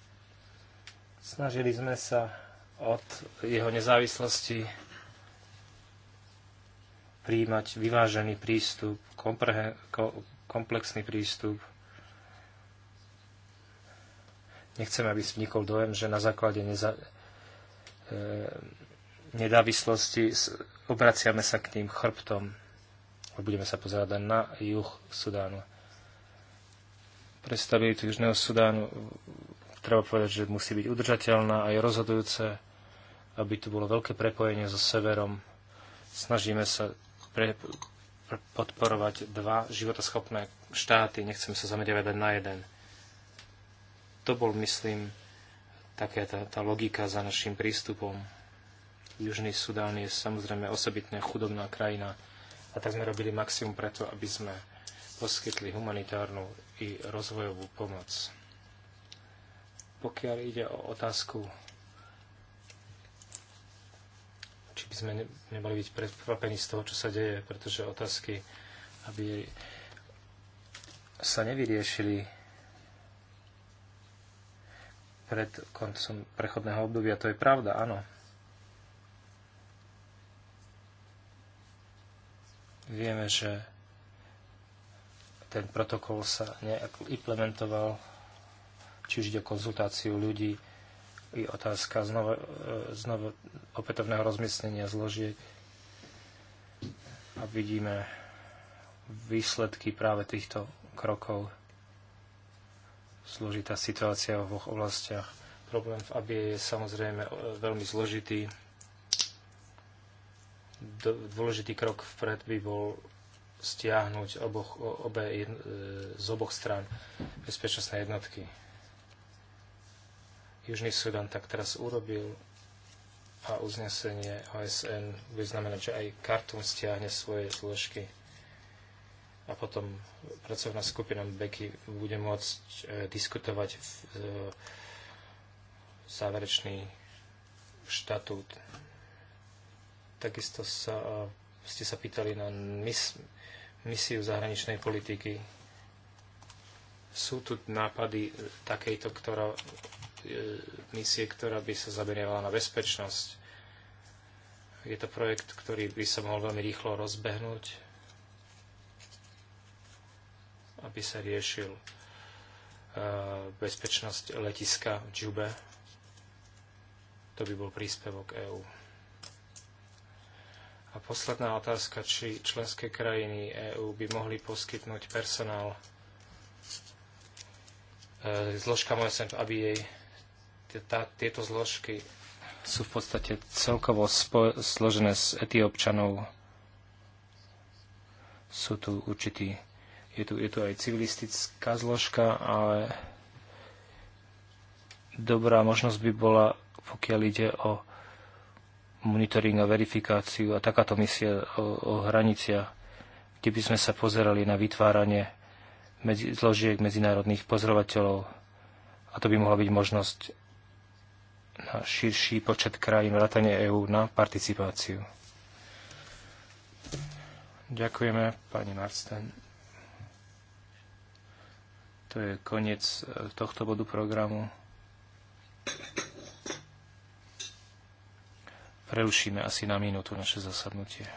snažili sme sa od jeho nezávislosti príjmať vyvážený prístup, komplexný prístup. Nechceme, aby vznikol dojem, že na základe neza, e, nedávislosti obraciame sa k ním chrbtom a budeme sa pozerať na juh Sudánu. Predstavili Južného Sudánu treba povedať, že musí byť udržateľná a je rozhodujúce, aby tu bolo veľké prepojenie so severom. Snažíme sa pre, pre, podporovať dva životoschopné štáty. Nechcem sa zameriavať na jeden. To bol, myslím, taká tá, tá logika za našim prístupom. Južný Sudán je samozrejme osobitne chudobná krajina a tak sme robili maximum preto, aby sme poskytli humanitárnu i rozvojovú pomoc. Pokiaľ ide o otázku či by sme nemali byť prekvapení z toho, čo sa deje, pretože otázky, aby sa nevyriešili pred koncom prechodného obdobia, to je pravda, áno. Vieme, že ten protokol sa neimplementoval, či už ide o konzultáciu ľudí, i otázka znova, e, znova opätovného rozmiestnenia zložiek. A vidíme výsledky práve týchto krokov. Zložitá situácia v oboch oblastiach. Problém v ABIE je samozrejme e, veľmi zložitý. Dôležitý krok vpred by bol stiahnuť oboch, obe, e, z oboch strán bezpečnostné jednotky Južný Sudan tak teraz urobil a uznesenie OSN bude znamenať, že aj Kartum stiahne svoje zložky a potom pracovná skupina Beky bude môcť e, diskutovať v, e, záverečný štatút. Takisto sa, e, ste sa pýtali na mis, misiu zahraničnej politiky. Sú tu nápady takejto, ktorá misie, ktorá by sa zameriavala na bezpečnosť. Je to projekt, ktorý by sa mohol veľmi rýchlo rozbehnúť, aby sa riešil e, bezpečnosť letiska v Džube. To by bol príspevok EÚ. A posledná otázka, či členské krajiny EÚ by mohli poskytnúť personál e, zložkám OSN, aby jej tá, tieto zložky sú v podstate celkovo spo- složené z Etiopčanov. Sú tu určití. je tu, je tu aj civilistická zložka, ale dobrá možnosť by bola, pokiaľ ide o monitoring a verifikáciu a takáto misia o, o hranicia, kde by sme sa pozerali na vytváranie medzi, zložiek medzinárodných pozorovateľov. A to by mohla byť možnosť na širší počet krajín vrátane EÚ na participáciu. Ďakujeme, pani Marsten. To je koniec eh, tohto bodu programu. Prerušíme asi na minútu naše zasadnutie.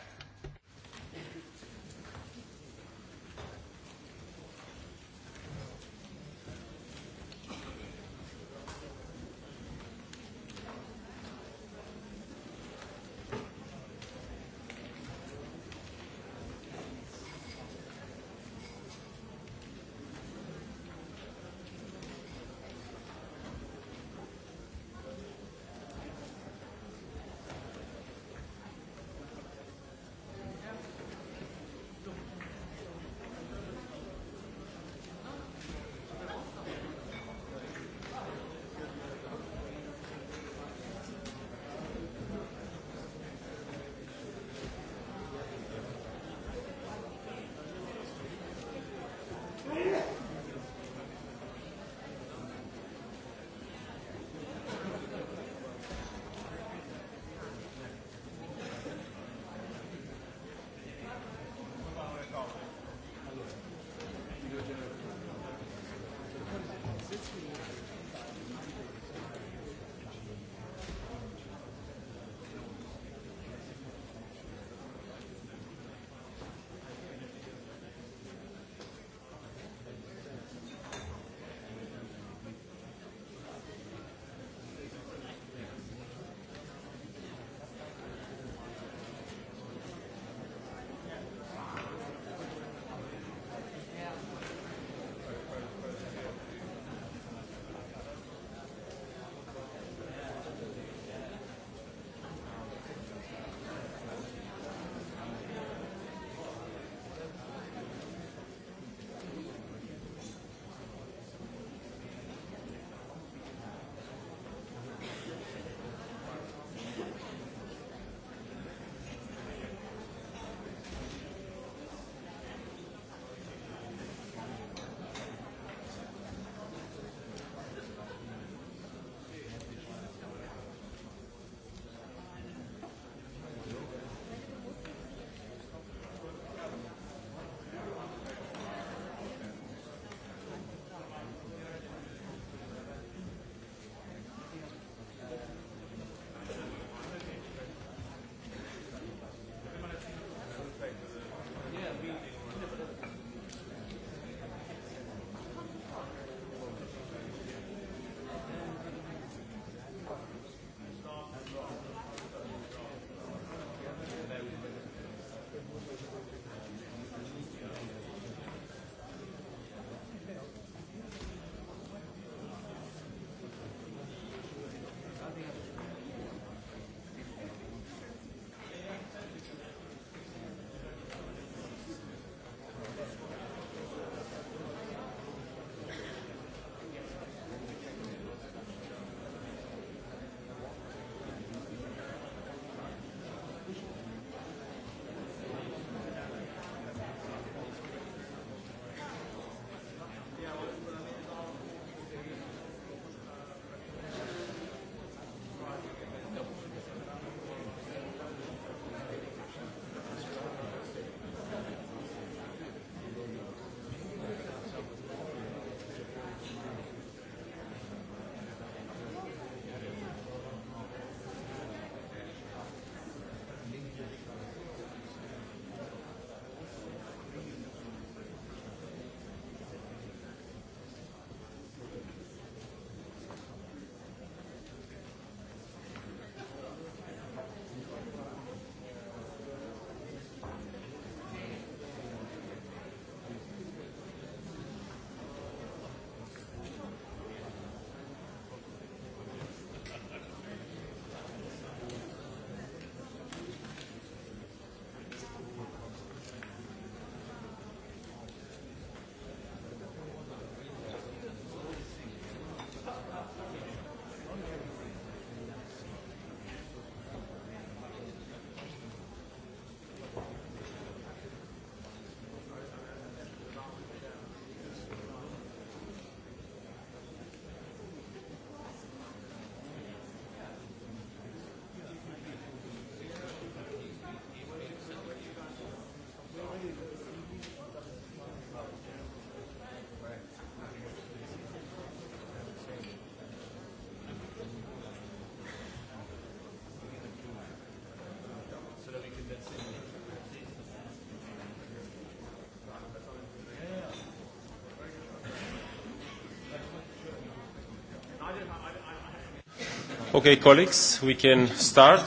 OK, colleagues, we can start.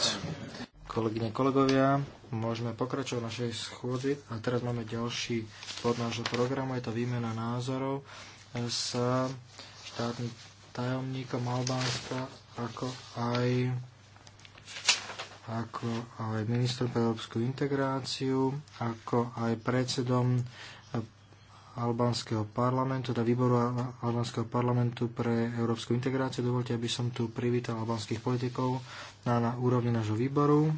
Kolegyne, kolegovia, môžeme pokračovať našej schôdzi. A teraz máme ďalší pod nášho programu, je to výmena názorov s štátnym tajomníkom Albánska, ako aj ako aj ministrom pre európsku integráciu, ako aj predsedom albánskeho parlamentu, teda výboru albánskeho parlamentu pre európsku integráciu. Dovolte, aby som tu privítal albánskych politikov na, na úrovni nášho výboru.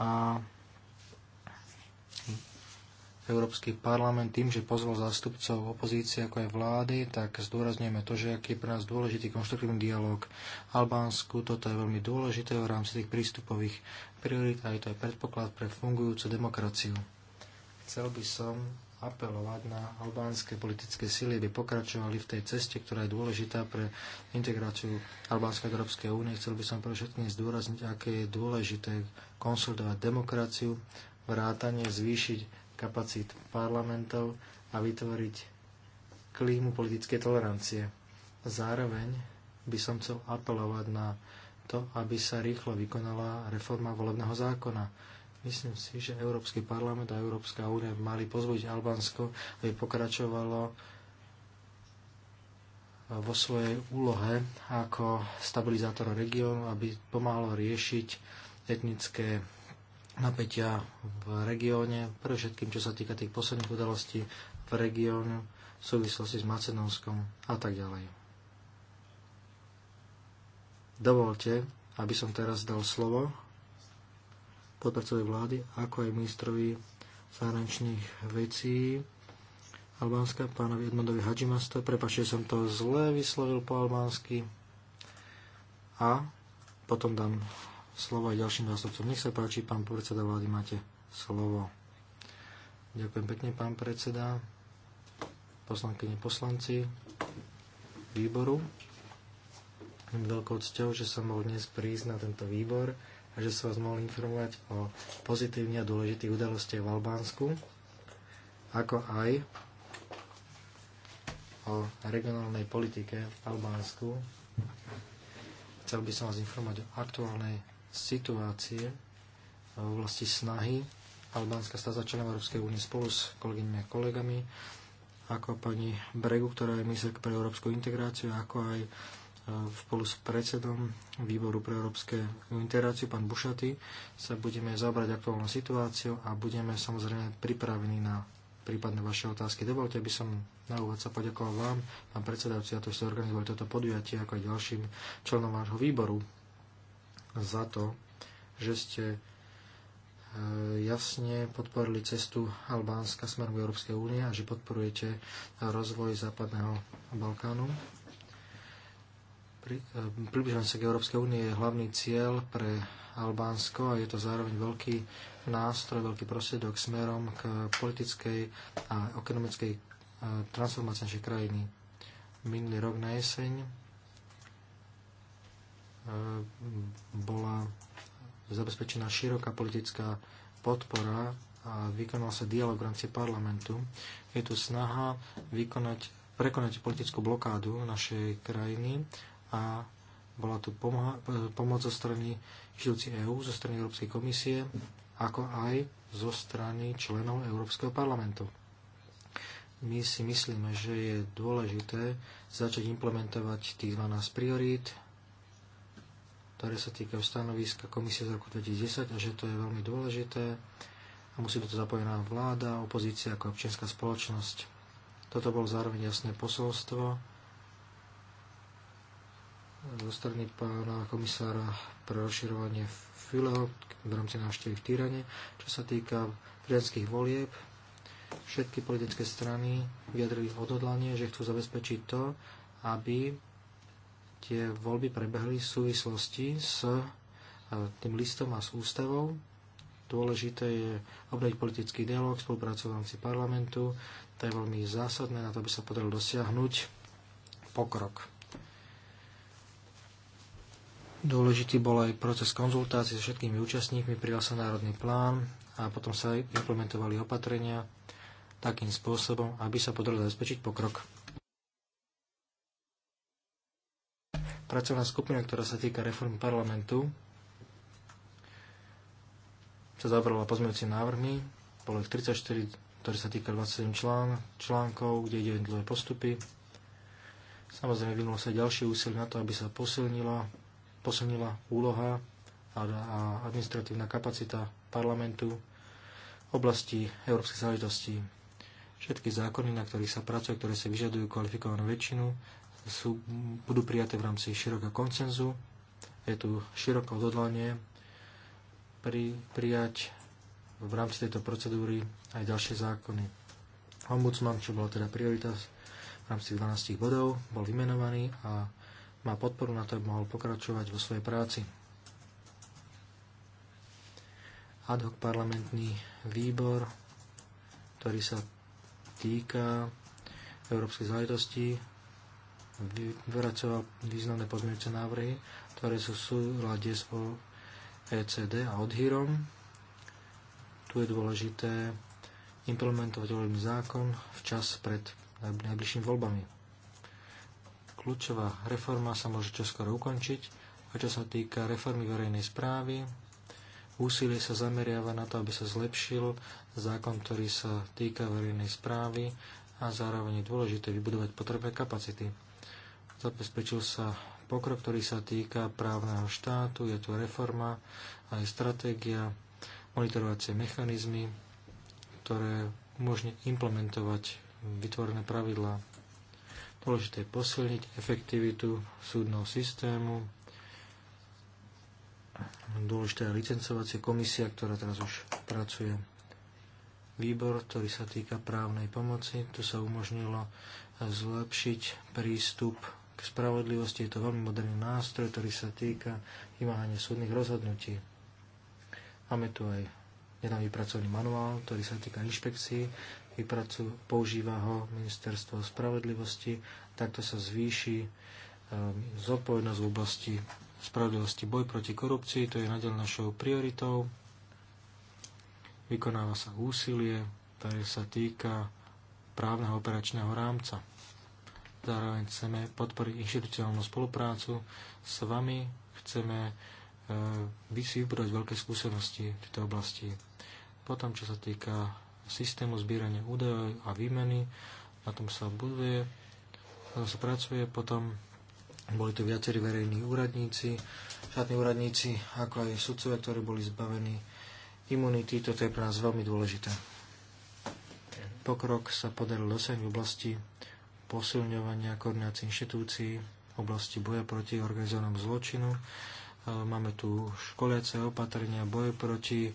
A Európsky parlament tým, že pozval zástupcov opozície ako aj vlády, tak zdôrazňujeme to, že aký je pre nás dôležitý konštruktívny dialog Albánsku. Toto je veľmi dôležité v rámci tých prístupových priorít a je to aj predpoklad pre fungujúcu demokraciu. Chcel by som apelovať na albánske politické sily, aby pokračovali v tej ceste, ktorá je dôležitá pre integráciu Albánskej Európskej únie. Chcel by som pre všetkým zdôrazniť, aké je dôležité konsolidovať demokraciu, vrátanie, zvýšiť kapacít parlamentov a vytvoriť klímu politické tolerancie. Zároveň by som chcel apelovať na to, aby sa rýchlo vykonala reforma volebného zákona Myslím si, že Európsky parlament a Európska únia mali pozbudiť Albánsko, aby pokračovalo vo svojej úlohe ako stabilizátor regiónu, aby pomáhalo riešiť etnické napätia v regióne, pre všetkým, čo sa týka tých posledných udalostí v regióne, v súvislosti s Macedónskom a tak ďalej. Dovolte, aby som teraz dal slovo podpredsedovi vlády, ako aj ministrovi zahraničných vecí Albánska, pánovi Edmondovi Hadžimasto. Prepačte, som to zle vyslovil po albánsky. A potom dám slovo aj ďalším zástupcom. Nech sa páči, pán predseda vlády, máte slovo. Ďakujem pekne, pán predseda, poslankyne, poslanci výboru. Veľkou cťou, že som mohol dnes prísť na tento výbor a že som vás mohol informovať o pozitívne a dôležitých udalostiach v Albánsku, ako aj o regionálnej politike v Albánsku. Chcel by som vás informovať o aktuálnej situácie v oblasti snahy Albánska sta za členom Európskej únie spolu s kolegyňmi a kolegami, ako pani Bregu, ktorá je ministerka pre európsku integráciu, ako aj spolu s predsedom výboru pre európske integráciu, pán Bušaty, sa budeme zabrať aktuálnou situáciou a budeme samozrejme pripravení na prípadne vaše otázky. Dovolte, aby som na úvod sa poďakoval vám, pán predsedajúci, a to, že ste organizovali toto podujatie, ako aj ďalším členom vášho výboru, za to, že ste e, jasne podporili cestu Albánska smerom Európskej únie a že podporujete rozvoj Západného Balkánu E, približovanie sa k Európskej únie je hlavný cieľ pre Albánsko a je to zároveň veľký nástroj, veľký prostriedok smerom k politickej a ekonomickej e, transformácii našej krajiny. Minulý rok na jeseň e, bola zabezpečená široká politická podpora a vykonal sa dialog v rámci parlamentu. Je tu snaha vykonať, prekonať politickú blokádu našej krajiny a bola tu pomoc zo strany žijúci EÚ, zo strany Európskej komisie, ako aj zo strany členov Európskeho parlamentu. My si myslíme, že je dôležité začať implementovať tých 12 priorít, ktoré sa týkajú stanoviska komisie z roku 2010 a že to je veľmi dôležité a musí byť to zapojená vláda, opozícia ako občianská spoločnosť. Toto bolo zároveň jasné posolstvo, zo strany pána komisára pre rozširovanie Fileho v rámci návštevy v Týrane. Čo sa týka prezidentských volieb, všetky politické strany vyjadrili odhodlanie, že chcú zabezpečiť to, aby tie voľby prebehli v súvislosti s e, tým listom a s ústavou. Dôležité je obnoviť politický dialog, spoluprácu v rámci parlamentu. To je veľmi zásadné na to, aby sa podarilo dosiahnuť pokrok Dôležitý bol aj proces konzultácií so všetkými účastníkmi, prijal sa národný plán a potom sa implementovali opatrenia takým spôsobom, aby sa podarilo zabezpečiť pokrok. Pracovná skupina, ktorá sa týka reformy parlamentu, sa zabrala pozmeňujúcimi návrhmi, bolo ich 34, ktoré sa týka 27 člán, článkov, kde ide jednotlivé postupy. Samozrejme, vynulo sa ďalšie úsilie na to, aby sa posilnila posunila úloha a administratívna kapacita parlamentu v oblasti európskej záležitosti. Všetky zákony, na ktorých sa pracuje, ktoré si vyžadujú kvalifikovanú väčšinu, sú, budú prijaté v rámci širokého koncenzu. Je tu široké odhodlanie pri, prijať v rámci tejto procedúry aj ďalšie zákony. Ombudsman, čo bola teda priorita v rámci 12 bodov, bol vymenovaný a má podporu na to, aby mohol pokračovať vo svojej práci. Ad hoc parlamentný výbor, ktorý sa týka európskej záležitosti, vyvracoval významné pozmeňujúce návrhy, ktoré sú v súlade s ECD a odhýrom. Tu je dôležité implementovať volebný zákon včas pred najbližšími voľbami. Kľúčová reforma sa môže čoskoro ukončiť a čo sa týka reformy verejnej správy, úsilie sa zameriava na to, aby sa zlepšil zákon, ktorý sa týka verejnej správy a zároveň je dôležité vybudovať potrebné kapacity. Zabezpečil sa pokrok, ktorý sa týka právneho štátu, je tu reforma, aj stratégia, monitorovacie mechanizmy, ktoré umožní implementovať vytvorené pravidlá. Dôležité je posilniť efektivitu súdneho systému. Dôležitá je licencovacia komisia, ktorá teraz už pracuje. Výbor, ktorý sa týka právnej pomoci, tu sa umožnilo zlepšiť prístup k spravodlivosti. Je to veľmi moderný nástroj, ktorý sa týka vymáhania súdnych rozhodnutí. Máme tu aj nedávny pracovný manuál, ktorý sa týka inšpekcií vypracujú, používa ho Ministerstvo spravodlivosti, takto sa zvýši ehm, zodpovednosť v oblasti spravodlivosti boj proti korupcii, to je nadal našou prioritou. Vykonáva sa úsilie, ktoré sa týka právneho operačného rámca. Zároveň chceme podporiť inštitucionálnu spoluprácu s vami, chceme ehm, vysvýbrať veľké skúsenosti v tejto oblasti. Potom, čo sa týka systému zbierania údajov a výmeny. Na tom sa buduje, na tom sa pracuje. Potom boli tu viacerí verejní úradníci, štátni úradníci, ako aj sudcovia, ktorí boli zbavení imunity. Toto je pre nás veľmi dôležité. Pokrok sa podaril dosiahnuť v oblasti posilňovania koordinácie inštitúcií, v oblasti boja proti organizovanému zločinu. Máme tu školiace opatrenia, boje proti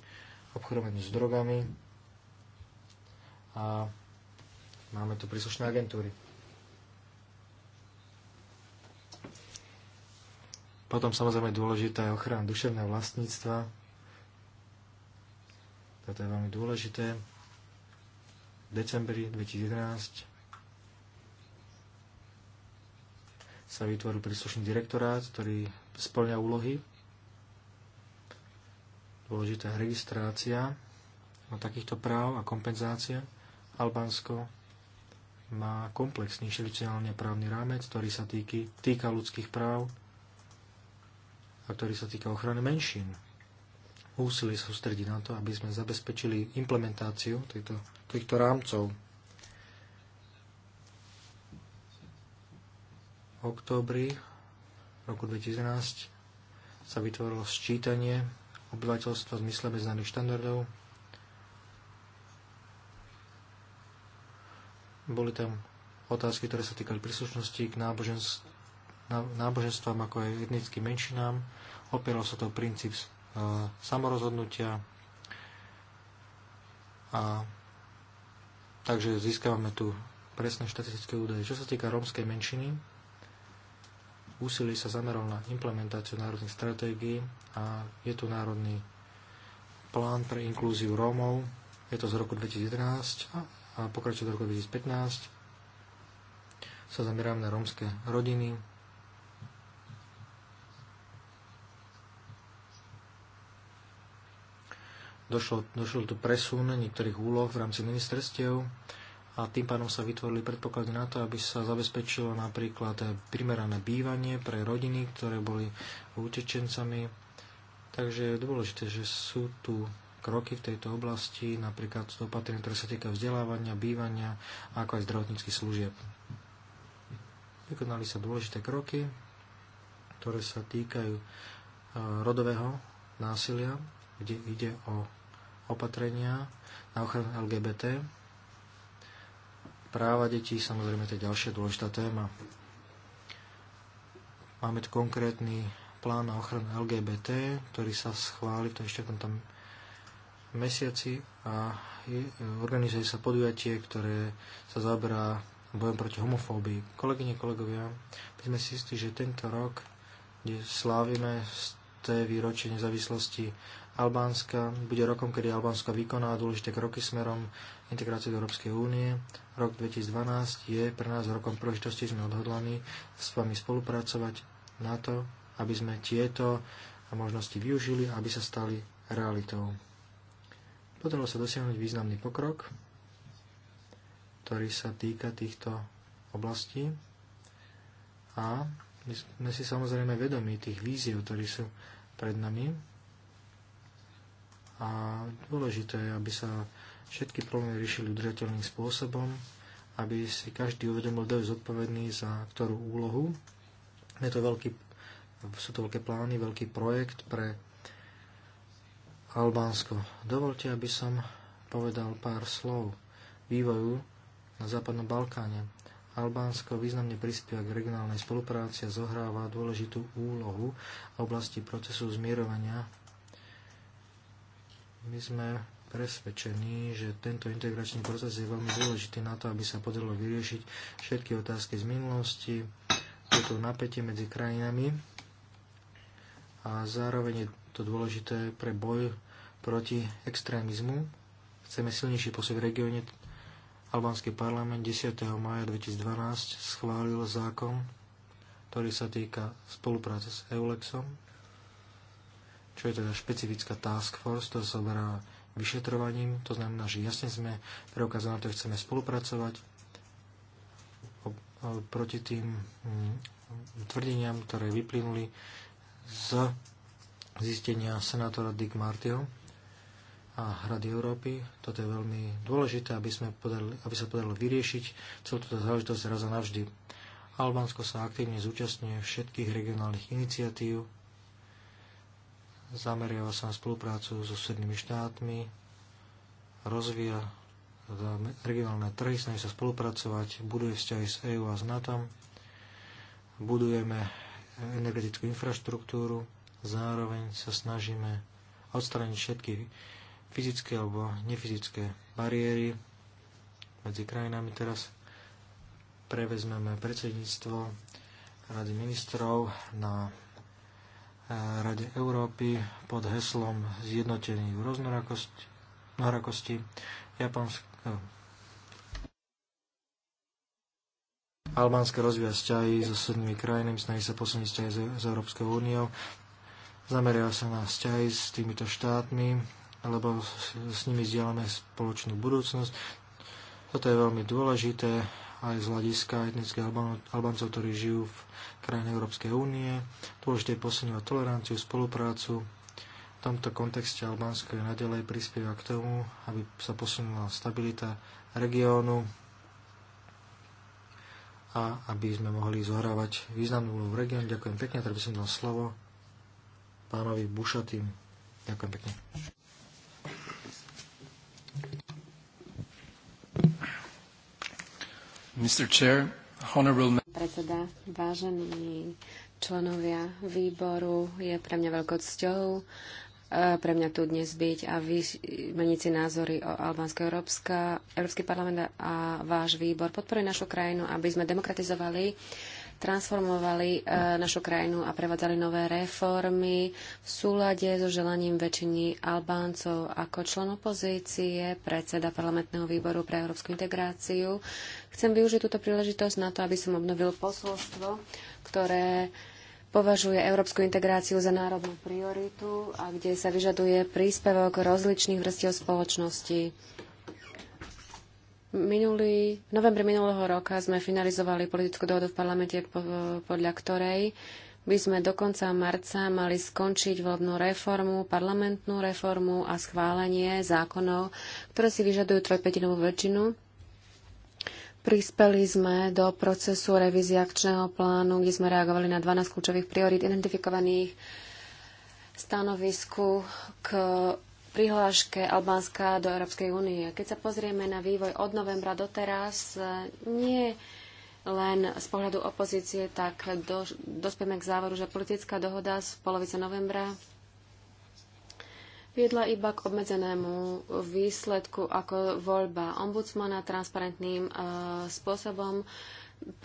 obchodovaniu s drogami a máme tu príslušné agentúry. Potom samozrejme dôležitá je ochrana duševného vlastníctva. Toto je veľmi dôležité. V decembri 2011 sa vytvoril príslušný direktorát, ktorý splňa úlohy. Dôležitá je registrácia a takýchto práv a kompenzácia. Albánsko má komplexný štriciálne právny rámec, ktorý sa týky, týka ľudských práv a ktorý sa týka ochrany menšín. Úsilie sústredí na to, aby sme zabezpečili implementáciu týchto, týchto rámcov. V októbri roku 2011 sa vytvorilo sčítanie obyvateľstva v zmysle medzinárodných štandardov Boli tam otázky, ktoré sa týkali príslušnosti k náboženstv, náboženstvám ako aj etnickým menšinám. Opieral sa to princíp e, samorozhodnutia a takže získavame tu presné štatistické údaje. Čo sa týka rómskej menšiny, úsilie sa zameral na implementáciu národných stratégií a je tu národný plán pre inklúziu Rómov. Je to z roku 2011 a a pokračuje do roku 2015. Sa zamerám na rómske rodiny. Došlo, došlo tu presun niektorých úloh v rámci ministerstiev a tým pádom sa vytvorili predpoklady na to, aby sa zabezpečilo napríklad primerané bývanie pre rodiny, ktoré boli utečencami. Takže je dôležité, že sú tu kroky v tejto oblasti, napríklad to opatrenia, ktoré sa týkajú vzdelávania, bývania, ako aj zdravotníckých služieb. Vykonali sa dôležité kroky, ktoré sa týkajú e, rodového násilia, kde ide o opatrenia na ochranu LGBT. Práva detí, samozrejme, to je ďalšia dôležitá téma. Máme tu konkrétny plán na ochranu LGBT, ktorý sa schváli, to ešte tam, tam mesiaci a organizuje sa podujatie, ktoré sa zaoberá bojom proti homofóbii. Kolegyne, kolegovia, my sme si istí, že tento rok, kde slávime té výročie nezávislosti Albánska, bude rokom, kedy Albánsko vykoná dôležité kroky smerom integrácie do Európskej únie. Rok 2012 je pre nás rokom príležitosti, sme odhodlaní s vami spolupracovať na to, aby sme tieto možnosti využili, aby sa stali realitou. Podarilo sa dosiahnuť významný pokrok, ktorý sa týka týchto oblastí a my sme si samozrejme vedomi tých víziev, ktorí sú pred nami a dôležité je, aby sa všetky problémy riešili udržateľným spôsobom, aby si každý uvedomil, kto je zodpovedný za ktorú úlohu. Je to veľký, sú to veľké plány, veľký projekt pre Albánsko. Dovolte, aby som povedal pár slov vývoju na Západnom Balkáne. Albánsko významne prispieva k regionálnej spolupráci a zohráva dôležitú úlohu v oblasti procesu zmierovania. My sme presvedčení, že tento integračný proces je veľmi dôležitý na to, aby sa podarilo vyriešiť všetky otázky z minulosti, toto napätie medzi krajinami a zároveň je to dôležité pre boj proti extrémizmu. Chceme silnejší posúť v regióne. Albánsky parlament 10. maja 2012 schválil zákon, ktorý sa týka spolupráce s EULEXom, čo je teda špecifická task force, to sa oberá vyšetrovaním, to znamená, že jasne sme preukázali na to, že chceme spolupracovať proti tým mm, tvrdeniam, ktoré vyplynuli z zistenia senátora Dick Martyho a Rady Európy. Toto je veľmi dôležité, aby, sme podali, aby sa podarilo vyriešiť celú túto záležitosť raz a navždy. Albánsko sa aktívne zúčastňuje všetkých regionálnych iniciatív, zameriava sa na spoluprácu so susednými štátmi, rozvíja regionálne trhy, snaží sa spolupracovať, buduje vzťahy s EÚ a s NATO, budujeme energetickú infraštruktúru, Zároveň sa snažíme odstrániť všetky fyzické alebo nefyzické bariéry medzi krajinami. Teraz prevezmeme predsedníctvo Rady ministrov na eh, Rade Európy pod heslom Zjednotení v mnohorakosti. Japonsk- eh, Albánske rozvíja vzťahy so sedmi krajinami, snaží sa posunúť vzťahy s Európskou úniou zameria sa na vzťahy s týmito štátmi, alebo s nimi vzdielame spoločnú budúcnosť. Toto je veľmi dôležité aj z hľadiska etnických Albancov, ktorí žijú v krajine Európskej únie. Dôležité je posilňovať toleranciu, spoluprácu. V tomto kontexte Albánsko je nadalej prispieva k tomu, aby sa posunula stabilita regiónu a aby sme mohli zohrávať významnú úlohu v regióne. Ďakujem pekne, teraz by som dal slovo pánovi Bušatým. Ďakujem pekne. Mr. Chair, honorable... Predseda, vážení členovia výboru, je pre mňa veľkou cťou e, pre mňa tu dnes byť a vymeniť si názory o Albánske, Európska, Európsky parlament a váš výbor podporuje našu krajinu, aby sme demokratizovali uh, transformovali eh, našu krajinu a prevádzali nové reformy v súlade so želaním väčšiny Albáncov. Ako člen opozície, predseda parlamentného výboru pre európsku integráciu, chcem využiť túto príležitosť na to, aby som obnovil posolstvo, ktoré považuje európsku integráciu za národnú prioritu a kde sa vyžaduje príspevok rozličných vrstiev spoločnosti Minulý, v novembri minulého roka sme finalizovali politickú dohodu v parlamente, podľa ktorej by sme do konca marca mali skončiť volebnú reformu, parlamentnú reformu a schválenie zákonov, ktoré si vyžadujú trojpetinovú väčšinu. Prispeli sme do procesu revízie akčného plánu, kde sme reagovali na 12 kľúčových priorít identifikovaných stanovisku k prihláške Albánska do Európskej únie. Keď sa pozrieme na vývoj od novembra do teraz, nie len z pohľadu opozície, tak do, dospieme k záveru, že politická dohoda z polovice novembra viedla iba k obmedzenému výsledku ako voľba ombudsmana transparentným e, spôsobom,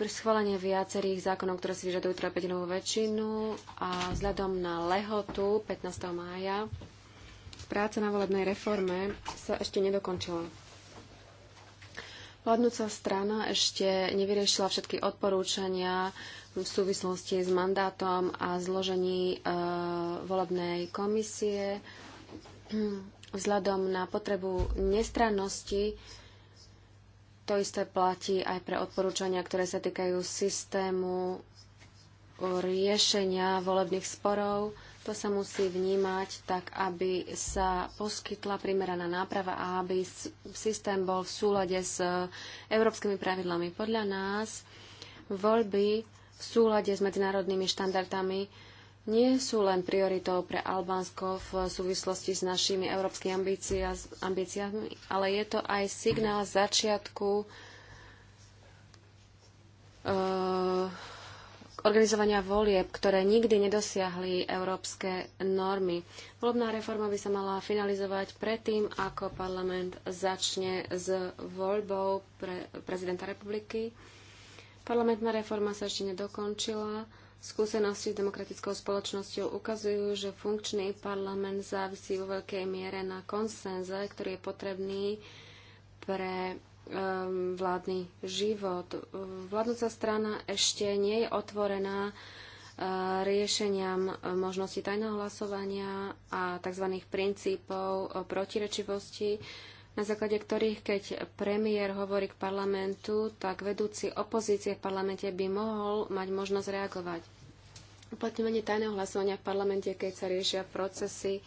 schválenie viacerých zákonov, ktoré si vyžadujú trojpetinovú väčšinu a vzhľadom na lehotu 15. mája práca na volebnej reforme sa ešte nedokončila. Vládnúca strana ešte nevyriešila všetky odporúčania v súvislosti s mandátom a zložení e, volebnej komisie. Vzhľadom na potrebu nestrannosti to isté platí aj pre odporúčania, ktoré sa týkajú systému riešenia volebných sporov to sa musí vnímať tak, aby sa poskytla primeraná náprava a aby systém bol v súlade s e, európskymi pravidlami. Podľa nás voľby v súlade s medzinárodnými štandardami nie sú len prioritou pre Albánsko v súvislosti s našimi európskymi ambíciami, ale je to aj signál začiatku e, organizovania volieb, ktoré nikdy nedosiahli európske normy. Volebná reforma by sa mala finalizovať predtým, ako parlament začne s voľbou pre prezidenta republiky. Parlamentná reforma sa ešte nedokončila. Skúsenosti s demokratickou spoločnosťou ukazujú, že funkčný parlament závisí vo veľkej miere na konsenze, ktorý je potrebný pre Um, vládny život. Vládnúca strana ešte nie je otvorená uh, riešeniam možnosti tajného hlasovania a tzv. princípov protirečivosti, na základe ktorých, keď premiér hovorí k parlamentu, tak vedúci opozície v parlamente by mohol mať možnosť reagovať. Uplatňovanie tajného hlasovania v parlamente, keď sa riešia procesy,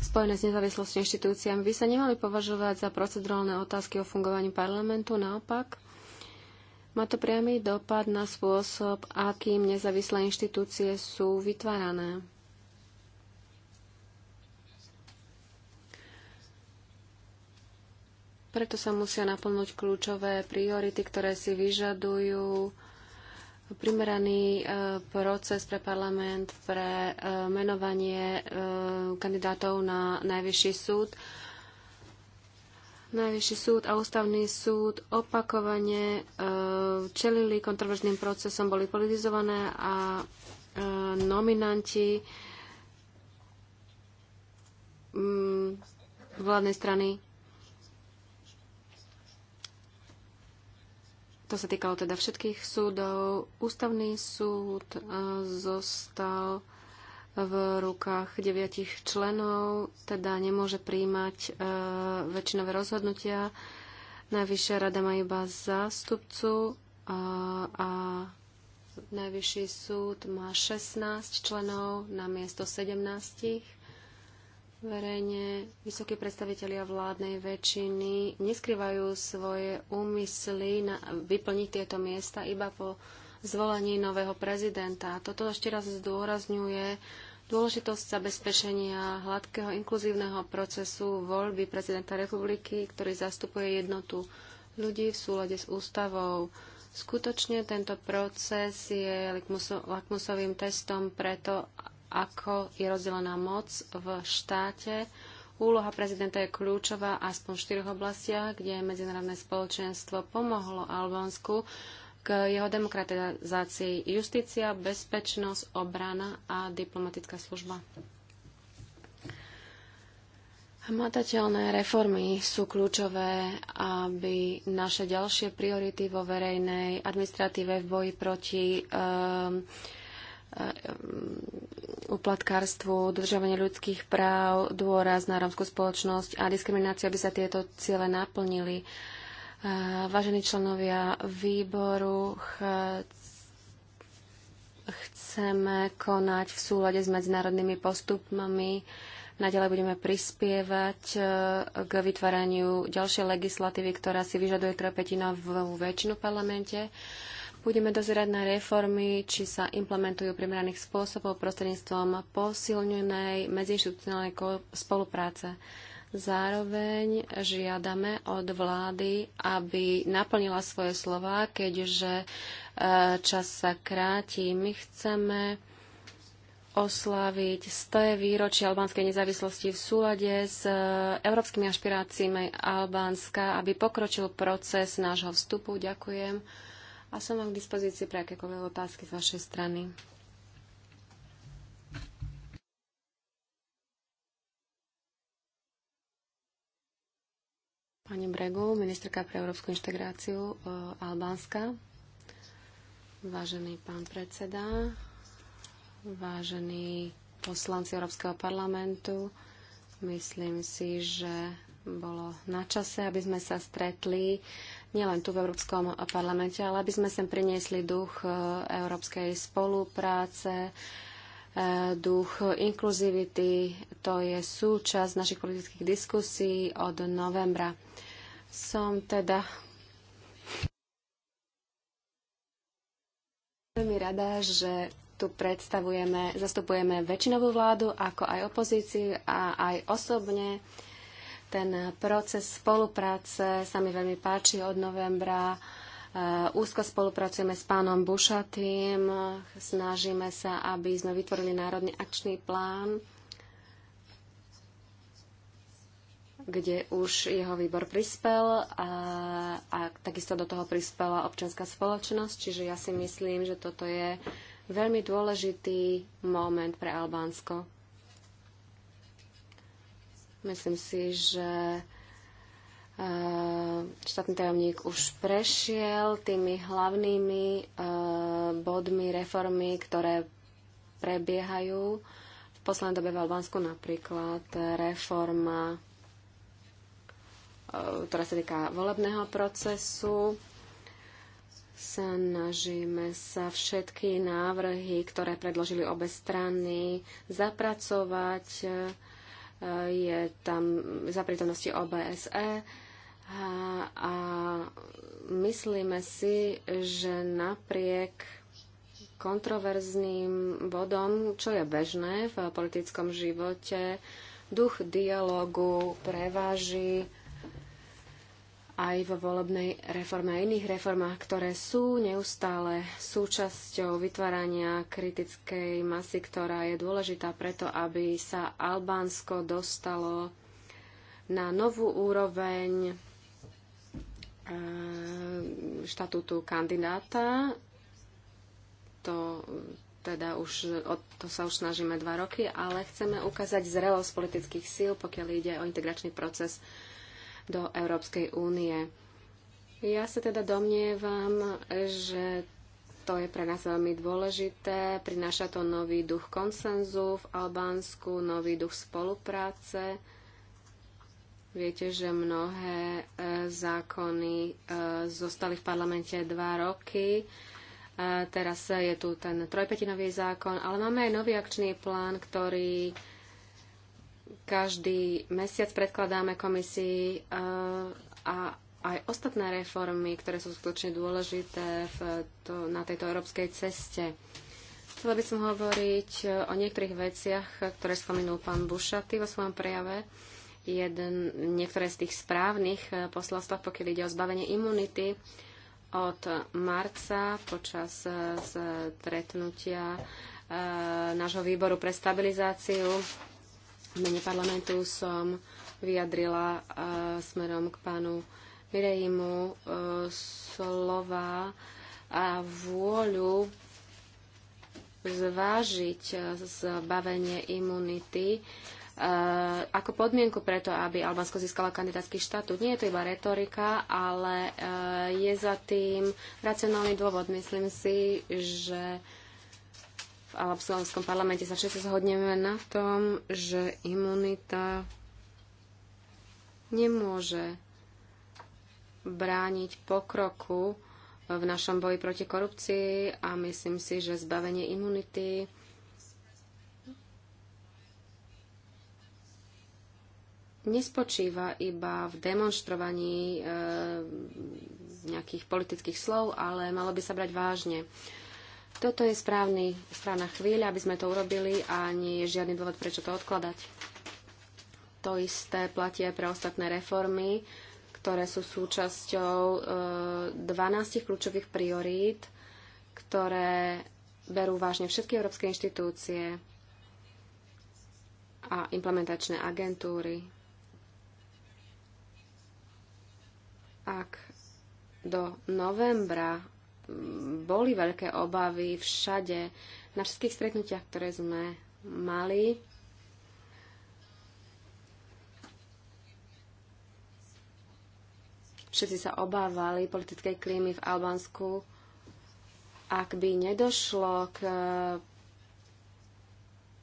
spojené s nezávislosťou inštitúciami by sa nemali považovať za procedurálne otázky o fungovaní parlamentu. Naopak, má to priamy dopad na spôsob, akým nezávislé inštitúcie sú vytvárané. Preto sa musia naplnúť kľúčové priority, ktoré si vyžadujú primeraný e, proces pre parlament pre e, menovanie e, kandidátov na najvyšší súd. Najvyšší súd a ústavný súd opakovane čelili kontroverzným procesom, boli politizované a nominanti mm, vládnej strany To sa týkalo teda všetkých súdov. Ústavný súd e, zostal v rukách deviatich členov, teda nemôže príjmať e, väčšinové rozhodnutia. Najvyššia rada má iba zástupcu a, e, a Najvyšší súd má 16 členov na miesto 17. Verejne vysokí predstavitelia vládnej väčšiny neskrývajú svoje úmysly na vyplniť tieto miesta iba po zvolení nového prezidenta. Toto ešte raz zdôrazňuje dôležitosť zabezpečenia hladkého inkluzívneho procesu voľby prezidenta republiky, ktorý zastupuje jednotu ľudí v súlade s ústavou. Skutočne tento proces je lakmusovým testom preto, ako je rozdelená moc v štáte. Úloha prezidenta je kľúčová aspoň v štyroch oblastiach, kde medzinárodné spoločenstvo pomohlo Albánsku k jeho demokratizácii justícia, bezpečnosť, obrana a diplomatická služba. Hmatateľné reformy sú kľúčové, aby naše ďalšie priority vo verejnej administratíve v boji proti um, E, uplatkárstvu, dodržovanie ľudských práv, dôraz na rómskú spoločnosť a diskrimináciu, aby sa tieto ciele naplnili. E, vážení členovia výboru, chceme konať v súlade s medzinárodnými postupmi. Naďalej budeme prispievať e, k vytváraniu ďalšej legislatívy, ktorá si vyžaduje v väčšinu v parlamente. Budeme dozerať na reformy, či sa implementujú primeraných spôsobov prostredníctvom posilnenej medziinstitucionálnej spolupráce. Zároveň žiadame od vlády, aby naplnila svoje slova, keďže e, čas sa kráti. My chceme oslaviť 100. výročie albánskej nezávislosti v súlade s e, európskymi ašpiráciami Albánska, aby pokročil proces nášho vstupu. Ďakujem a som vám k dispozícii pre akékoľvek otázky z vašej strany. Pani Bregu, ministerka pre európsku integráciu e, Albánska. Vážený pán predseda, vážení poslanci Európskeho parlamentu, myslím si, že bolo na čase, aby sme sa stretli nielen tu v Európskom parlamente, ale aby sme sem priniesli duch e, európskej spolupráce, e, duch inkluzivity. To je súčasť našich politických diskusí od novembra. Som teda veľmi rada, že tu predstavujeme, zastupujeme väčšinovú vládu, ako aj opozíciu a aj osobne. Ten proces spolupráce sa mi veľmi páči od novembra. E, úzko spolupracujeme s pánom Bušatým, snažíme sa, aby sme vytvorili národný akčný plán, kde už jeho výbor prispel a, a takisto do toho prispela občianská spoločnosť, čiže ja si myslím, že toto je veľmi dôležitý moment pre Albánsko. Myslím si, že e, štátny tajomník už prešiel tými hlavnými e, bodmi reformy, ktoré prebiehajú. V poslednej dobe v Albánsku napríklad reforma, e, ktorá sa týka volebného procesu. Snažíme sa všetky návrhy, ktoré predložili obe strany, zapracovať je tam za prítomnosti OBSE a, a myslíme si, že napriek kontroverzným bodom, čo je bežné v politickom živote, duch dialogu preváži aj vo volebnej reforme a iných reformách, ktoré sú neustále súčasťou vytvárania kritickej masy, ktorá je dôležitá preto, aby sa Albánsko dostalo na novú úroveň eh, štatútu kandidáta. To, eh, teda už, to sa už snažíme dva roky, ale chceme ukázať zrelosť politických síl, pokiaľ ide o integračný proces do Európskej únie. Ja sa teda domnievam, že to je pre nás veľmi dôležité. Prináša to nový duch konsenzu v Albánsku, nový duch spolupráce. Viete, že mnohé e, zákony e, zostali v parlamente dva roky. E, teraz je tu ten trojpetinový zákon, ale máme aj nový akčný plán, ktorý každý mesiac predkladáme komisii eh, a aj ostatné reformy, ktoré sú skutočne dôležité v to, na tejto európskej ceste. Chcela by som hovoriť o niektorých veciach, ktoré spomenul pán Bušaty vo svojom prejave. Jeden, niektoré z tých správnych eh, posolstv, pokiaľ ide o zbavenie imunity, od marca počas eh, stretnutia nášho výboru pre stabilizáciu v mene parlamentu som vyjadrila e, smerom k pánu Mirejimu e, slova a vôľu zvážiť zbavenie imunity e, ako podmienku preto, aby Albánsko získala kandidátsky štatút. Nie je to iba retorika, ale je za tým racionálny dôvod. Myslím si, že v Slovenskom parlamente sa všetci zhodneme na tom, že imunita nemôže brániť pokroku v našom boji proti korupcii a myslím si, že zbavenie imunity nespočíva iba v demonstrovaní e, nejakých politických slov, ale malo by sa brať vážne. E, toto je správny, správna chvíľa, aby sme to urobili a nie je žiadny dôvod, prečo to odkladať. To isté platí aj pre ostatné reformy, ktoré sú súčasťou e, 12 kľúčových priorít, ktoré berú vážne všetky európske inštitúcie a implementačné agentúry. Ak do novembra boli veľké obavy všade, na všetkých stretnutiach, ktoré sme mali. Všetci sa obávali politickej klímy v Albánsku, ak by nedošlo k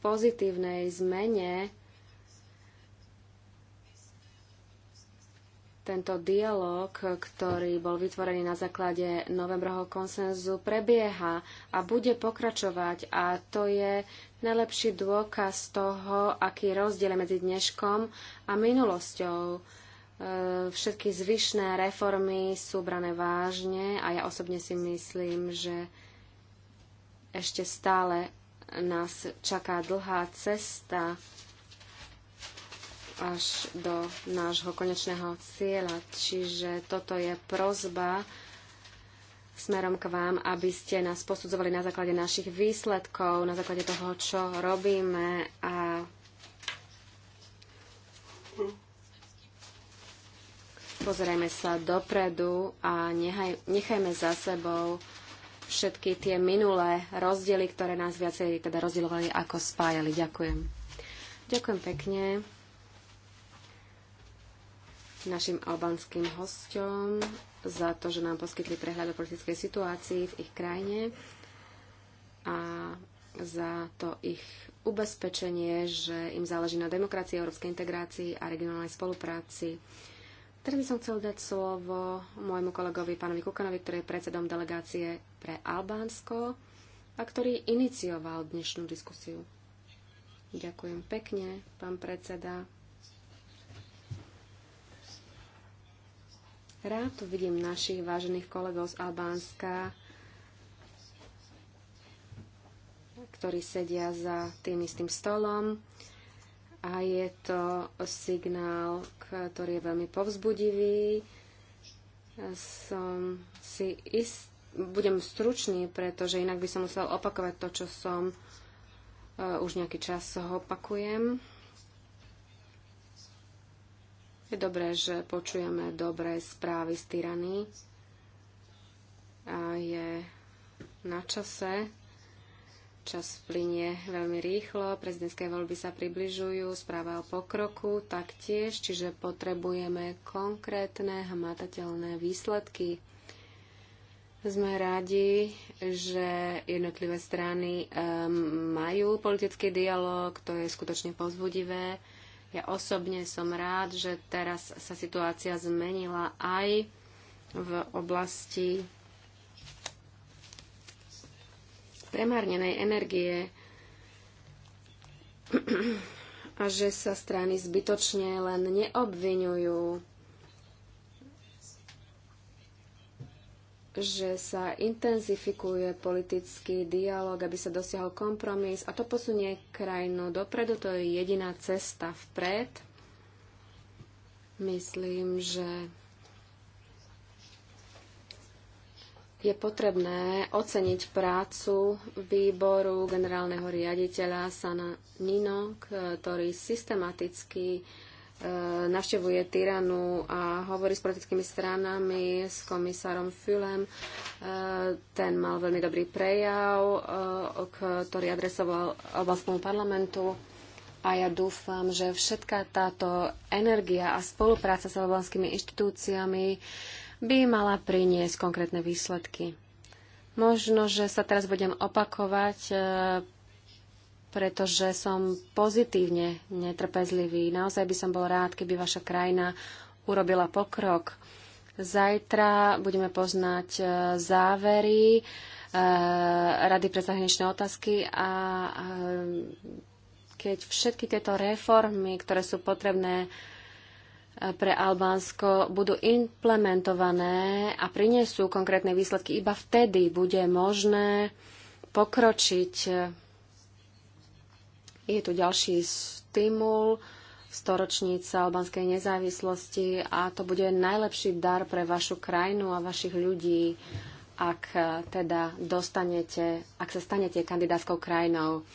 pozitívnej zmene Tento dialog, ktorý bol vytvorený na základe novembrového konsenzu, prebieha a bude pokračovať. A to je najlepší dôkaz toho, aký rozdiel je medzi dneškom a minulosťou. E, všetky zvyšné reformy sú brané vážne a ja osobne si myslím, že ešte stále nás čaká dlhá cesta až do nášho konečného cieľa. Čiže toto je prozba smerom k vám, aby ste nás posudzovali na základe našich výsledkov, na základe toho, čo robíme a pozerajme sa dopredu a nechaj, nechajme za sebou všetky tie minulé rozdiely, ktoré nás viacej teda rozdielovali ako spájali. Ďakujem. Ďakujem pekne našim albanským hostom za to, že nám poskytli prehľad o politickej situácii v ich krajine a za to ich ubezpečenie, že im záleží na demokracii, európskej integrácii a regionálnej spolupráci. Teraz by som chcel dať slovo môjmu kolegovi, pánovi Kukanovi, ktorý je predsedom delegácie pre Albánsko a ktorý inicioval dnešnú diskusiu. Ďakujem pekne, pán predseda. Rád tu vidím našich vážených kolegov z Albánska, ktorí sedia za tým istým stolom a je to signál, ktorý je veľmi povzbudivý. Som si ist, budem stručný, pretože inak by som musel opakovať to, čo som e, už nejaký čas opakujem. Je dobré, že počujeme dobré správy z tyrany a je na čase. Čas plinie veľmi rýchlo, prezidentské voľby sa približujú, správa o pokroku taktiež, čiže potrebujeme konkrétne hmatateľné výsledky. Sme radi, že jednotlivé strany majú politický dialog, to je skutočne pozbudivé. Ja osobne som rád, že teraz sa situácia zmenila aj v oblasti premárnenej energie a že sa strany zbytočne len neobvinujú že sa intenzifikuje politický dialog, aby sa dosiahol kompromis a to posunie krajinu dopredu. To je jediná cesta vpred. Myslím, že je potrebné oceniť prácu výboru generálneho riaditeľa Sana Nino, ktorý systematicky E, navštevuje Tyranu a hovorí s politickými stranami, s komisárom Fülem. E, ten mal veľmi dobrý prejav, e, ktorý adresoval vlastnému parlamentu. A ja dúfam, že všetká táto energia a spolupráca s oblanskými inštitúciami by mala priniesť konkrétne výsledky. Možno, že sa teraz budem opakovať, pretože som pozitívne netrpezlivý. Naozaj by som bol rád, keby vaša krajina urobila pokrok. Zajtra budeme poznať e, závery e, Rady pre zahraničné otázky a keď všetky tieto reformy, ktoré sú potrebné e, pre Albánsko, budú implementované a prinesú konkrétne výsledky, iba vtedy bude možné pokročiť je tu ďalší stimul, storočnica albanskej nezávislosti a to bude najlepší dar pre vašu krajinu a vašich ľudí, ak eh, teda dostanete, ak sa stanete kandidátskou krajinou.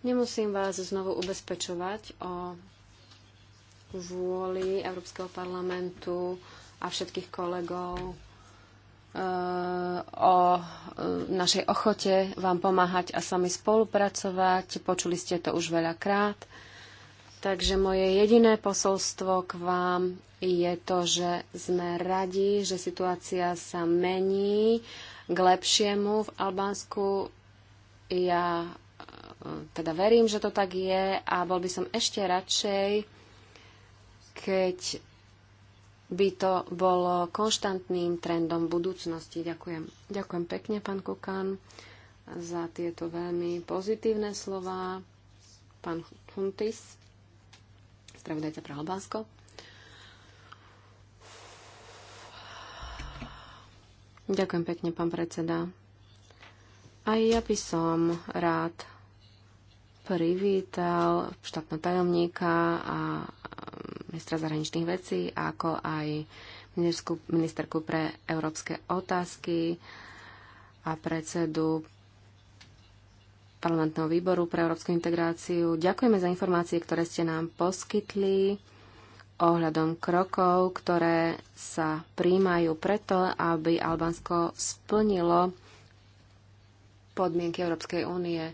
Nemusím vás znovu ubezpečovať o vôli Európskeho parlamentu a všetkých kolegov o e, našej ochote vám pomáhať a sami spolupracovať. Počuli ste to už veľakrát. Takže moje jediné posolstvo k vám je to, že sme radi, že situácia sa mení k lepšiemu v Albánsku. Ja e, teda verím, že to tak je a bol by som ešte radšej, keď by to bolo konštantným trendom budúcnosti. Ďakujem. Ďakujem pekne, pán Kokan, za tieto veľmi pozitívne slova. Pán Huntis, spravodajca pre Albánsko. Ďakujem pekne, pán predseda. Aj ja by som rád privítal štátna tajomníka a ministra zahraničných vecí, ako aj ministerku, pre európske otázky a predsedu parlamentného výboru pre európsku integráciu. Ďakujeme za informácie, ktoré ste nám poskytli ohľadom krokov, ktoré sa príjmajú preto, aby Albánsko splnilo podmienky Európskej únie.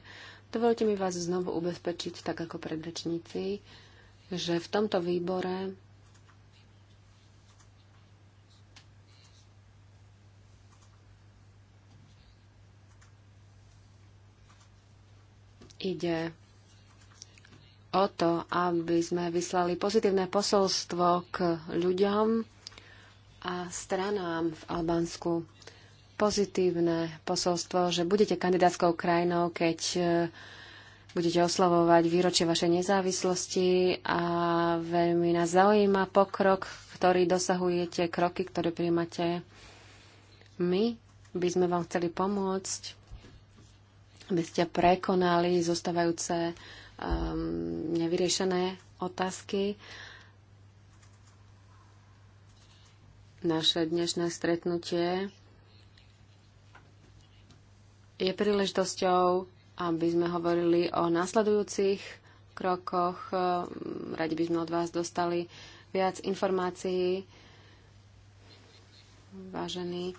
Dovolte mi vás znovu ubezpečiť, tak ako predrečníci, že v tomto výbore ide o to, aby sme vyslali pozitívne posolstvo k ľuďom a stranám v Albánsku. Pozitívne posolstvo, že budete kandidátskou krajinou, keď budete oslavovať výročie vašej nezávislosti a veľmi nás zaujíma pokrok, ktorý dosahujete, kroky, ktoré príjmate. My by sme vám chceli pomôcť, aby ste prekonali zostávajúce um, nevyriešené otázky. Naše dnešné stretnutie je príležitosťou aby sme hovorili o následujúcich krokoch. E, Radi by sme od vás dostali viac informácií. Vážení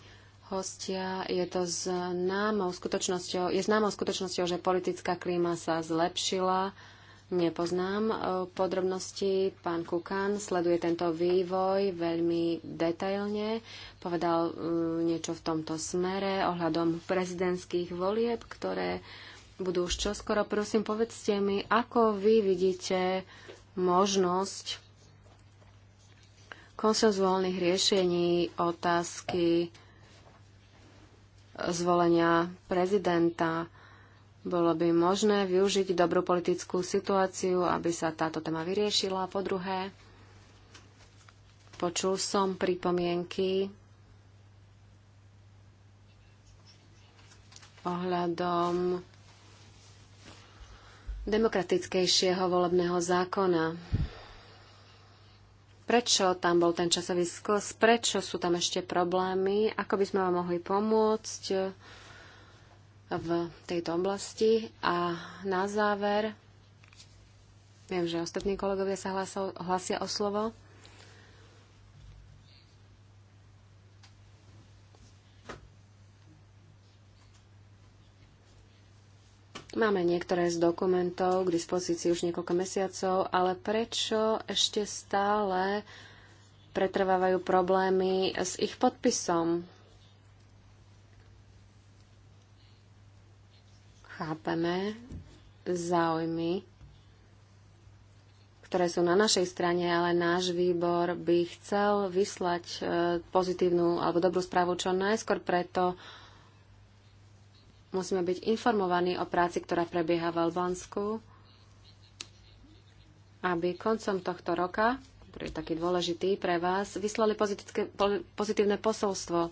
hostia, je to známou skutočnosťou, je známou skutočnosťou, že politická klíma sa zlepšila. Nepoznám e, podrobnosti. Pán Kukan sleduje tento vývoj veľmi detailne. Povedal e, niečo v tomto smere ohľadom prezidentských volieb, ktoré budú už čoskoro. Prosím, povedzte mi, ako vy vidíte možnosť konsenzuálnych riešení otázky zvolenia prezidenta. Bolo by možné využiť dobrú politickú situáciu, aby sa táto téma vyriešila. Po druhé, počul som pripomienky ohľadom demokratickejšieho volebného zákona. Prečo tam bol ten časový skos? Prečo sú tam ešte problémy? Ako by sme vám mohli pomôcť v tejto oblasti? A na záver, viem, že ostatní kolegovia sa hlasia o slovo. Máme niektoré z dokumentov k dispozícii už niekoľko mesiacov, ale prečo ešte stále pretrvávajú problémy s ich podpisom? Chápeme záujmy, ktoré sú na našej strane, ale náš výbor by chcel vyslať e, pozitívnu alebo dobrú správu čo najskôr preto, musíme byť informovaní o práci, ktorá prebieha v Albánsku, aby koncom tohto roka, ktorý je taký dôležitý pre vás, vyslali pozitívne posolstvo.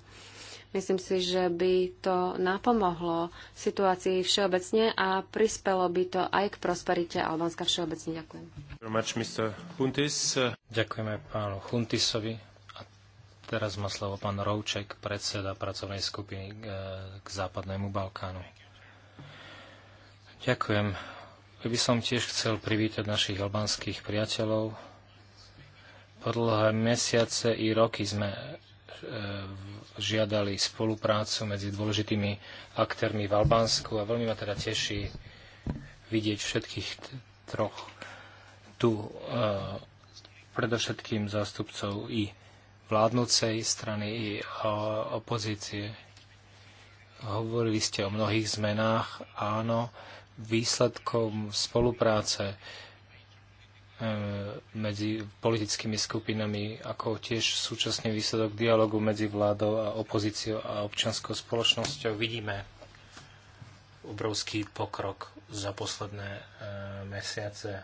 Myslím si, že by to napomohlo situácii všeobecne a prispelo by to aj k prosperite Albánska všeobecne. Ďakujem. Ďakujeme pánu Chuntisovi. Teraz má slovo pán Rouček, predseda pracovnej skupiny e, k Západnému Balkánu. Ďakujem. Ja by som tiež chcel privítať našich albánskych priateľov. Po dlhé mesiace i roky sme e, žiadali spoluprácu medzi dôležitými aktérmi v Albánsku a veľmi ma teda teší vidieť všetkých troch tu, e, predovšetkým zástupcov i vládnúcej strany i opozície. Hovorili ste o mnohých zmenách. Áno, výsledkom spolupráce e, medzi politickými skupinami, ako tiež súčasný výsledok dialogu medzi vládou a opozíciou a občianskou spoločnosťou vidíme obrovský pokrok za posledné e, mesiace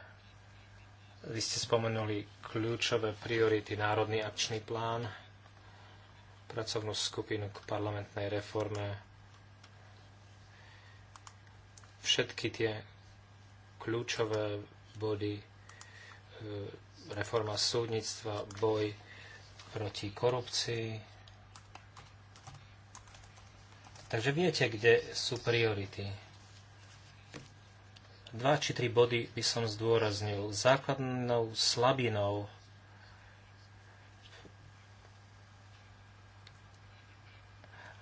vy ste spomenuli kľúčové priority Národný akčný plán, pracovnú skupinu k parlamentnej reforme. Všetky tie kľúčové body e, reforma súdnictva, boj proti korupcii, Takže viete, kde sú priority. Dva či tri body by som zdôraznil. Základnou slabinou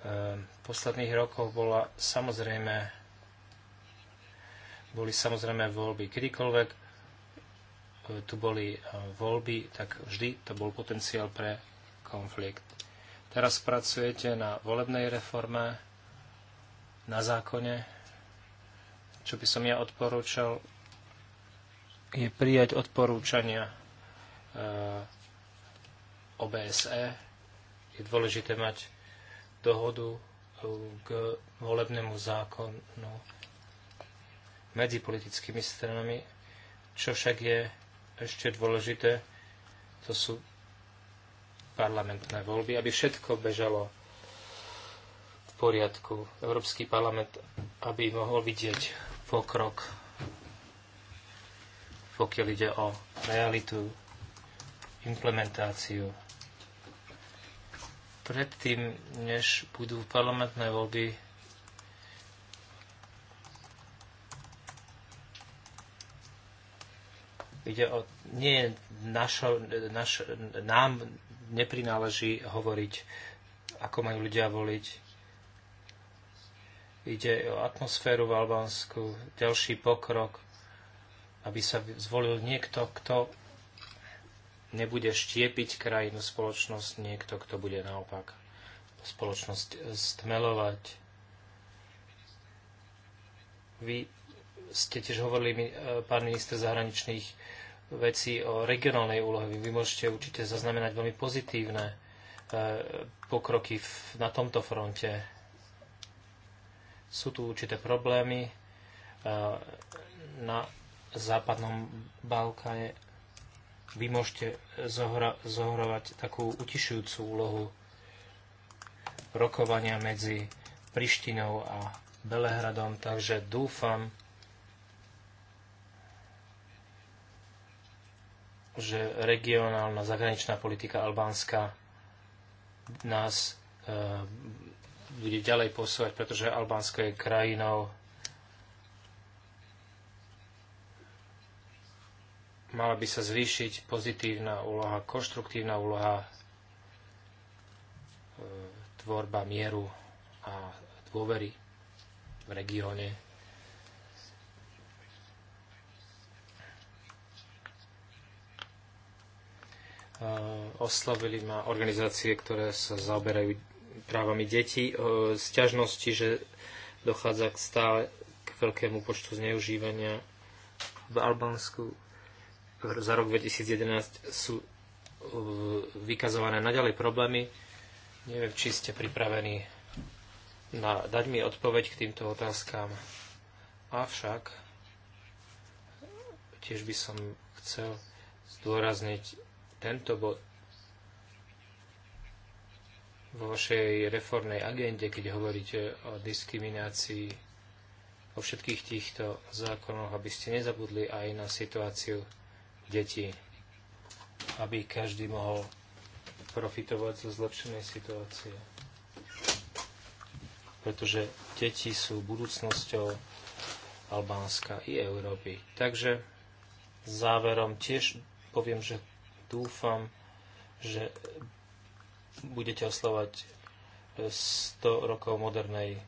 e, posledných rokov bola samozrejme boli samozrejme voľby. Kedykoľvek e, tu boli e, voľby, tak vždy to bol potenciál pre konflikt. Teraz pracujete na volebnej reforme, na zákone. Čo by som ja odporúčal, je prijať odporúčania eh, OBSE. Je dôležité mať dohodu eh, k volebnému zákonu medzi politickými stranami. Čo však je ešte dôležité, to sú parlamentné voľby, aby všetko bežalo v poriadku. Európsky parlament, aby mohol vidieť pokrok, pokiaľ ide o realitu, implementáciu. Predtým, než budú parlamentné voľby, ide o, nie našo, naš, nám neprináleží hovoriť, ako majú ľudia voliť, Ide o atmosféru v Albánsku, ďalší pokrok, aby sa zvolil niekto, kto nebude štiepiť krajinu spoločnosť, niekto, kto bude naopak spoločnosť stmelovať. Vy ste tiež hovorili, e, pán minister zahraničných vecí, o regionálnej úlohe. Vy môžete určite zaznamenať veľmi pozitívne e, pokroky na tomto fronte sú tu určité problémy e, na západnom Balkáne. Vy môžete zohra- zohrovať takú utišujúcu úlohu rokovania medzi Prištinou a Belehradom, takže dúfam, že regionálna zahraničná politika Albánska nás e, bude ďalej posúvať, pretože Albánsko je krajinou mala by sa zvýšiť pozitívna úloha, konštruktívna úloha e, tvorba mieru a dôvery v regióne. E, oslovili ma organizácie, ktoré sa zaoberajú právami detí, sťažnosti, e, že dochádza k stále k veľkému počtu zneužívania v Albánsku. Za rok 2011 sú e, vykazované naďalej problémy. Neviem, či ste pripravení na, dať mi odpoveď k týmto otázkám. Avšak tiež by som chcel zdôrazniť tento bod vo vašej reformnej agende, keď hovoríte o diskriminácii vo všetkých týchto zákonoch, aby ste nezabudli aj na situáciu detí, aby každý mohol profitovať zo zlepšenej situácie. Pretože deti sú budúcnosťou Albánska i Európy. Takže záverom tiež poviem, že dúfam, že budete oslovať 100 e, rokov modernej,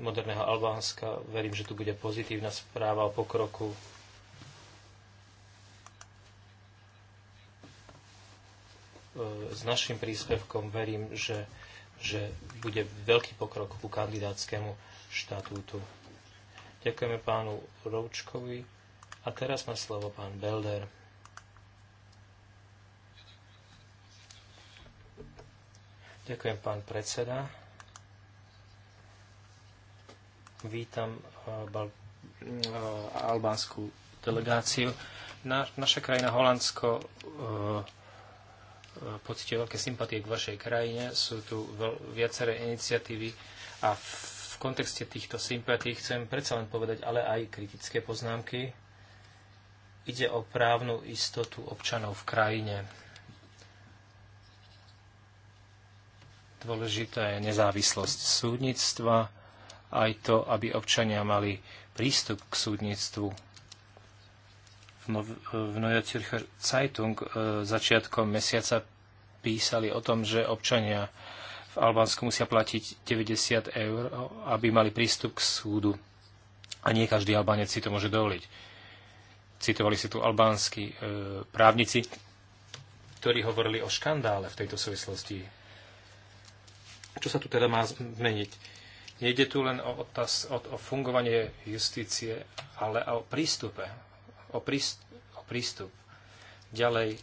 moderného Albánska. Verím, že tu bude pozitívna správa o pokroku. E, s našim príspevkom verím, že, že bude veľký pokrok ku kandidátskému štatútu. Ďakujeme pánu Roučkovi. A teraz má slovo pán Belder. Ďakujem, pán predseda. Vítam eh, eh, albánsku delegáciu. Na, naša krajina Holandsko eh, pocite veľké sympatie k vašej krajine. Sú tu viaceré iniciatívy a v, v kontexte týchto sympatí chcem predsa len povedať, ale aj kritické poznámky. Ide o právnu istotu občanov v krajine. Dôležitá je nezávislosť súdnictva, aj to, aby občania mali prístup k súdnictvu. V, no- v Neuer Zürcher Zeitung e, začiatkom mesiaca písali o tom, že občania v Albánsku musia platiť 90 eur, aby mali prístup k súdu. A nie každý Albánec si to môže dovoliť. Citovali si tu albánsky e, právnici, ktorí hovorili o škandále v tejto súvislosti a čo sa tu teda má zmeniť? Nejde tu len o, otáz, o, o fungovanie justície, ale o prístupe. O, príst, o prístup. Ďalej e,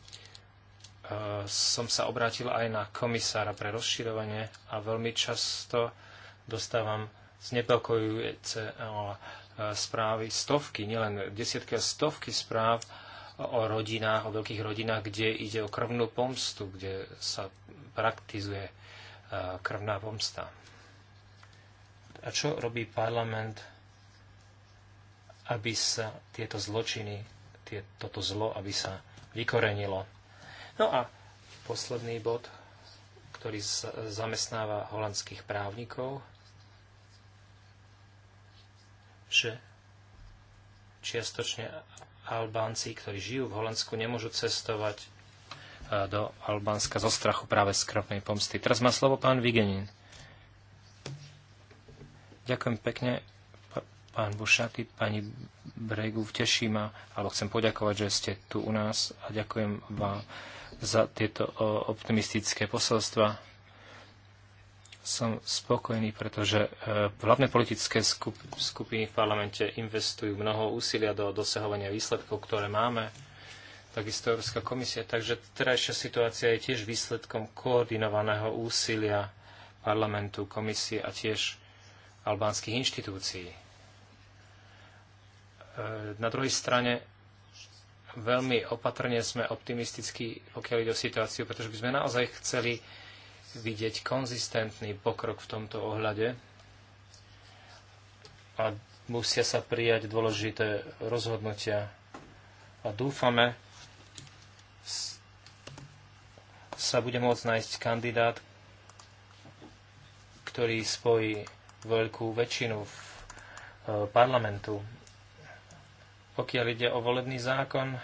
som sa obrátil aj na komisára pre rozširovanie a veľmi často dostávam znepokojujúce e, správy, stovky, nielen desiatky a stovky správ o rodinách, o veľkých rodinách, kde ide o krvnú pomstu, kde sa praktizuje krvná pomsta. A čo robí parlament, aby sa tieto zločiny, tie, toto zlo, aby sa vykorenilo? No a posledný bod, ktorý zamestnáva holandských právnikov, že čiastočne Albánci, ktorí žijú v Holandsku, nemôžu cestovať do Albánska zo strachu práve z krvnej pomsty. Teraz má slovo pán Vigenin. Ďakujem pekne, pán Bušaky, pani Bregu, teší ma, alebo chcem poďakovať, že ste tu u nás a ďakujem vám za tieto optimistické posolstva. Som spokojný, pretože e, hlavné politické skupiny v parlamente investujú mnoho úsilia do dosahovania výsledkov, ktoré máme takisto Európska komisia. Takže terajšia situácia je tiež výsledkom koordinovaného úsilia parlamentu, komisie a tiež albánskych inštitúcií. E, na druhej strane veľmi opatrne sme optimistickí, pokiaľ ide o situáciu, pretože by sme naozaj chceli vidieť konzistentný pokrok v tomto ohľade a musia sa prijať dôležité rozhodnutia. A dúfame, sa bude môcť nájsť kandidát, ktorý spojí veľkú väčšinu v e, parlamentu. Pokiaľ ide o volebný zákon, e,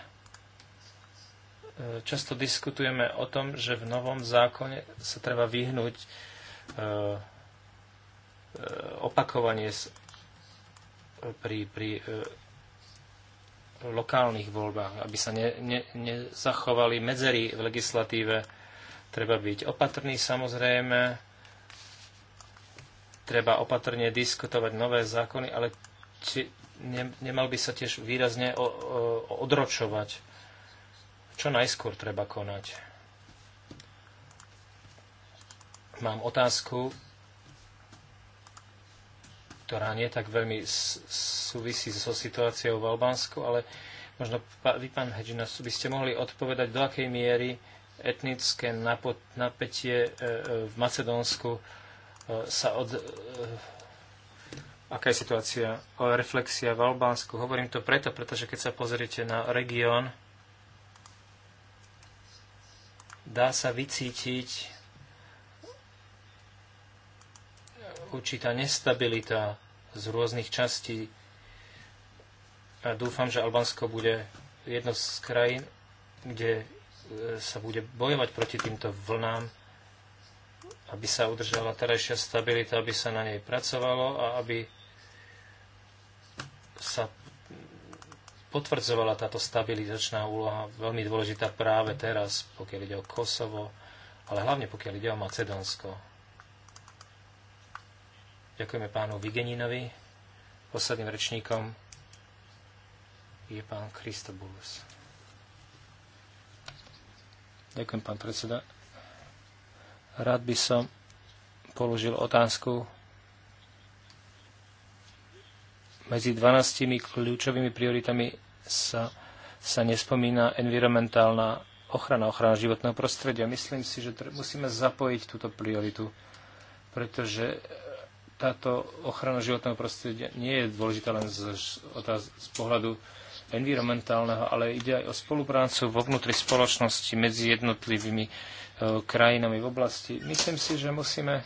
často diskutujeme o tom, že v novom zákone sa treba vyhnúť e, opakovanie pri, pri lokálnych voľbách, aby sa ne, ne, nezachovali medzery v legislatíve. Treba byť opatrný samozrejme, treba opatrne diskutovať nové zákony, ale či, ne, nemal by sa tiež výrazne o, o, odročovať. Čo najskôr treba konať. Mám otázku ktorá nie tak veľmi súvisí so situáciou v Albánsku, ale možno vy, pán Hedžina, by ste mohli odpovedať, do akej miery etnické napätie e, e, v Macedónsku e, sa od... Aká je situácia? O reflexia v Albánsku. Hovorím to preto, pretože keď sa pozriete na región, dá sa vycítiť určitá nestabilita z rôznych častí a dúfam, že Albánsko bude jedno z krajín, kde e, sa bude bojovať proti týmto vlnám, aby sa udržala terajšia stabilita, aby sa na nej pracovalo a aby sa potvrdzovala táto stabilizačná úloha, veľmi dôležitá práve teraz, pokiaľ ide o Kosovo, ale hlavne pokiaľ ide o Macedónsko. Ďakujeme pánu Vigeninovi. Posledným rečníkom je pán Bulus. Ďakujem, pán predseda. Rád by som položil otázku medzi 12 kľúčovými prioritami sa, sa nespomína environmentálna ochrana, ochrana životného prostredia. Myslím si, že musíme zapojiť túto prioritu, pretože táto ochrana životného prostredia nie je dôležitá len z, otáz, z pohľadu environmentálneho, ale ide aj o spoluprácu vo vnútri spoločnosti medzi jednotlivými e, krajinami v oblasti. Myslím si, že musíme e,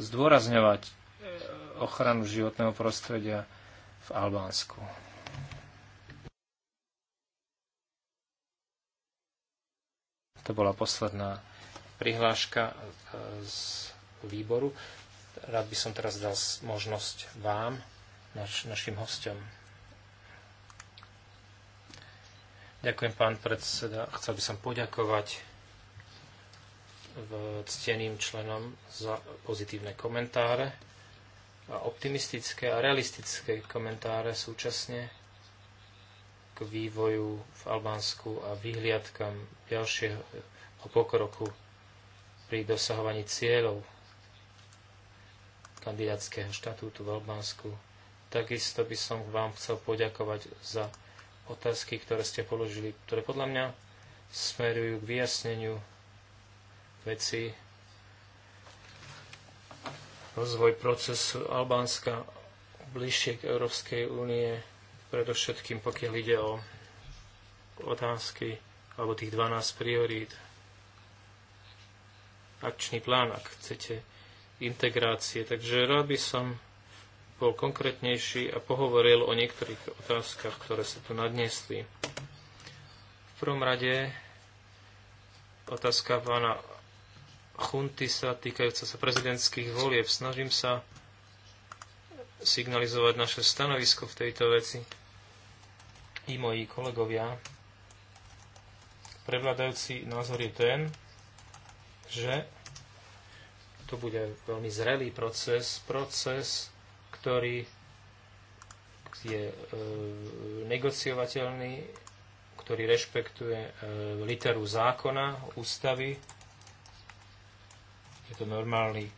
zdôrazňovať e, ochranu životného prostredia v Albánsku. To bola posledná prihláška e, z výboru. Rád by som teraz dal možnosť vám, naš, našim hostom. Ďakujem, pán predseda. Chcel by som poďakovať cteným členom za pozitívne komentáre a optimistické a realistické komentáre súčasne k vývoju v Albánsku a vyhliadkam ďalšieho pokroku pri dosahovaní cieľov kandidátskeho štatútu v Albánsku. Takisto by som vám chcel poďakovať za otázky, ktoré ste položili, ktoré podľa mňa smerujú k vyjasneniu veci, rozvoj procesu Albánska bližšie k Európskej únie, predovšetkým pokiaľ ide o otázky alebo tých 12 priorít. Akčný plán, ak chcete integrácie. Takže rád by som bol konkrétnejší a pohovoril o niektorých otázkach, ktoré sa tu nadniesli. V prvom rade otázka pána Chuntisa týkajúca sa prezidentských volieb. Snažím sa signalizovať naše stanovisko v tejto veci i moji kolegovia. Prevládajúci názor je ten, že to bude veľmi zrelý proces, proces, ktorý je e, negociovateľný, ktorý rešpektuje e, literu zákona, ústavy. Je to normálny e,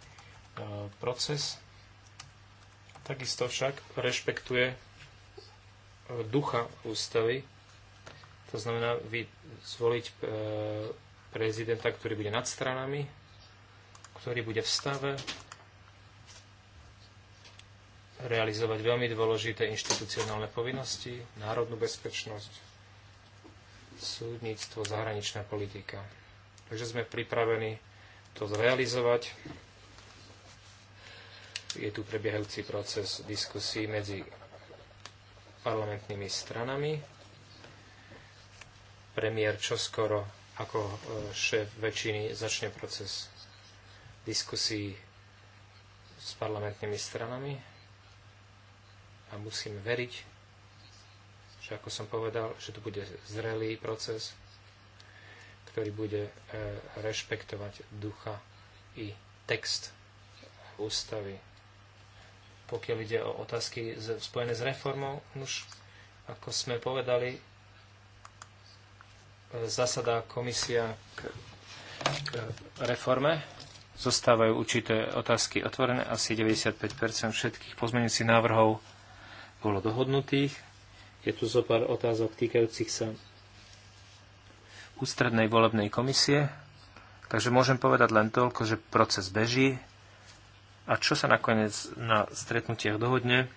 proces. Takisto však rešpektuje e, ducha ústavy. To znamená vy, zvoliť e, prezidenta, ktorý bude nad stranami ktorý bude v stave realizovať veľmi dôležité inštitucionálne povinnosti, národnú bezpečnosť, súdnictvo, zahraničná politika. Takže sme pripravení to zrealizovať. Je tu prebiehajúci proces diskusí medzi parlamentnými stranami. Premiér čoskoro ako e, šéf väčšiny začne proces diskusí s parlamentnými stranami a musíme veriť, že ako som povedal, že to bude zrelý proces, ktorý bude eh, rešpektovať ducha i text ústavy. Pokiaľ ide o otázky spojené s reformou, už ako sme povedali, eh, zasadá komisia k reforme zostávajú určité otázky otvorené. Asi 95 všetkých pozmeňujúcich návrhov bolo dohodnutých. Je tu zo pár otázok týkajúcich sa ústrednej volebnej komisie. Takže môžem povedať len toľko, že proces beží. A čo sa nakoniec na stretnutiach dohodne?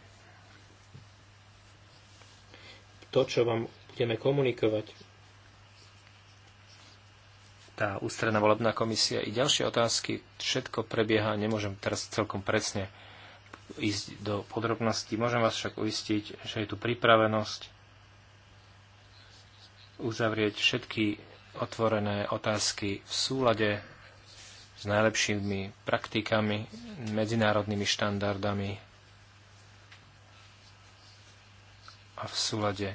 To, čo vám budeme komunikovať tá ústredná volebná komisia i ďalšie otázky. Všetko prebieha, nemôžem teraz celkom presne ísť do podrobností. Môžem vás však uistiť, že je tu pripravenosť uzavrieť všetky otvorené otázky v súlade s najlepšími praktikami, medzinárodnými štandardami a v súlade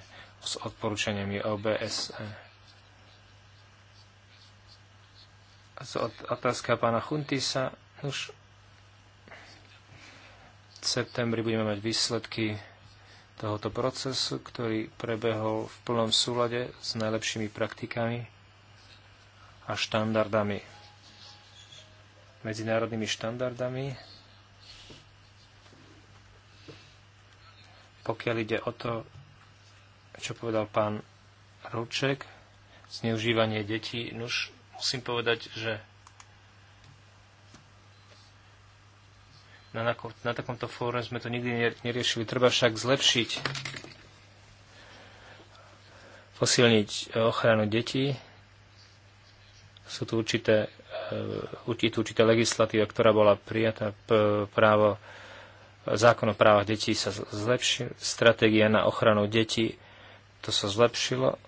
s odporúčaniami OBSE otázka pána Chuntisa. Už v septembri budeme mať výsledky tohoto procesu, ktorý prebehol v plnom súlade s najlepšími praktikami a štandardami. Medzinárodnými štandardami. Pokiaľ ide o to, čo povedal pán Rúček, zneužívanie detí, nuž musím povedať, že na, na takomto fóre sme to nikdy neriešili. Treba však zlepšiť, posilniť e, ochranu detí. Sú tu určité, e, určité, určité legislatíva, ktorá bola prijatá právo zákon o právach detí sa zlepšil, stratégia na ochranu detí to sa zlepšilo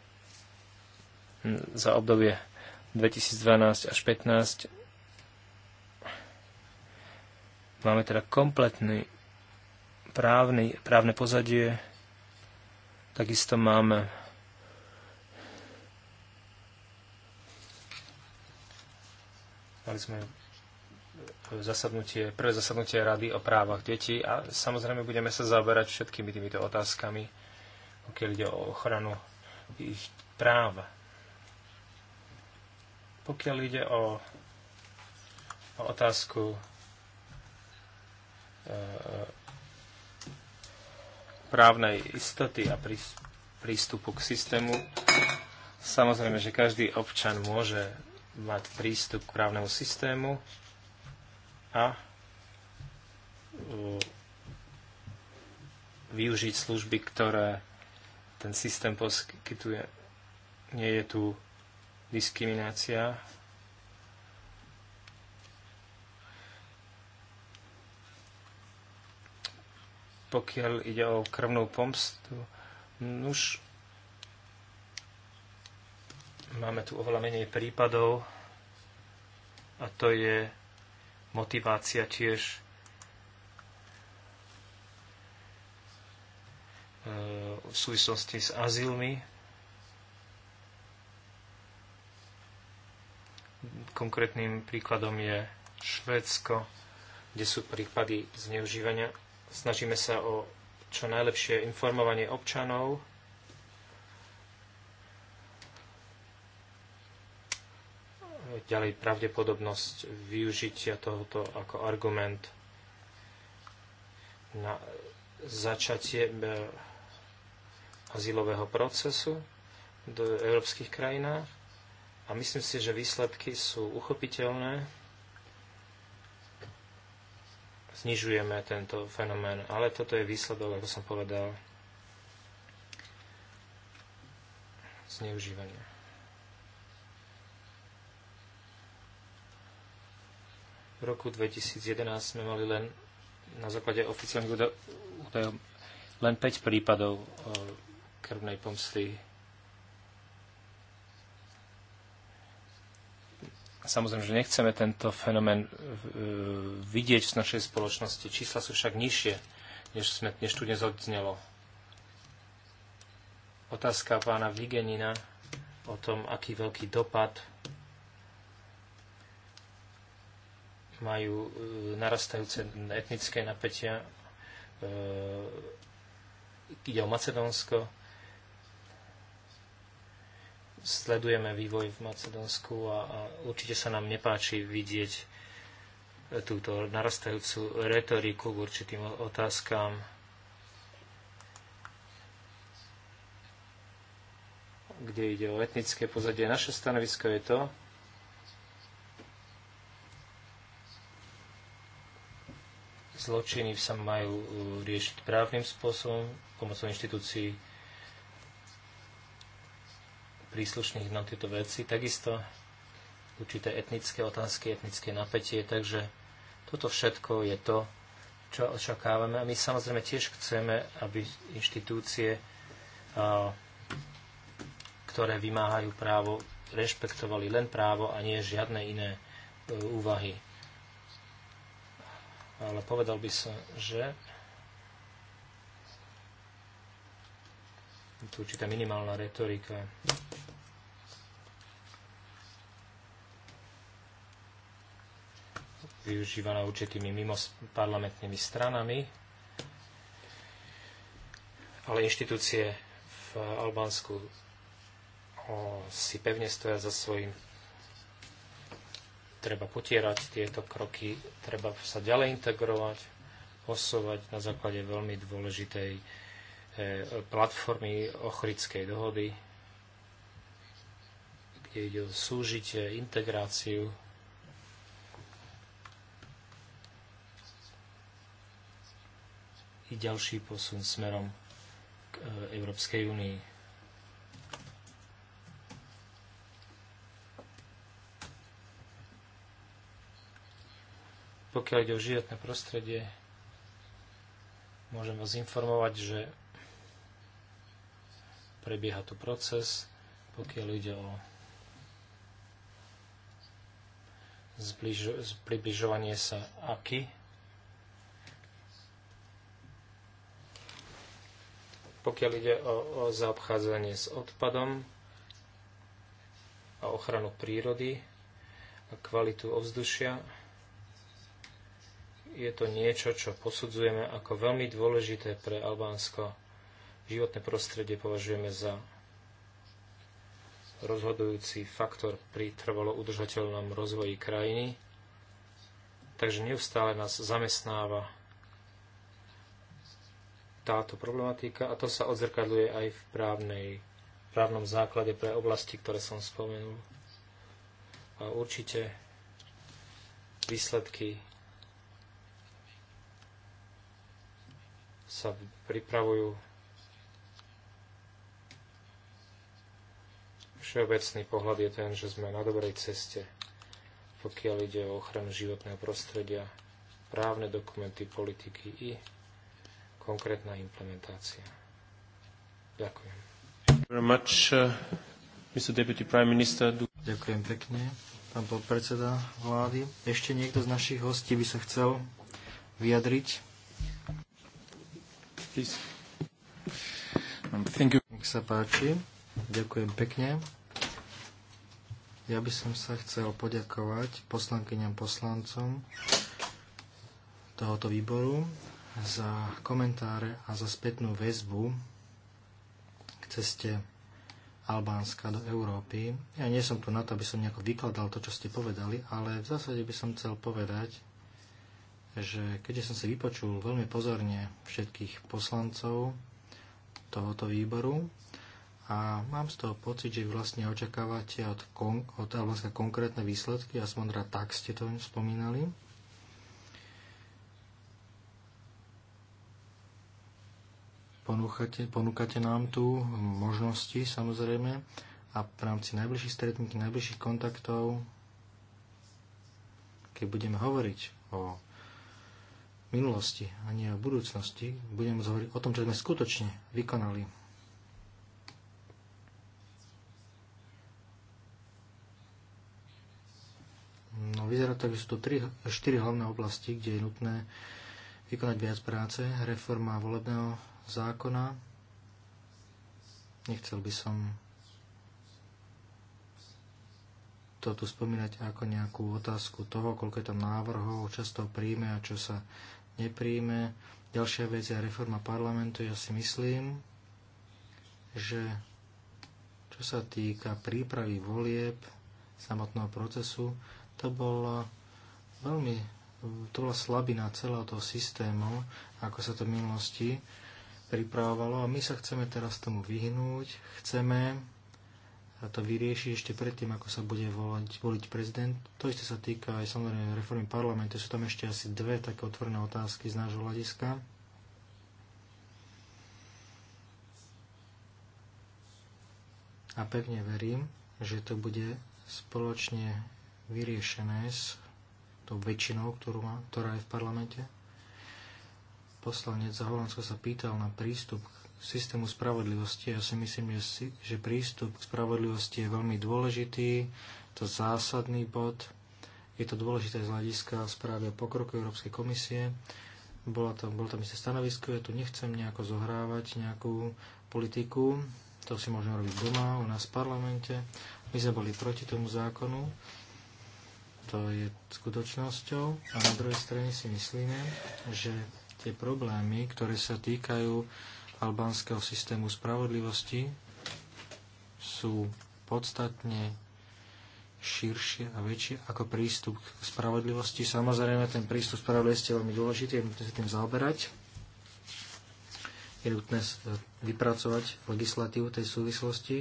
za obdobie 2012 až 15. Máme teda kompletný právny, právne pozadie. Takisto máme mali sme e, zasadnutie, prvé zasadnutie Rady o právach detí a samozrejme budeme sa zaoberať všetkými týmito otázkami, pokiaľ ide o ochranu ich práva. Pokiaľ ide o, o otázku e, e právnej istoty a prístupu k systému, samozrejme, že každý občan môže mať prístup k právnemu systému a využiť služby, ktoré ten systém poskytuje. Nie je tu diskriminácia pokiaľ ide o krvnú pomstu. už máme tu oveľa menej prípadov a to je motivácia tiež e, v súvislosti s azylmi Konkrétnym príkladom je Švédsko, kde sú prípady zneužívania. Snažíme sa o čo najlepšie informovanie občanov. Ďalej pravdepodobnosť využitia tohoto ako argument na začatie e, azylového procesu v európskych krajinách a myslím si, že výsledky sú uchopiteľné. Znižujeme tento fenomén, ale toto je výsledok, ako som povedal, zneužívania. V roku 2011 sme mali len na základe oficiálnych údajov len 5 prípadov e, krvnej pomsty Samozrejme, že nechceme tento fenomén e, vidieť v našej spoločnosti. Čísla sú však nižšie, než, sme, než tu dnes odznelo. Otázka pána Vigenina o tom, aký veľký dopad majú e, narastajúce etnické napätia. E, ide o Macedónsko, sledujeme vývoj v Macedónsku a, a určite sa nám nepáči vidieť e, túto narastajúcu retoriku k určitým otázkam. kde ide o etnické pozadie. Naše stanovisko je to, zločiny sa majú e, riešiť právnym spôsobom, pomocou inštitúcií príslušných na tieto veci. Takisto určité etnické otázky, etnické napätie, takže toto všetko je to, čo očakávame. A my samozrejme tiež chceme, aby inštitúcie, ktoré vymáhajú právo, rešpektovali len právo a nie žiadne iné e, úvahy. Ale povedal by som, že tu určitá minimálna retorika. využívaná určitými mimo parlamentnými stranami, ale inštitúcie v Albánsku si pevne stoja za svojím. Treba potierať tieto kroky, treba sa ďalej integrovať, posovať na základe veľmi dôležitej e, platformy Ochrickej dohody, kde ide o súžitie, integráciu i ďalší posun smerom k e, Európskej únii. Pokiaľ ide o životné prostredie, môžem vás informovať, že prebieha tu proces, pokiaľ ide o približovanie sa aky. pokiaľ ide o, o zaobchádzanie s odpadom a ochranu prírody a kvalitu ovzdušia, je to niečo, čo posudzujeme ako veľmi dôležité pre Albánsko. Životné prostredie považujeme za rozhodujúci faktor pri trvalo udržateľnom rozvoji krajiny. Takže neustále nás zamestnáva táto problematika a to sa odzrkadluje aj v právnej, právnom základe pre oblasti, ktoré som spomenul. A určite výsledky sa pripravujú Všeobecný pohľad je ten, že sme na dobrej ceste, pokiaľ ide o ochranu životného prostredia, právne dokumenty, politiky i konkrétna implementácia. Ďakujem. Much, uh, Ďakujem pekne, pán podpredseda vlády. Ešte niekto z našich hostí by sa chcel vyjadriť? Um, Nech sa páči. Ďakujem pekne. Ja by som sa chcel poďakovať poslankyňam poslancom tohoto výboru za komentáre a za spätnú väzbu k ceste Albánska do Európy. Ja nie som tu na to, aby som nejako vykladal to, čo ste povedali, ale v zásade by som chcel povedať, že keď som si vypočul veľmi pozorne všetkých poslancov tohoto výboru a mám z toho pocit, že vlastne očakávate od, kon- od Albánska konkrétne výsledky, aspoň teda tak ste to spomínali, Ponúkate, ponúkate nám tu možnosti, samozrejme, a v rámci najbližších stretnutí, najbližších kontaktov, keď budeme hovoriť o minulosti a nie o budúcnosti, budeme hovoriť o tom, čo sme skutočne vykonali. No, vyzerá to, že sú to 3, 4 hlavné oblasti, kde je nutné vykonať viac práce. Reforma volebného zákona. Nechcel by som to tu spomínať ako nejakú otázku toho, koľko je tam návrhov, čo sa to príjme a čo sa nepríjme. Ďalšia vec je reforma parlamentu. Ja si myslím, že čo sa týka prípravy volieb, samotného procesu, to bola veľmi to bola slabina celého toho systému, ako sa to v minulosti pripravovalo a my sa chceme teraz tomu vyhnúť. Chceme to vyriešiť ešte predtým, ako sa bude voliť, voliť prezident. To isté sa týka aj samozrejme reformy parlamentu. Sú tam ešte asi dve také otvorené otázky z nášho hľadiska. A pevne verím, že to bude spoločne vyriešené s tou väčšinou, ktorú má, ktorá je v parlamente poslanec za Holandsko sa pýtal na prístup k systému spravodlivosti. Ja si myslím, že, že prístup k spravodlivosti je veľmi dôležitý, to zásadný bod. Je to dôležité z hľadiska správy o pokroku Európskej komisie. Bolo tam, bolo tam isté stanovisko, ja tu nechcem nejako zohrávať nejakú politiku, to si môžeme robiť doma, u nás v parlamente. My sme boli proti tomu zákonu, to je skutočnosťou. A na druhej strane si myslíme, že tie problémy, ktoré sa týkajú albánskeho systému spravodlivosti, sú podstatne širšie a väčšie ako prístup k spravodlivosti. Samozrejme, ten prístup spravodlivosti je veľmi dôležitý, je nutné sa tým zaoberať. Je nutné vypracovať legislatívu tej súvislosti.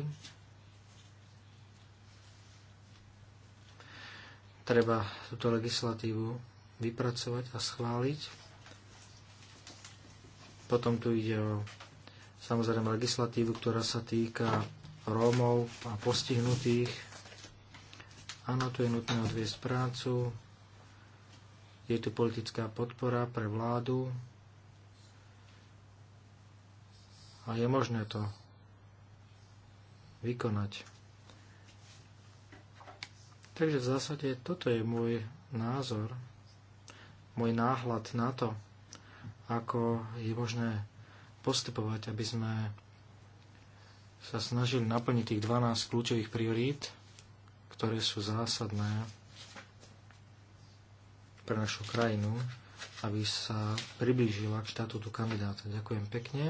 Treba túto legislatívu vypracovať a schváliť. Potom tu ide o samozrejme legislatívu, ktorá sa týka Rómov a postihnutých. Áno, tu je nutné odviesť prácu. Je tu politická podpora pre vládu. A je možné to vykonať. Takže v zásade toto je môj názor, môj náhľad na to, ako je možné postupovať, aby sme sa snažili naplniť tých 12 kľúčových priorít, ktoré sú zásadné pre našu krajinu, aby sa priblížila k štatútu kandidáta. Ďakujem pekne.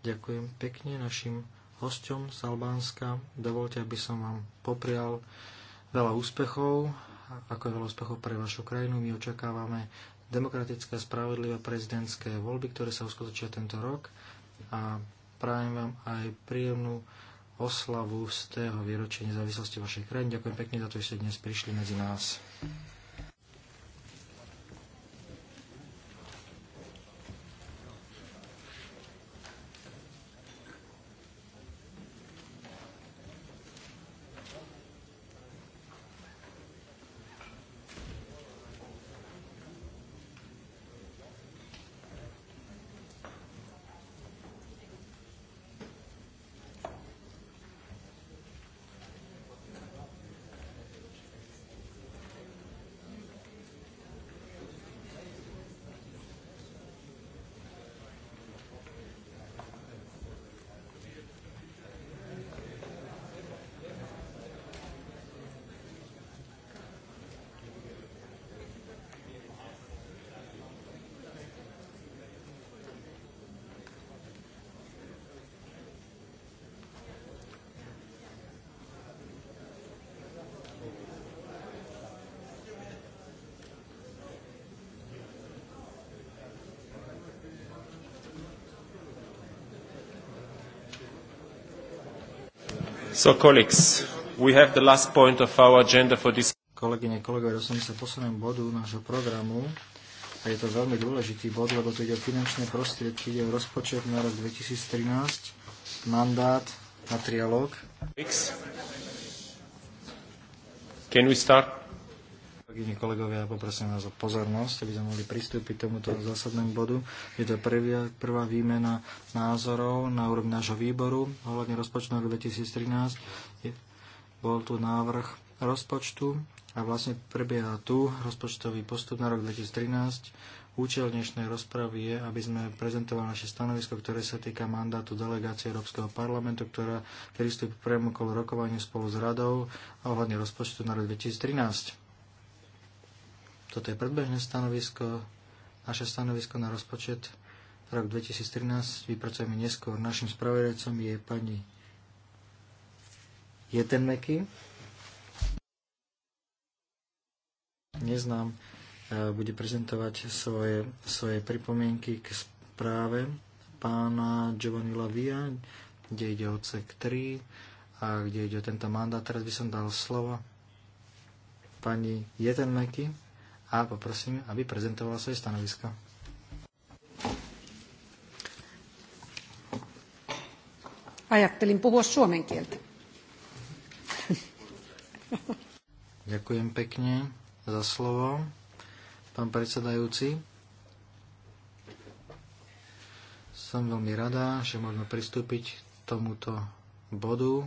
Ďakujem pekne našim hostom z Albánska. Dovolte, aby som vám poprial veľa úspechov, ako je veľa úspechov pre vašu krajinu. My očakávame demokratické a spravodlivé prezidentské voľby, ktoré sa uskutočia tento rok a prajem vám aj príjemnú oslavu z tého výročia nezávislosti vašej krajiny. Ďakujem pekne za to, že ste dnes prišli medzi nás. So, colleagues, we have the last point of our agenda for this... Kolegyne, kolegovia, dostaneme sa poslednému bodu nášho programu. A je to veľmi dôležitý bod, lebo to ide o finančné prostriedky, ide o rozpočet na rok 2013, mandát na trialóg. Can we start kolegyne, kolegovia, ja poprosím vás o pozornosť, aby sme mohli pristúpiť tomuto zásadnému bodu. Je to prvia, prvá výmena názorov na úrovni nášho výboru ohľadne rozpočtu na 2013. Je, bol tu návrh rozpočtu a vlastne prebieha tu rozpočtový postup na rok 2013. Účel dnešnej rozpravy je, aby sme prezentovali naše stanovisko, ktoré sa týka mandátu delegácie Európskeho parlamentu, ktorá pristúpi k prvému kolu rokovania spolu s radou a ohľadne rozpočtu na rok 2013. Toto je predbežné stanovisko. Naše stanovisko na rozpočet rok 2013 vypracujeme neskôr. Našim spravodajcom je pani Jetenmeky. Neznám, e, bude prezentovať svoje, svoje pripomienky k správe pána Giovanni Lavia, kde ide o CEK 3 a kde ide o tento mandát. Teraz by som dal slovo pani Jetenmeky a poprosím, aby prezentovala svoje stanovisko. Ajattelin puhua suomen kieltä. Ďakujem pekne za slovo, pán predsedajúci. Som veľmi rada, že môžeme pristúpiť k tomuto bodu.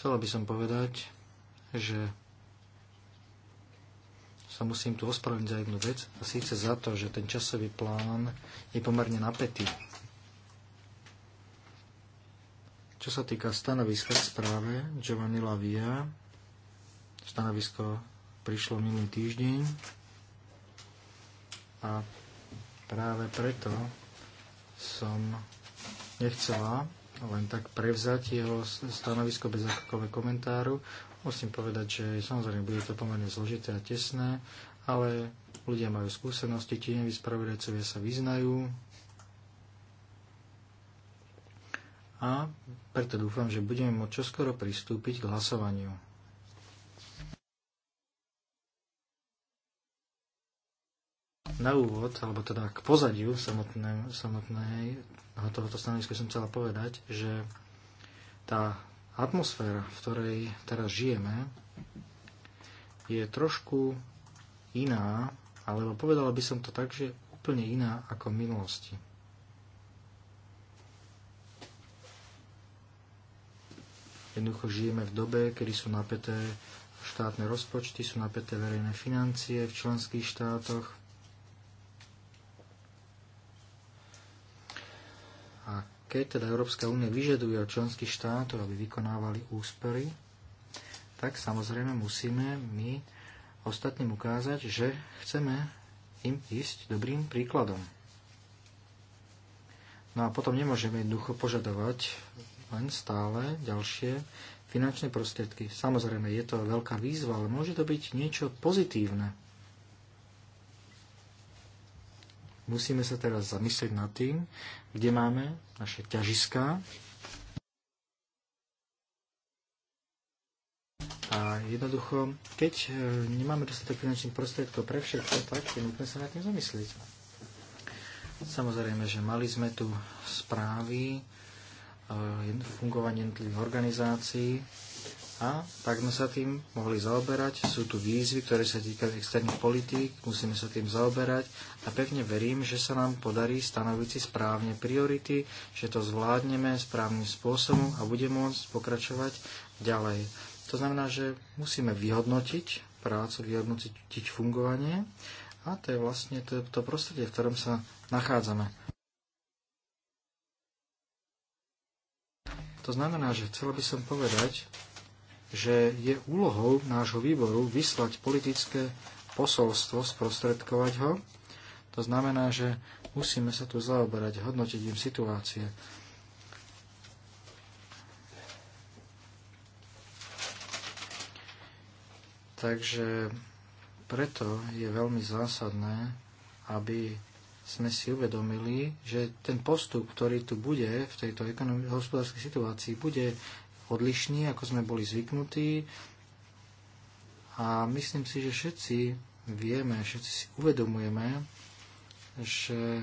Chcela by som povedať, že sa musím tu ospravedlniť za jednu vec, a síce za to, že ten časový plán je pomerne napätý. Čo sa týka stanoviska k správe Giovanni Lavia, stanovisko prišlo minulý týždeň a práve preto som nechcela len tak prevzať jeho stanovisko bez akéhokoľvek komentáru. Musím povedať, že samozrejme bude to pomerne zložité a tesné, ale ľudia majú skúsenosti, tie nevyspravedajcovia sa vyznajú a preto dúfam, že budeme môcť čoskoro pristúpiť k hlasovaniu. Na úvod, alebo teda k pozadiu samotnej, samotnej tohoto stanoviska som chcela povedať, že tá Atmosféra, v ktorej teraz žijeme, je trošku iná, alebo povedala by som to tak, že úplne iná ako v minulosti. Jednoducho žijeme v dobe, kedy sú napäté štátne rozpočty, sú napäté verejné financie v členských štátoch, keď teda Európska únia vyžaduje od členských štátov, aby vykonávali úspory, tak samozrejme musíme my ostatným ukázať, že chceme im ísť dobrým príkladom. No a potom nemôžeme jednoducho požadovať len stále ďalšie finančné prostriedky. Samozrejme, je to veľká výzva, ale môže to byť niečo pozitívne. Musíme sa teraz zamyslieť nad tým, kde máme naše ťažiská. A jednoducho, keď e, nemáme dostatok finančných prostriedkov pre všetko, tak je nutné sa nad tým zamyslieť. Samozrejme, že mali sme tu správy, e, fungovanie jednotlivých organizácií, a tak sme sa tým mohli zaoberať. Sú tu výzvy, ktoré sa týkajú externých politík, musíme sa tým zaoberať a pevne verím, že sa nám podarí stanoviť si správne priority, že to zvládneme správnym spôsobom a budeme môcť pokračovať ďalej. To znamená, že musíme vyhodnotiť prácu, vyhodnotiť fungovanie a to je vlastne to, to prostredie, v ktorom sa nachádzame. To znamená, že chcela by som povedať, že je úlohou nášho výboru vyslať politické posolstvo, sprostredkovať ho. To znamená, že musíme sa tu zaoberať hodnotením situácie. Takže preto je veľmi zásadné, aby sme si uvedomili, že ten postup, ktorý tu bude v tejto hospodárskej situácii, bude odlišní, ako sme boli zvyknutí. A myslím si, že všetci vieme, všetci si uvedomujeme, že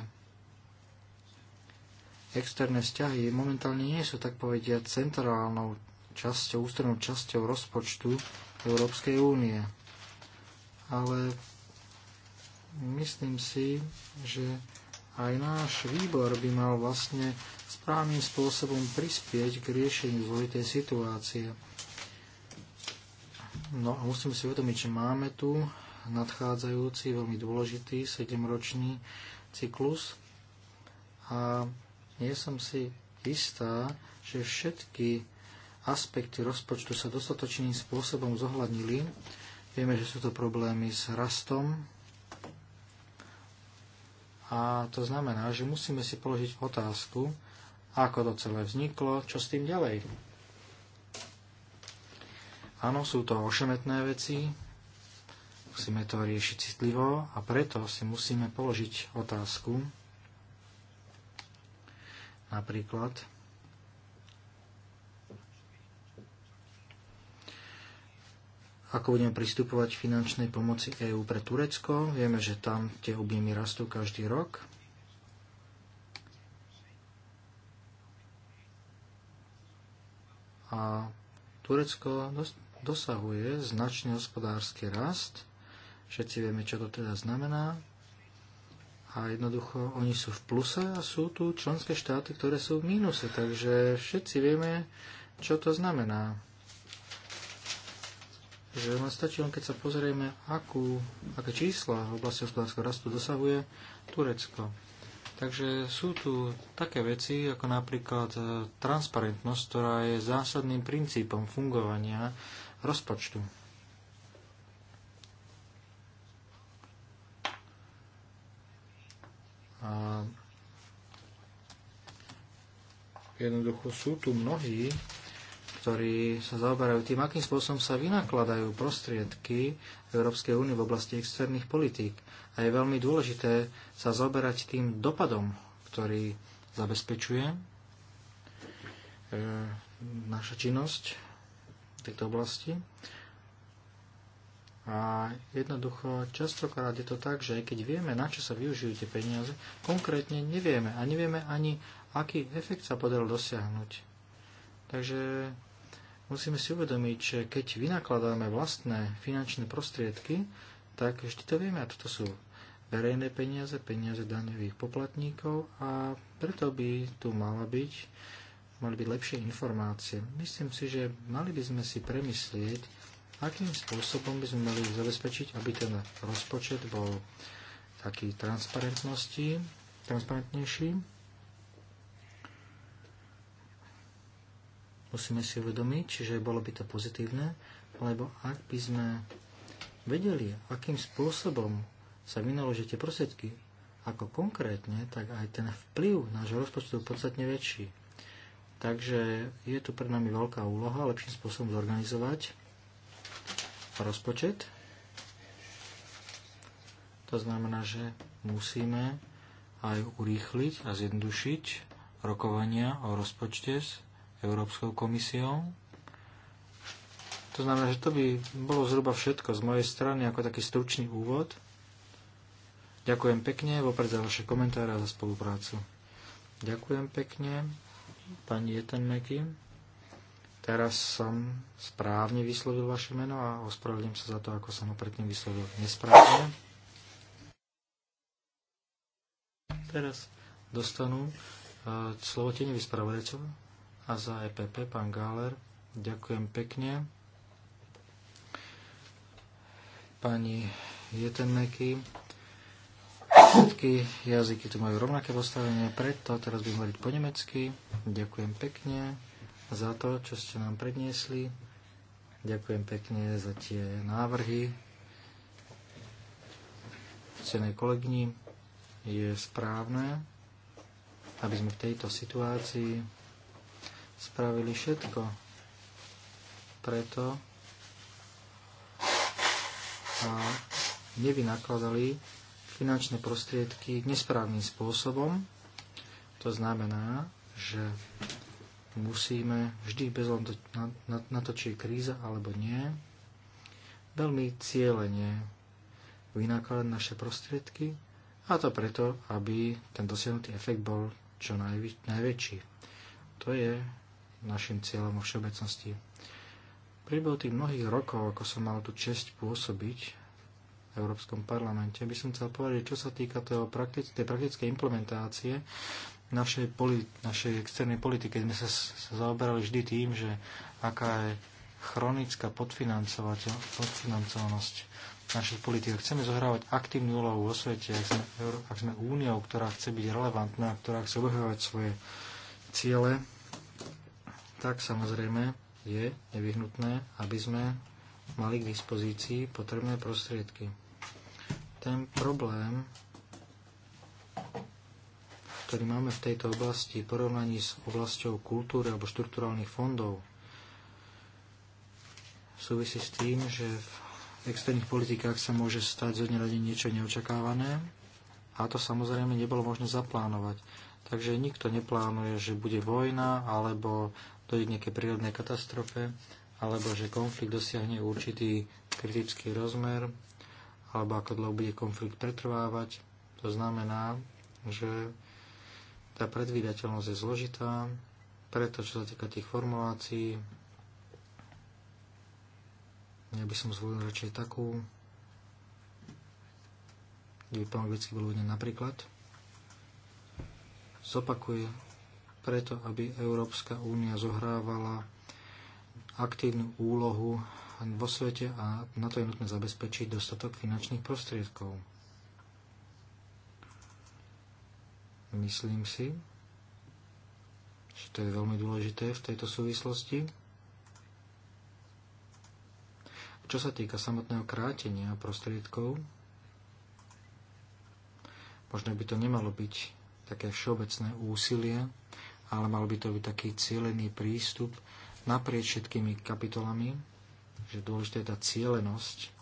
externé vzťahy momentálne nie sú, tak povediať, centrálnou časťou, ústrednou časťou rozpočtu Európskej únie. Ale myslím si, že aj náš výbor by mal vlastne správnym spôsobom prispieť k riešeniu zložitej situácie. No a musím si uvedomiť, že máme tu nadchádzajúci veľmi dôležitý 7-ročný cyklus a nie som si istá, že všetky aspekty rozpočtu sa dostatočným spôsobom zohľadnili. Vieme, že sú to problémy s rastom a to znamená, že musíme si položiť otázku, ako to celé vzniklo, čo s tým ďalej. Áno, sú to ošemetné veci, musíme to riešiť citlivo a preto si musíme položiť otázku, napríklad, ako budeme pristupovať k finančnej pomoci EÚ pre Turecko. Vieme, že tam tie objemy rastú každý rok a Turecko dosahuje značný hospodársky rast. Všetci vieme, čo to teda znamená. A jednoducho oni sú v pluse a sú tu členské štáty, ktoré sú v mínuse. Takže všetci vieme, čo to znamená. Že len stačí len keď sa pozrieme, akú, aké čísla v oblasti hospodárskeho rastu dosahuje Turecko. Takže sú tu také veci, ako napríklad e, transparentnosť, ktorá je zásadným princípom fungovania rozpočtu. A jednoducho sú tu mnohí, ktorí sa zaoberajú tým, akým spôsobom sa vynakladajú prostriedky Európskej únie v oblasti externých politík a je veľmi dôležité sa zoberať tým dopadom, ktorý zabezpečuje e, naša činnosť v tejto oblasti. A jednoducho častokrát je to tak, že aj keď vieme, na čo sa využijú tie peniaze, konkrétne nevieme a nevieme ani, aký efekt sa podarilo dosiahnuť. Takže musíme si uvedomiť, že keď vynakladáme vlastné finančné prostriedky, tak vždy to vieme. A toto sú verejné peniaze, peniaze daňových poplatníkov a preto by tu mala byť, mali byť lepšie informácie. Myslím si, že mali by sme si premyslieť, akým spôsobom by sme mali zabezpečiť, aby ten rozpočet bol taký transparentnosti, transparentnejší. Musíme si uvedomiť, že bolo by to pozitívne, lebo ak by sme vedeli, akým spôsobom sa vynaložia tie prostriedky, ako konkrétne, tak aj ten vplyv nášho rozpočtu je podstatne väčší. Takže je tu pred nami veľká úloha lepším spôsobom zorganizovať rozpočet. To znamená, že musíme aj urýchliť a zjednodušiť rokovania o rozpočte s Európskou komisiou. To znamená, že to by bolo zhruba všetko z mojej strany ako taký stručný úvod. Ďakujem pekne vopred za vaše komentáre a za spoluprácu. Ďakujem pekne, pani Jetenmeky. Teraz som správne vyslovil vaše meno a ospravedlím sa za to, ako som ho predtým vyslovil nesprávne. Teraz dostanú e, slovo tieňový spravodajcov a za EPP pán Gáler. Ďakujem pekne pani Jetenmeky. Všetky jazyky tu majú rovnaké postavenie, preto teraz budem hovoriť po nemecky. Ďakujem pekne za to, čo ste nám predniesli. Ďakujem pekne za tie návrhy. Cenej kolegni je správne, aby sme v tejto situácii spravili všetko preto, a nevynakladali finančné prostriedky nesprávnym spôsobom. To znamená, že musíme vždy bez na, na, na to, či je kríza alebo nie, veľmi cieľene vynakladať naše prostriedky a to preto, aby ten dosiahnutý efekt bol čo najvi, najväčší. To je našim cieľom vo všeobecnosti priebehu tých mnohých rokov, ako som mal tú česť pôsobiť v Európskom parlamente, by som chcel povedať, čo sa týka toho praktic- tej praktickej implementácie našej, poli- našej externej politiky. My sa, sa zaoberali vždy tým, že aká je chronická podfinancovanosť našich politik. chceme zohrávať aktívnu úlohu vo svete, ak sme, ak sme úniou, ktorá chce byť relevantná, ktorá chce obhajovať svoje ciele, tak samozrejme je nevyhnutné, aby sme mali k dispozícii potrebné prostriedky. Ten problém, ktorý máme v tejto oblasti v porovnaní s oblasťou kultúry alebo štruktúrálnych fondov, súvisí s tým, že v externých politikách sa môže stať zo dňa niečo neočakávané a to samozrejme nebolo možné zaplánovať. Takže nikto neplánuje, že bude vojna alebo dojde k nejaké prírodnej katastrofe, alebo že konflikt dosiahne určitý kritický rozmer, alebo ako dlho bude konflikt pretrvávať. To znamená, že tá predvídateľnosť je zložitá, preto čo sa týka tých formulácií, ja by som zvolil radšej takú, kde by po bolo napríklad. Zopakuje preto aby Európska únia zohrávala aktívnu úlohu vo svete a na to je nutné zabezpečiť dostatok finančných prostriedkov. Myslím si, že to je veľmi dôležité v tejto súvislosti. Čo sa týka samotného krátenia prostriedkov, možno by to nemalo byť také všeobecné úsilie, ale mal by to byť taký cieľený prístup naprieč všetkými kapitolami, že dôležitá je tá cieľenosť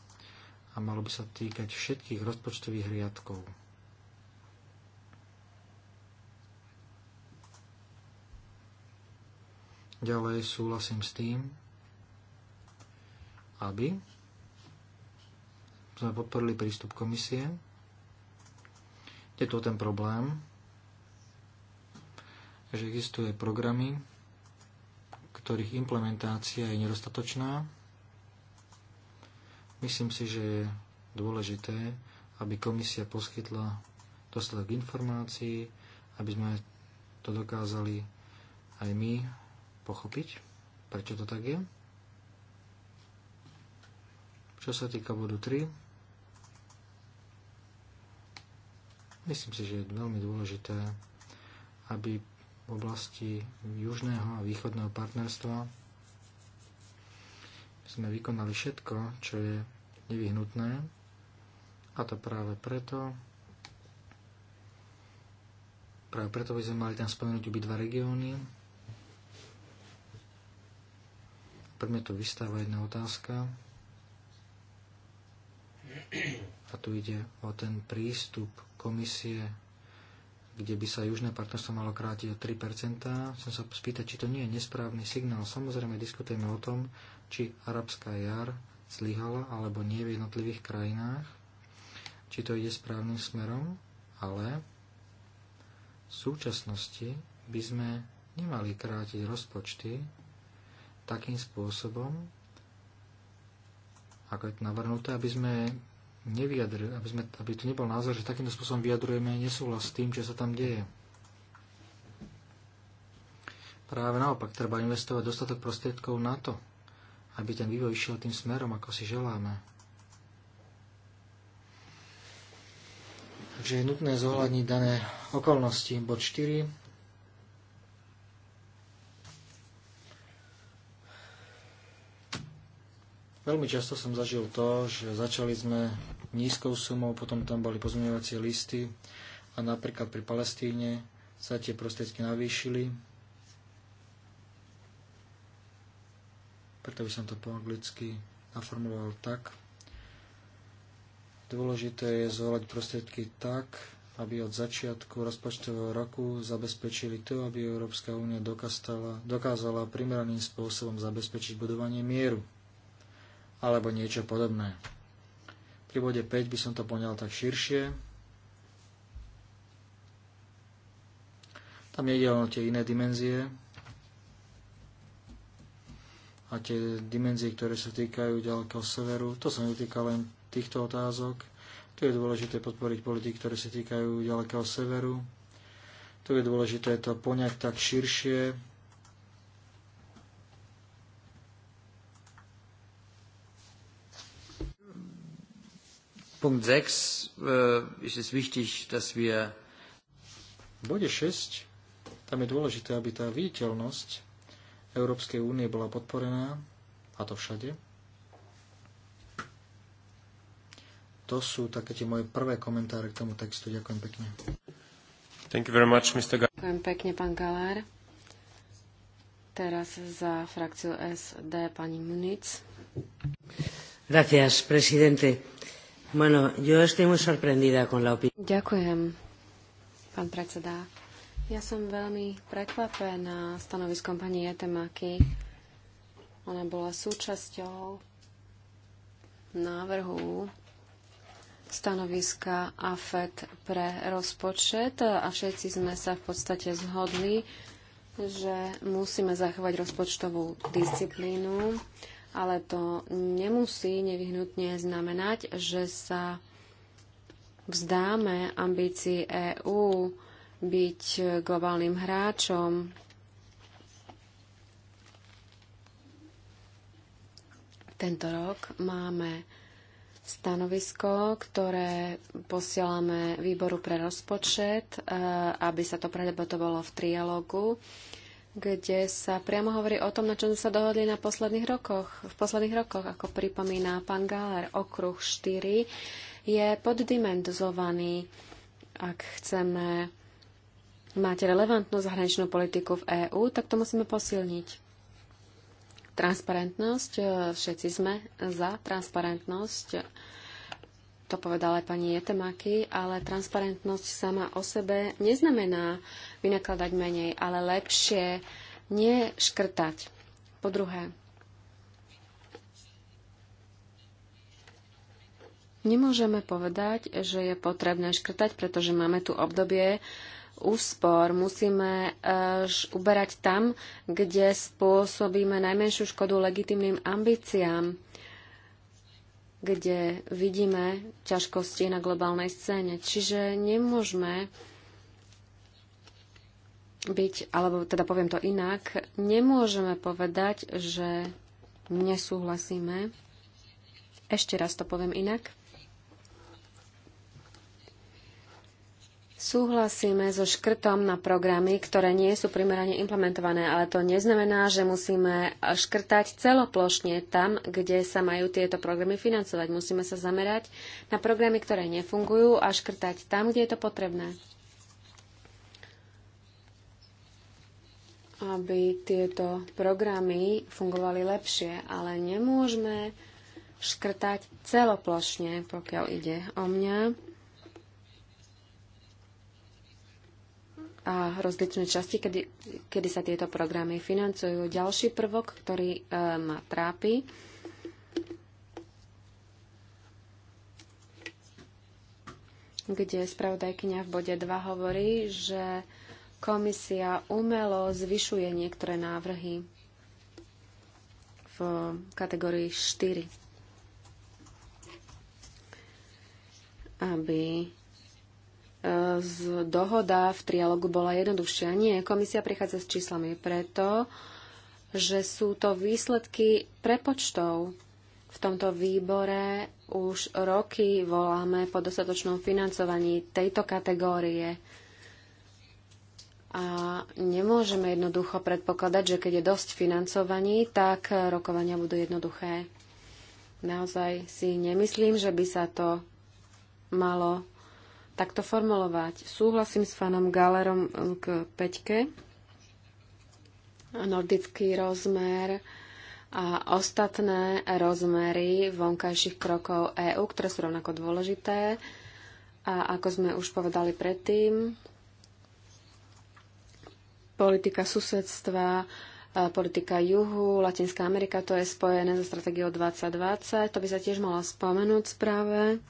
a malo by sa týkať všetkých rozpočtových riadkov. Ďalej súhlasím s tým, aby sme podporili prístup komisie. Je to ten problém, že existuje programy, ktorých implementácia je nedostatočná. Myslím si, že je dôležité, aby komisia poskytla dostatok informácií, aby sme to dokázali aj my pochopiť, prečo to tak je. Čo sa týka bodu 3, myslím si, že je veľmi dôležité, aby v oblasti južného a východného partnerstva sme vykonali všetko, čo je nevyhnutné. A to práve preto, práve preto by sme mali tam spomenúť dva regióny. Pre mňa tu vystáva jedna otázka. A tu ide o ten prístup komisie kde by sa južné partnerstvo malo krátiť o 3%. Chcem sa spýtať, či to nie je nesprávny signál. Samozrejme, diskutujeme o tom, či arabská jar zlyhala alebo nie v jednotlivých krajinách, či to ide správnym smerom, ale v súčasnosti by sme nemali krátiť rozpočty takým spôsobom, ako je to navrhnuté, aby sme nevyjadrili, aby, sme, aby tu nebol názor, že takýmto spôsobom vyjadrujeme nesúhlas s tým, čo sa tam deje. Práve naopak, treba investovať dostatok prostriedkov na to, aby ten vývoj išiel tým smerom, ako si želáme. Takže je nutné zohľadniť dané okolnosti. Bod 4. Veľmi často som zažil to, že začali sme nízkou sumou, potom tam boli pozmeňovacie listy a napríklad pri Palestíne sa tie prostriedky navýšili. Preto by som to po anglicky naformuloval tak. Dôležité je zvolať prostriedky tak, aby od začiatku rozpočtového roku zabezpečili to, aby Európska únia dokázala, dokázala primeraným spôsobom zabezpečiť budovanie mieru alebo niečo podobné. Pri bode 5 by som to poňal tak širšie. Tam nejde len o tie iné dimenzie a tie dimenzie, ktoré sa týkajú ďalekého severu. To sa netýka len týchto otázok. Tu je dôležité podporiť politiky, ktoré sa týkajú ďalekého severu. Tu je dôležité to poňať tak širšie, Punkt 6 äh, ist es wichtig, dass wir v bode 6 tam je dôležité, aby tá viditeľnosť Európskej únie bola podporená, a to všade. To sú také tie moje prvé komentáre k tomu textu. Ďakujem pekne. Thank you very much, Mr. Ga- Ďakujem pekne, pán Galár. Teraz za frakciu SD pani Munic. Gracias, presidente. Bueno, yo estoy muy sorprendida con la opinión. Ďakujem, pán predseda. Ja som veľmi prekvapená stanoviskom pani Jetemaky. Ona bola súčasťou návrhu stanoviska AFET pre rozpočet a všetci sme sa v podstate zhodli, že musíme zachovať rozpočtovú disciplínu ale to nemusí nevyhnutne znamenať, že sa vzdáme ambícii EÚ byť globálnym hráčom Tento rok máme stanovisko, ktoré posielame výboru pre rozpočet, eh, aby sa to predebatovalo v trialogu kde sa priamo hovorí o tom, na čom sa dohodli na posledných rokoch, v posledných rokoch, ako pripomína pán Gáler, okruh 4 je poddimenzovaný, ak chceme mať relevantnú zahraničnú politiku v EÚ, tak to musíme posilniť. Transparentnosť, všetci sme za transparentnosť to povedala aj pani Jetemaky, ale transparentnosť sama o sebe neznamená vynakladať menej, ale lepšie neškrtať. Po druhé, nemôžeme povedať, že je potrebné škrtať, pretože máme tu obdobie, úspor musíme eh, uberať tam, kde spôsobíme najmenšiu škodu legitimným ambíciám kde vidíme ťažkosti na globálnej scéne. Čiže nemôžeme byť, alebo teda poviem to inak, nemôžeme povedať, že nesúhlasíme. Ešte raz to poviem inak. Súhlasíme so škrtom na programy, ktoré nie sú primerane implementované, ale to neznamená, že musíme škrtať celoplošne tam, kde sa majú tieto programy financovať. Musíme sa zamerať na programy, ktoré nefungujú a škrtať tam, kde je to potrebné. aby tieto programy fungovali lepšie, ale nemôžeme škrtať celoplošne, pokiaľ ide o mňa. a rozličné časti, kedy, kedy sa tieto programy financujú. Ďalší prvok, ktorý e, ma trápi, kde spravodajkynia v bode 2 hovorí, že komisia umelo zvyšuje niektoré návrhy v kategórii 4, aby z dohoda v trialogu bola jednoduchšia. Nie, komisia prichádza s číslami preto, že sú to výsledky prepočtov. V tomto výbore už roky voláme po dostatočnom financovaní tejto kategórie. A nemôžeme jednoducho predpokladať, že keď je dosť financovaní, tak rokovania budú jednoduché. Naozaj si nemyslím, že by sa to malo takto formulovať. Súhlasím s fanom Galerom um, k Peťke. Nordický rozmer a ostatné rozmery vonkajších krokov EÚ, ktoré sú rovnako dôležité. A ako sme už povedali predtým, politika susedstva, politika juhu, Latinská Amerika, to je spojené so stratégiou 2020. To by sa tiež mala spomenúť správe.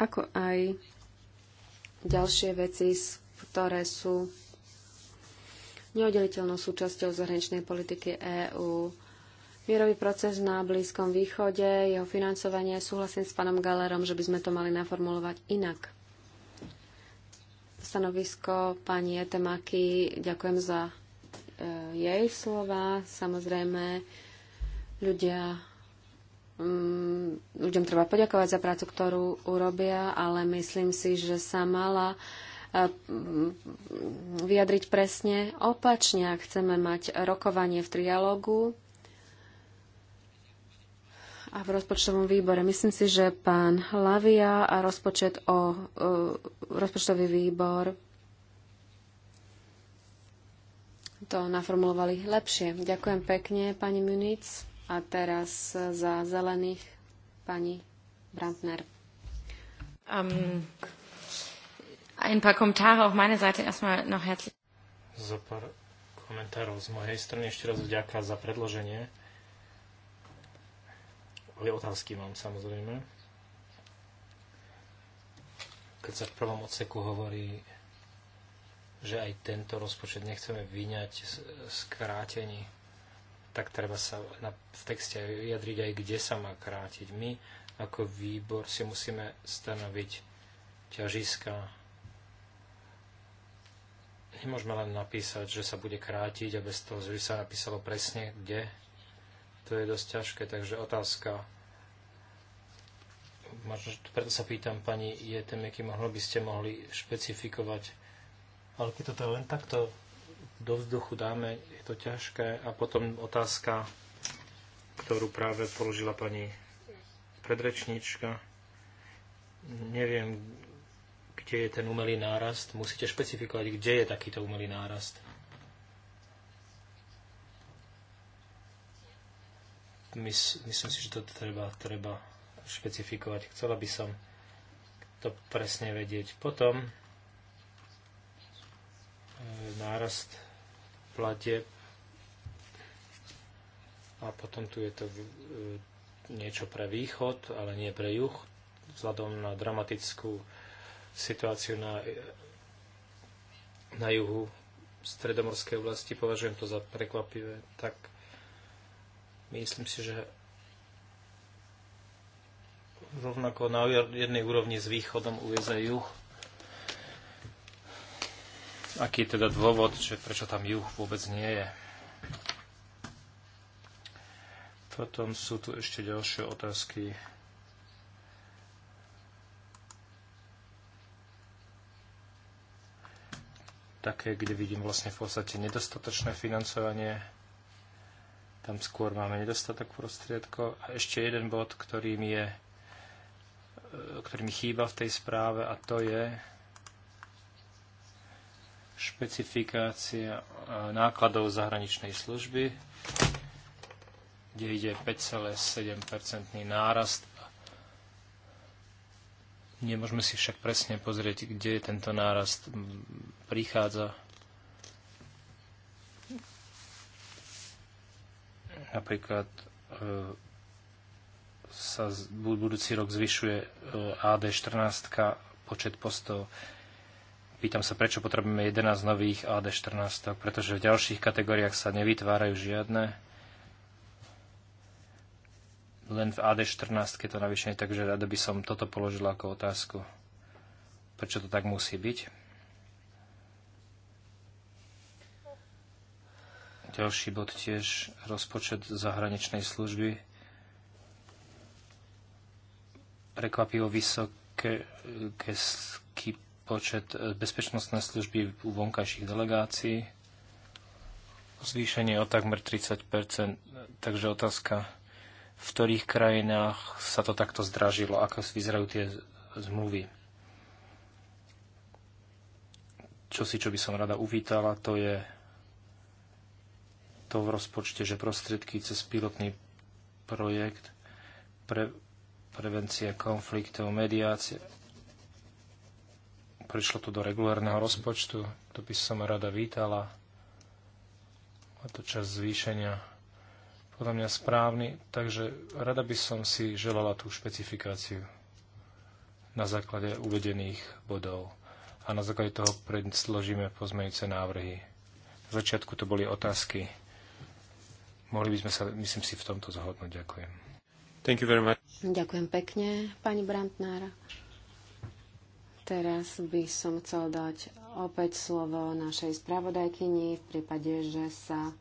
ako aj ďalšie veci, ktoré sú neoddeliteľnou súčasťou zahraničnej politiky EÚ. Mierový proces na Blízkom východe, jeho financovanie, súhlasím s pánom Galerom, že by sme to mali naformulovať inak. Stanovisko pani Etemaky, ďakujem za e, jej slova. Samozrejme, ľudia Mm, ľuďom treba poďakovať za prácu, ktorú urobia, ale myslím si, že sa mala eh, mm, vyjadriť presne opačne, ak chceme mať rokovanie v trialógu a v rozpočtovom výbore. Myslím si, že pán Lavia a rozpočet o, eh, rozpočtový výbor to naformulovali lepšie. Ďakujem pekne, pani Muniz. A teraz za zelených pani Brandner. Um, ein paar Kommentare auf meine Seite erstmal noch herzlich. Zo pár komentárov z mojej strany ešte raz vďaka za predloženie. Ale Otázky mám samozrejme. Keď sa v prvom odseku hovorí, že aj tento rozpočet nechceme vyňať z, z krátení tak treba sa na, v texte vyjadriť aj, kde sa má krátiť. My ako výbor si musíme stanoviť ťažiska. Nemôžeme len napísať, že sa bude krátiť a bez toho, že by sa napísalo presne kde. To je dosť ťažké, takže otázka. Preto sa pýtam pani Jetemeky, mohlo by ste mohli špecifikovať. Ale keď toto je len takto do vzduchu dáme, je to ťažké. A potom otázka, ktorú práve položila pani predrečníčka. Neviem, kde je ten umelý nárast. Musíte špecifikovať, kde je takýto umelý nárast. myslím si, že to treba, treba špecifikovať. Chcela by som to presne vedieť. Potom e, nárast platieb. A potom tu je to e, niečo pre východ, ale nie pre juh, vzhľadom na dramatickú situáciu na, e, na juhu stredomorskej oblasti. Považujem to za prekvapivé. Tak myslím si, že rovnako na jednej úrovni s východom USA juh Aký je teda dôvod, že prečo tam juh vôbec nie je? Potom sú tu ešte ďalšie otázky. Také, kde vidím vlastne v podstate nedostatočné financovanie. Tam skôr máme nedostatok prostriedkov. A ešte jeden bod, mi je e, ktorý mi chýba v tej správe a to je špecifikácia nákladov zahraničnej služby, kde ide 5,7% nárast. Nemôžeme si však presne pozrieť, kde tento nárast prichádza. Napríklad e, sa budúci rok zvyšuje e, AD14 počet postov Pýtam sa, prečo potrebujeme 11 nových AD14, pretože v ďalších kategóriách sa nevytvárajú žiadne. Len v AD14 je to navýšenie, takže rada by som toto položila ako otázku. Prečo to tak musí byť? Ďalší bod tiež rozpočet zahraničnej služby. Prekvapivo vysoké eh, ke, počet e, bezpečnostnej služby u vonkajších delegácií, zvýšenie o takmer 30 takže otázka, v ktorých krajinách sa to takto zdražilo, ako vyzerajú tie zmluvy. Čo si, čo by som rada uvítala, to je to v rozpočte, že prostriedky cez pilotný projekt pre prevencia konfliktov, mediácie prišlo to do regulárneho rozpočtu, to by som rada vítala. A to čas zvýšenia podľa mňa správny, takže rada by som si želala tú špecifikáciu na základe uvedených bodov a na základe toho predložíme pozmeňujúce návrhy. Na začiatku to boli otázky. Mohli by sme sa, myslím si, v tomto zhodnúť. Ďakujem. Thank you very much. Ďakujem pekne, pani Brantnára. Teraz by som chcel dať opäť slovo našej spravodajkyni v prípade, že sa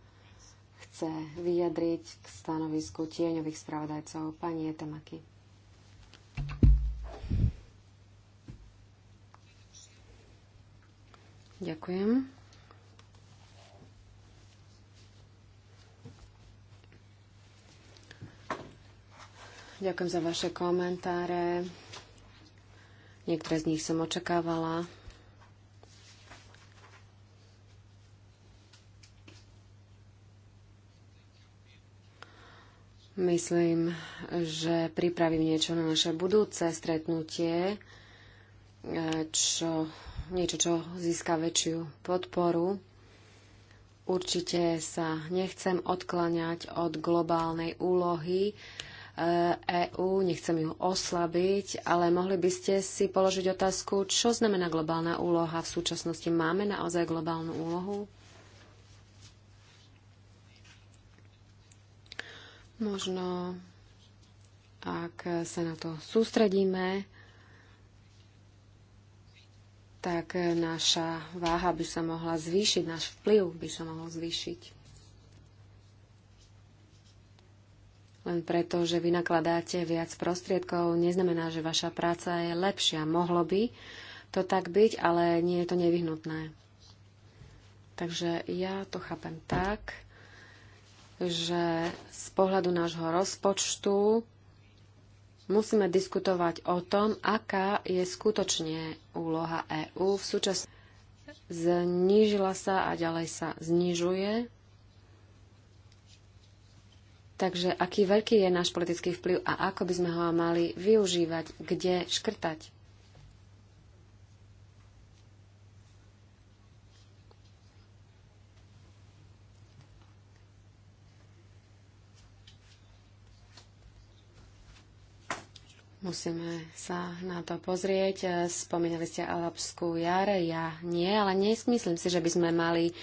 chce vyjadriť k stanovisku tieňových spravodajcov pani etamaki. Ďakujem. Ďakujem za vaše komentáre. Niektoré z nich som očakávala. Myslím, že pripravím niečo na naše budúce stretnutie, čo, niečo, čo získa väčšiu podporu. Určite sa nechcem odkláňať od globálnej úlohy, EÚ, e nechcem ju oslabiť, ale mohli by ste si položiť otázku, čo znamená globálna úloha v súčasnosti. Máme naozaj globálnu úlohu? Možno, ak sa na to sústredíme, tak naša váha by sa mohla zvýšiť, náš vplyv by sa mohol zvýšiť. Len preto, že vynakladáte viac prostriedkov, neznamená, že vaša práca je lepšia. Mohlo by to tak byť, ale nie je to nevyhnutné. Takže ja to chápem tak, že z pohľadu nášho rozpočtu musíme diskutovať o tom, aká je skutočne úloha EÚ v súčasnosti. Znížila sa a ďalej sa znižuje Takže aký veľký je náš politický vplyv a ako by sme ho mali využívať, kde škrtať? Musíme sa na to pozrieť. Spomínali ste Alapskú jar, ja nie, ale nesmyslím si, že by sme mali uh,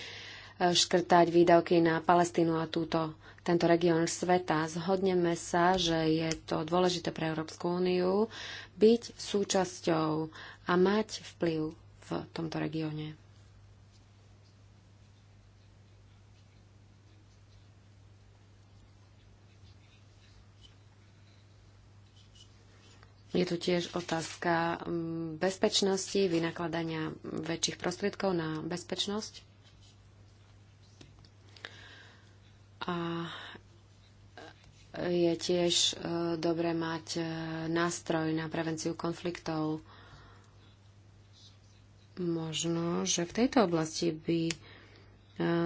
škrtať výdavky na Palestínu a túto, tento región sveta. Zhodneme sa, že je to dôležité pre Európsku úniu byť súčasťou a mať vplyv v tomto regióne. Je tu tiež otázka mm, bezpečnosti, vynakladania väčších prostriedkov na bezpečnosť. A je tiež e, dobre mať e, nástroj na prevenciu konfliktov. Možno, že v tejto oblasti by e,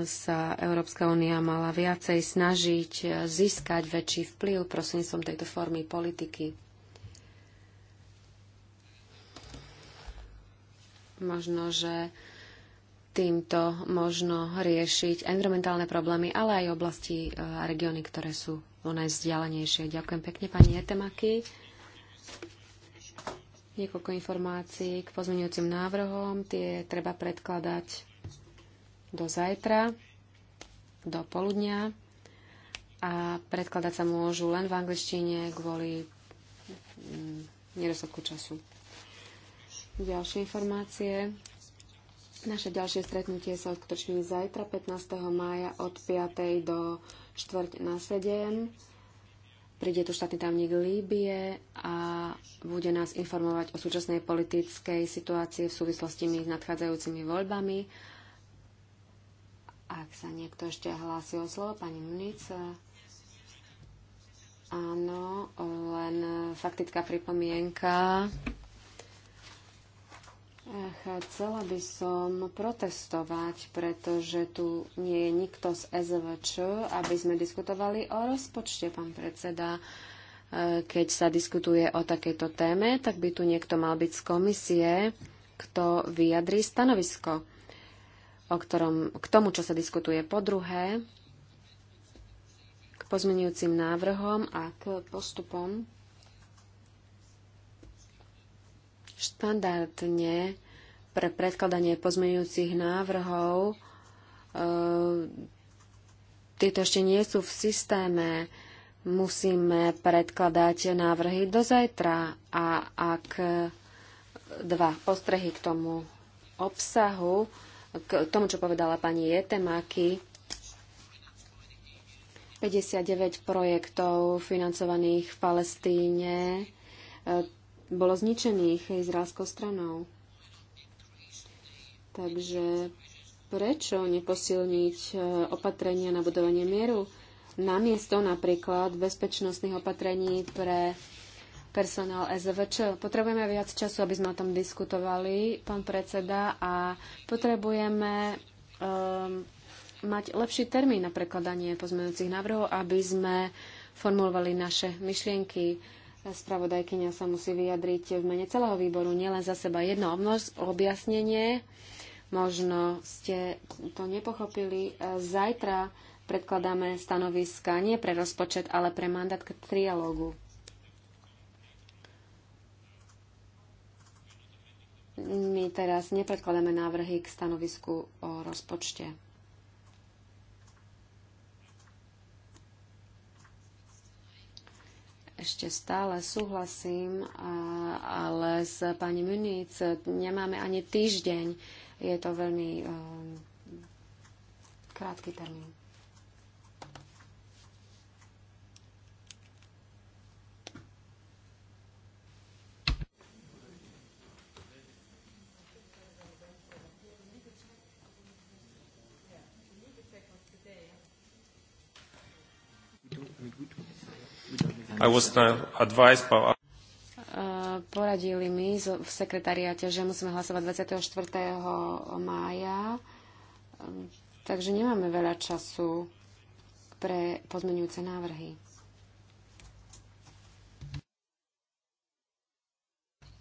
sa Európska únia mala viacej snažiť získať väčší vplyv prostredníctvom tejto formy politiky. Možno, že týmto možno riešiť environmentálne problémy, ale aj oblasti e, a regióny, ktoré sú o najzdialenejšie. Ďakujem pekne, pani Etemaky. Niekoľko informácií k pozmeňujúcim návrhom. Tie treba predkladať do zajtra, do poludnia a predkladať sa môžu len v angličtine kvôli mm, nedostatku času. Ďalšie informácie. Naše ďalšie stretnutie sa uskutoční zajtra 15. mája od 5. do 4. na 7. Príde tu štátny tajomník Líbie a bude nás informovať o súčasnej politickej situácii v súvislosti s nadchádzajúcimi voľbami. Ak sa niekto ešte hlási o slovo, pani Mnica. Áno, len faktická pripomienka. Chcela by som protestovať, pretože tu nie je nikto z SVČ, aby sme diskutovali o rozpočte, pán predseda. E, keď sa diskutuje o takejto téme, tak by tu niekto mal byť z komisie, kto vyjadrí stanovisko o ktorom, k tomu, čo sa diskutuje po druhé, k pozmenujúcim návrhom a k postupom Štandardne pre predkladanie pozmeňujúcich návrhov e, tieto ešte nie sú v systéme. Musíme predkladať návrhy do zajtra a ak dva postrehy k tomu obsahu, k tomu, čo povedala pani Jetemáky, 59 projektov financovaných v Palestíne, e, bolo zničených izraelskou stranou. Takže prečo neposilniť e, opatrenia na budovanie mieru? Namiesto napríklad bezpečnostných opatrení pre personál SVČ. Potrebujeme viac času, aby sme o tom diskutovali, pán predseda, a potrebujeme um, mať lepší termín na prekladanie pozmenujúcich návrhov, aby sme formulovali naše myšlienky. Spravodajkynia sa musí vyjadriť v mene celého výboru, nielen za seba. Jedno objasnenie, možno ste to nepochopili. Zajtra predkladáme stanoviska nie pre rozpočet, ale pre mandát k trialógu. My teraz nepredkladáme návrhy k stanovisku o rozpočte. ešte stále súhlasím, ale s pani Munic nemáme ani týždeň. Je to veľmi ehm, krátky termín. Uh, uh, poradili mi v sekretariáte, že musíme hlasovať 24. mája, um, takže nemáme veľa času pre pozmenujúce návrhy.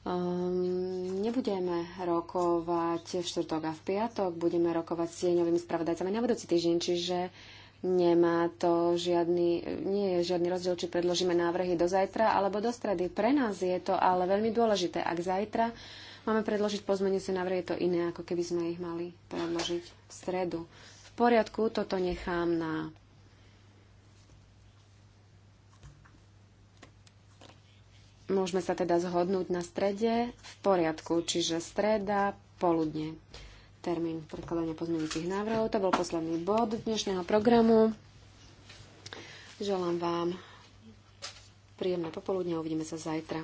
Um, nebudeme rokovať v štvrtok a v piatok, budeme rokovať s tieňovými spravodajcami na budúci týždeň, čiže uh, Nemá to žiadny, nie je žiadny rozdiel, či predložíme návrhy do zajtra alebo do stredy. Pre nás je to ale veľmi dôležité. Ak zajtra máme predložiť pozmenujúce návrhy, je to iné, ako keby sme ich mali predložiť v stredu. V poriadku, toto nechám na Môžeme sa teda zhodnúť na strede v poriadku, čiže streda, poludne termín prekladania pozmeňujúcich návrhov. To bol posledný bod dnešného programu. Želám vám príjemné popoludne a uvidíme sa zajtra.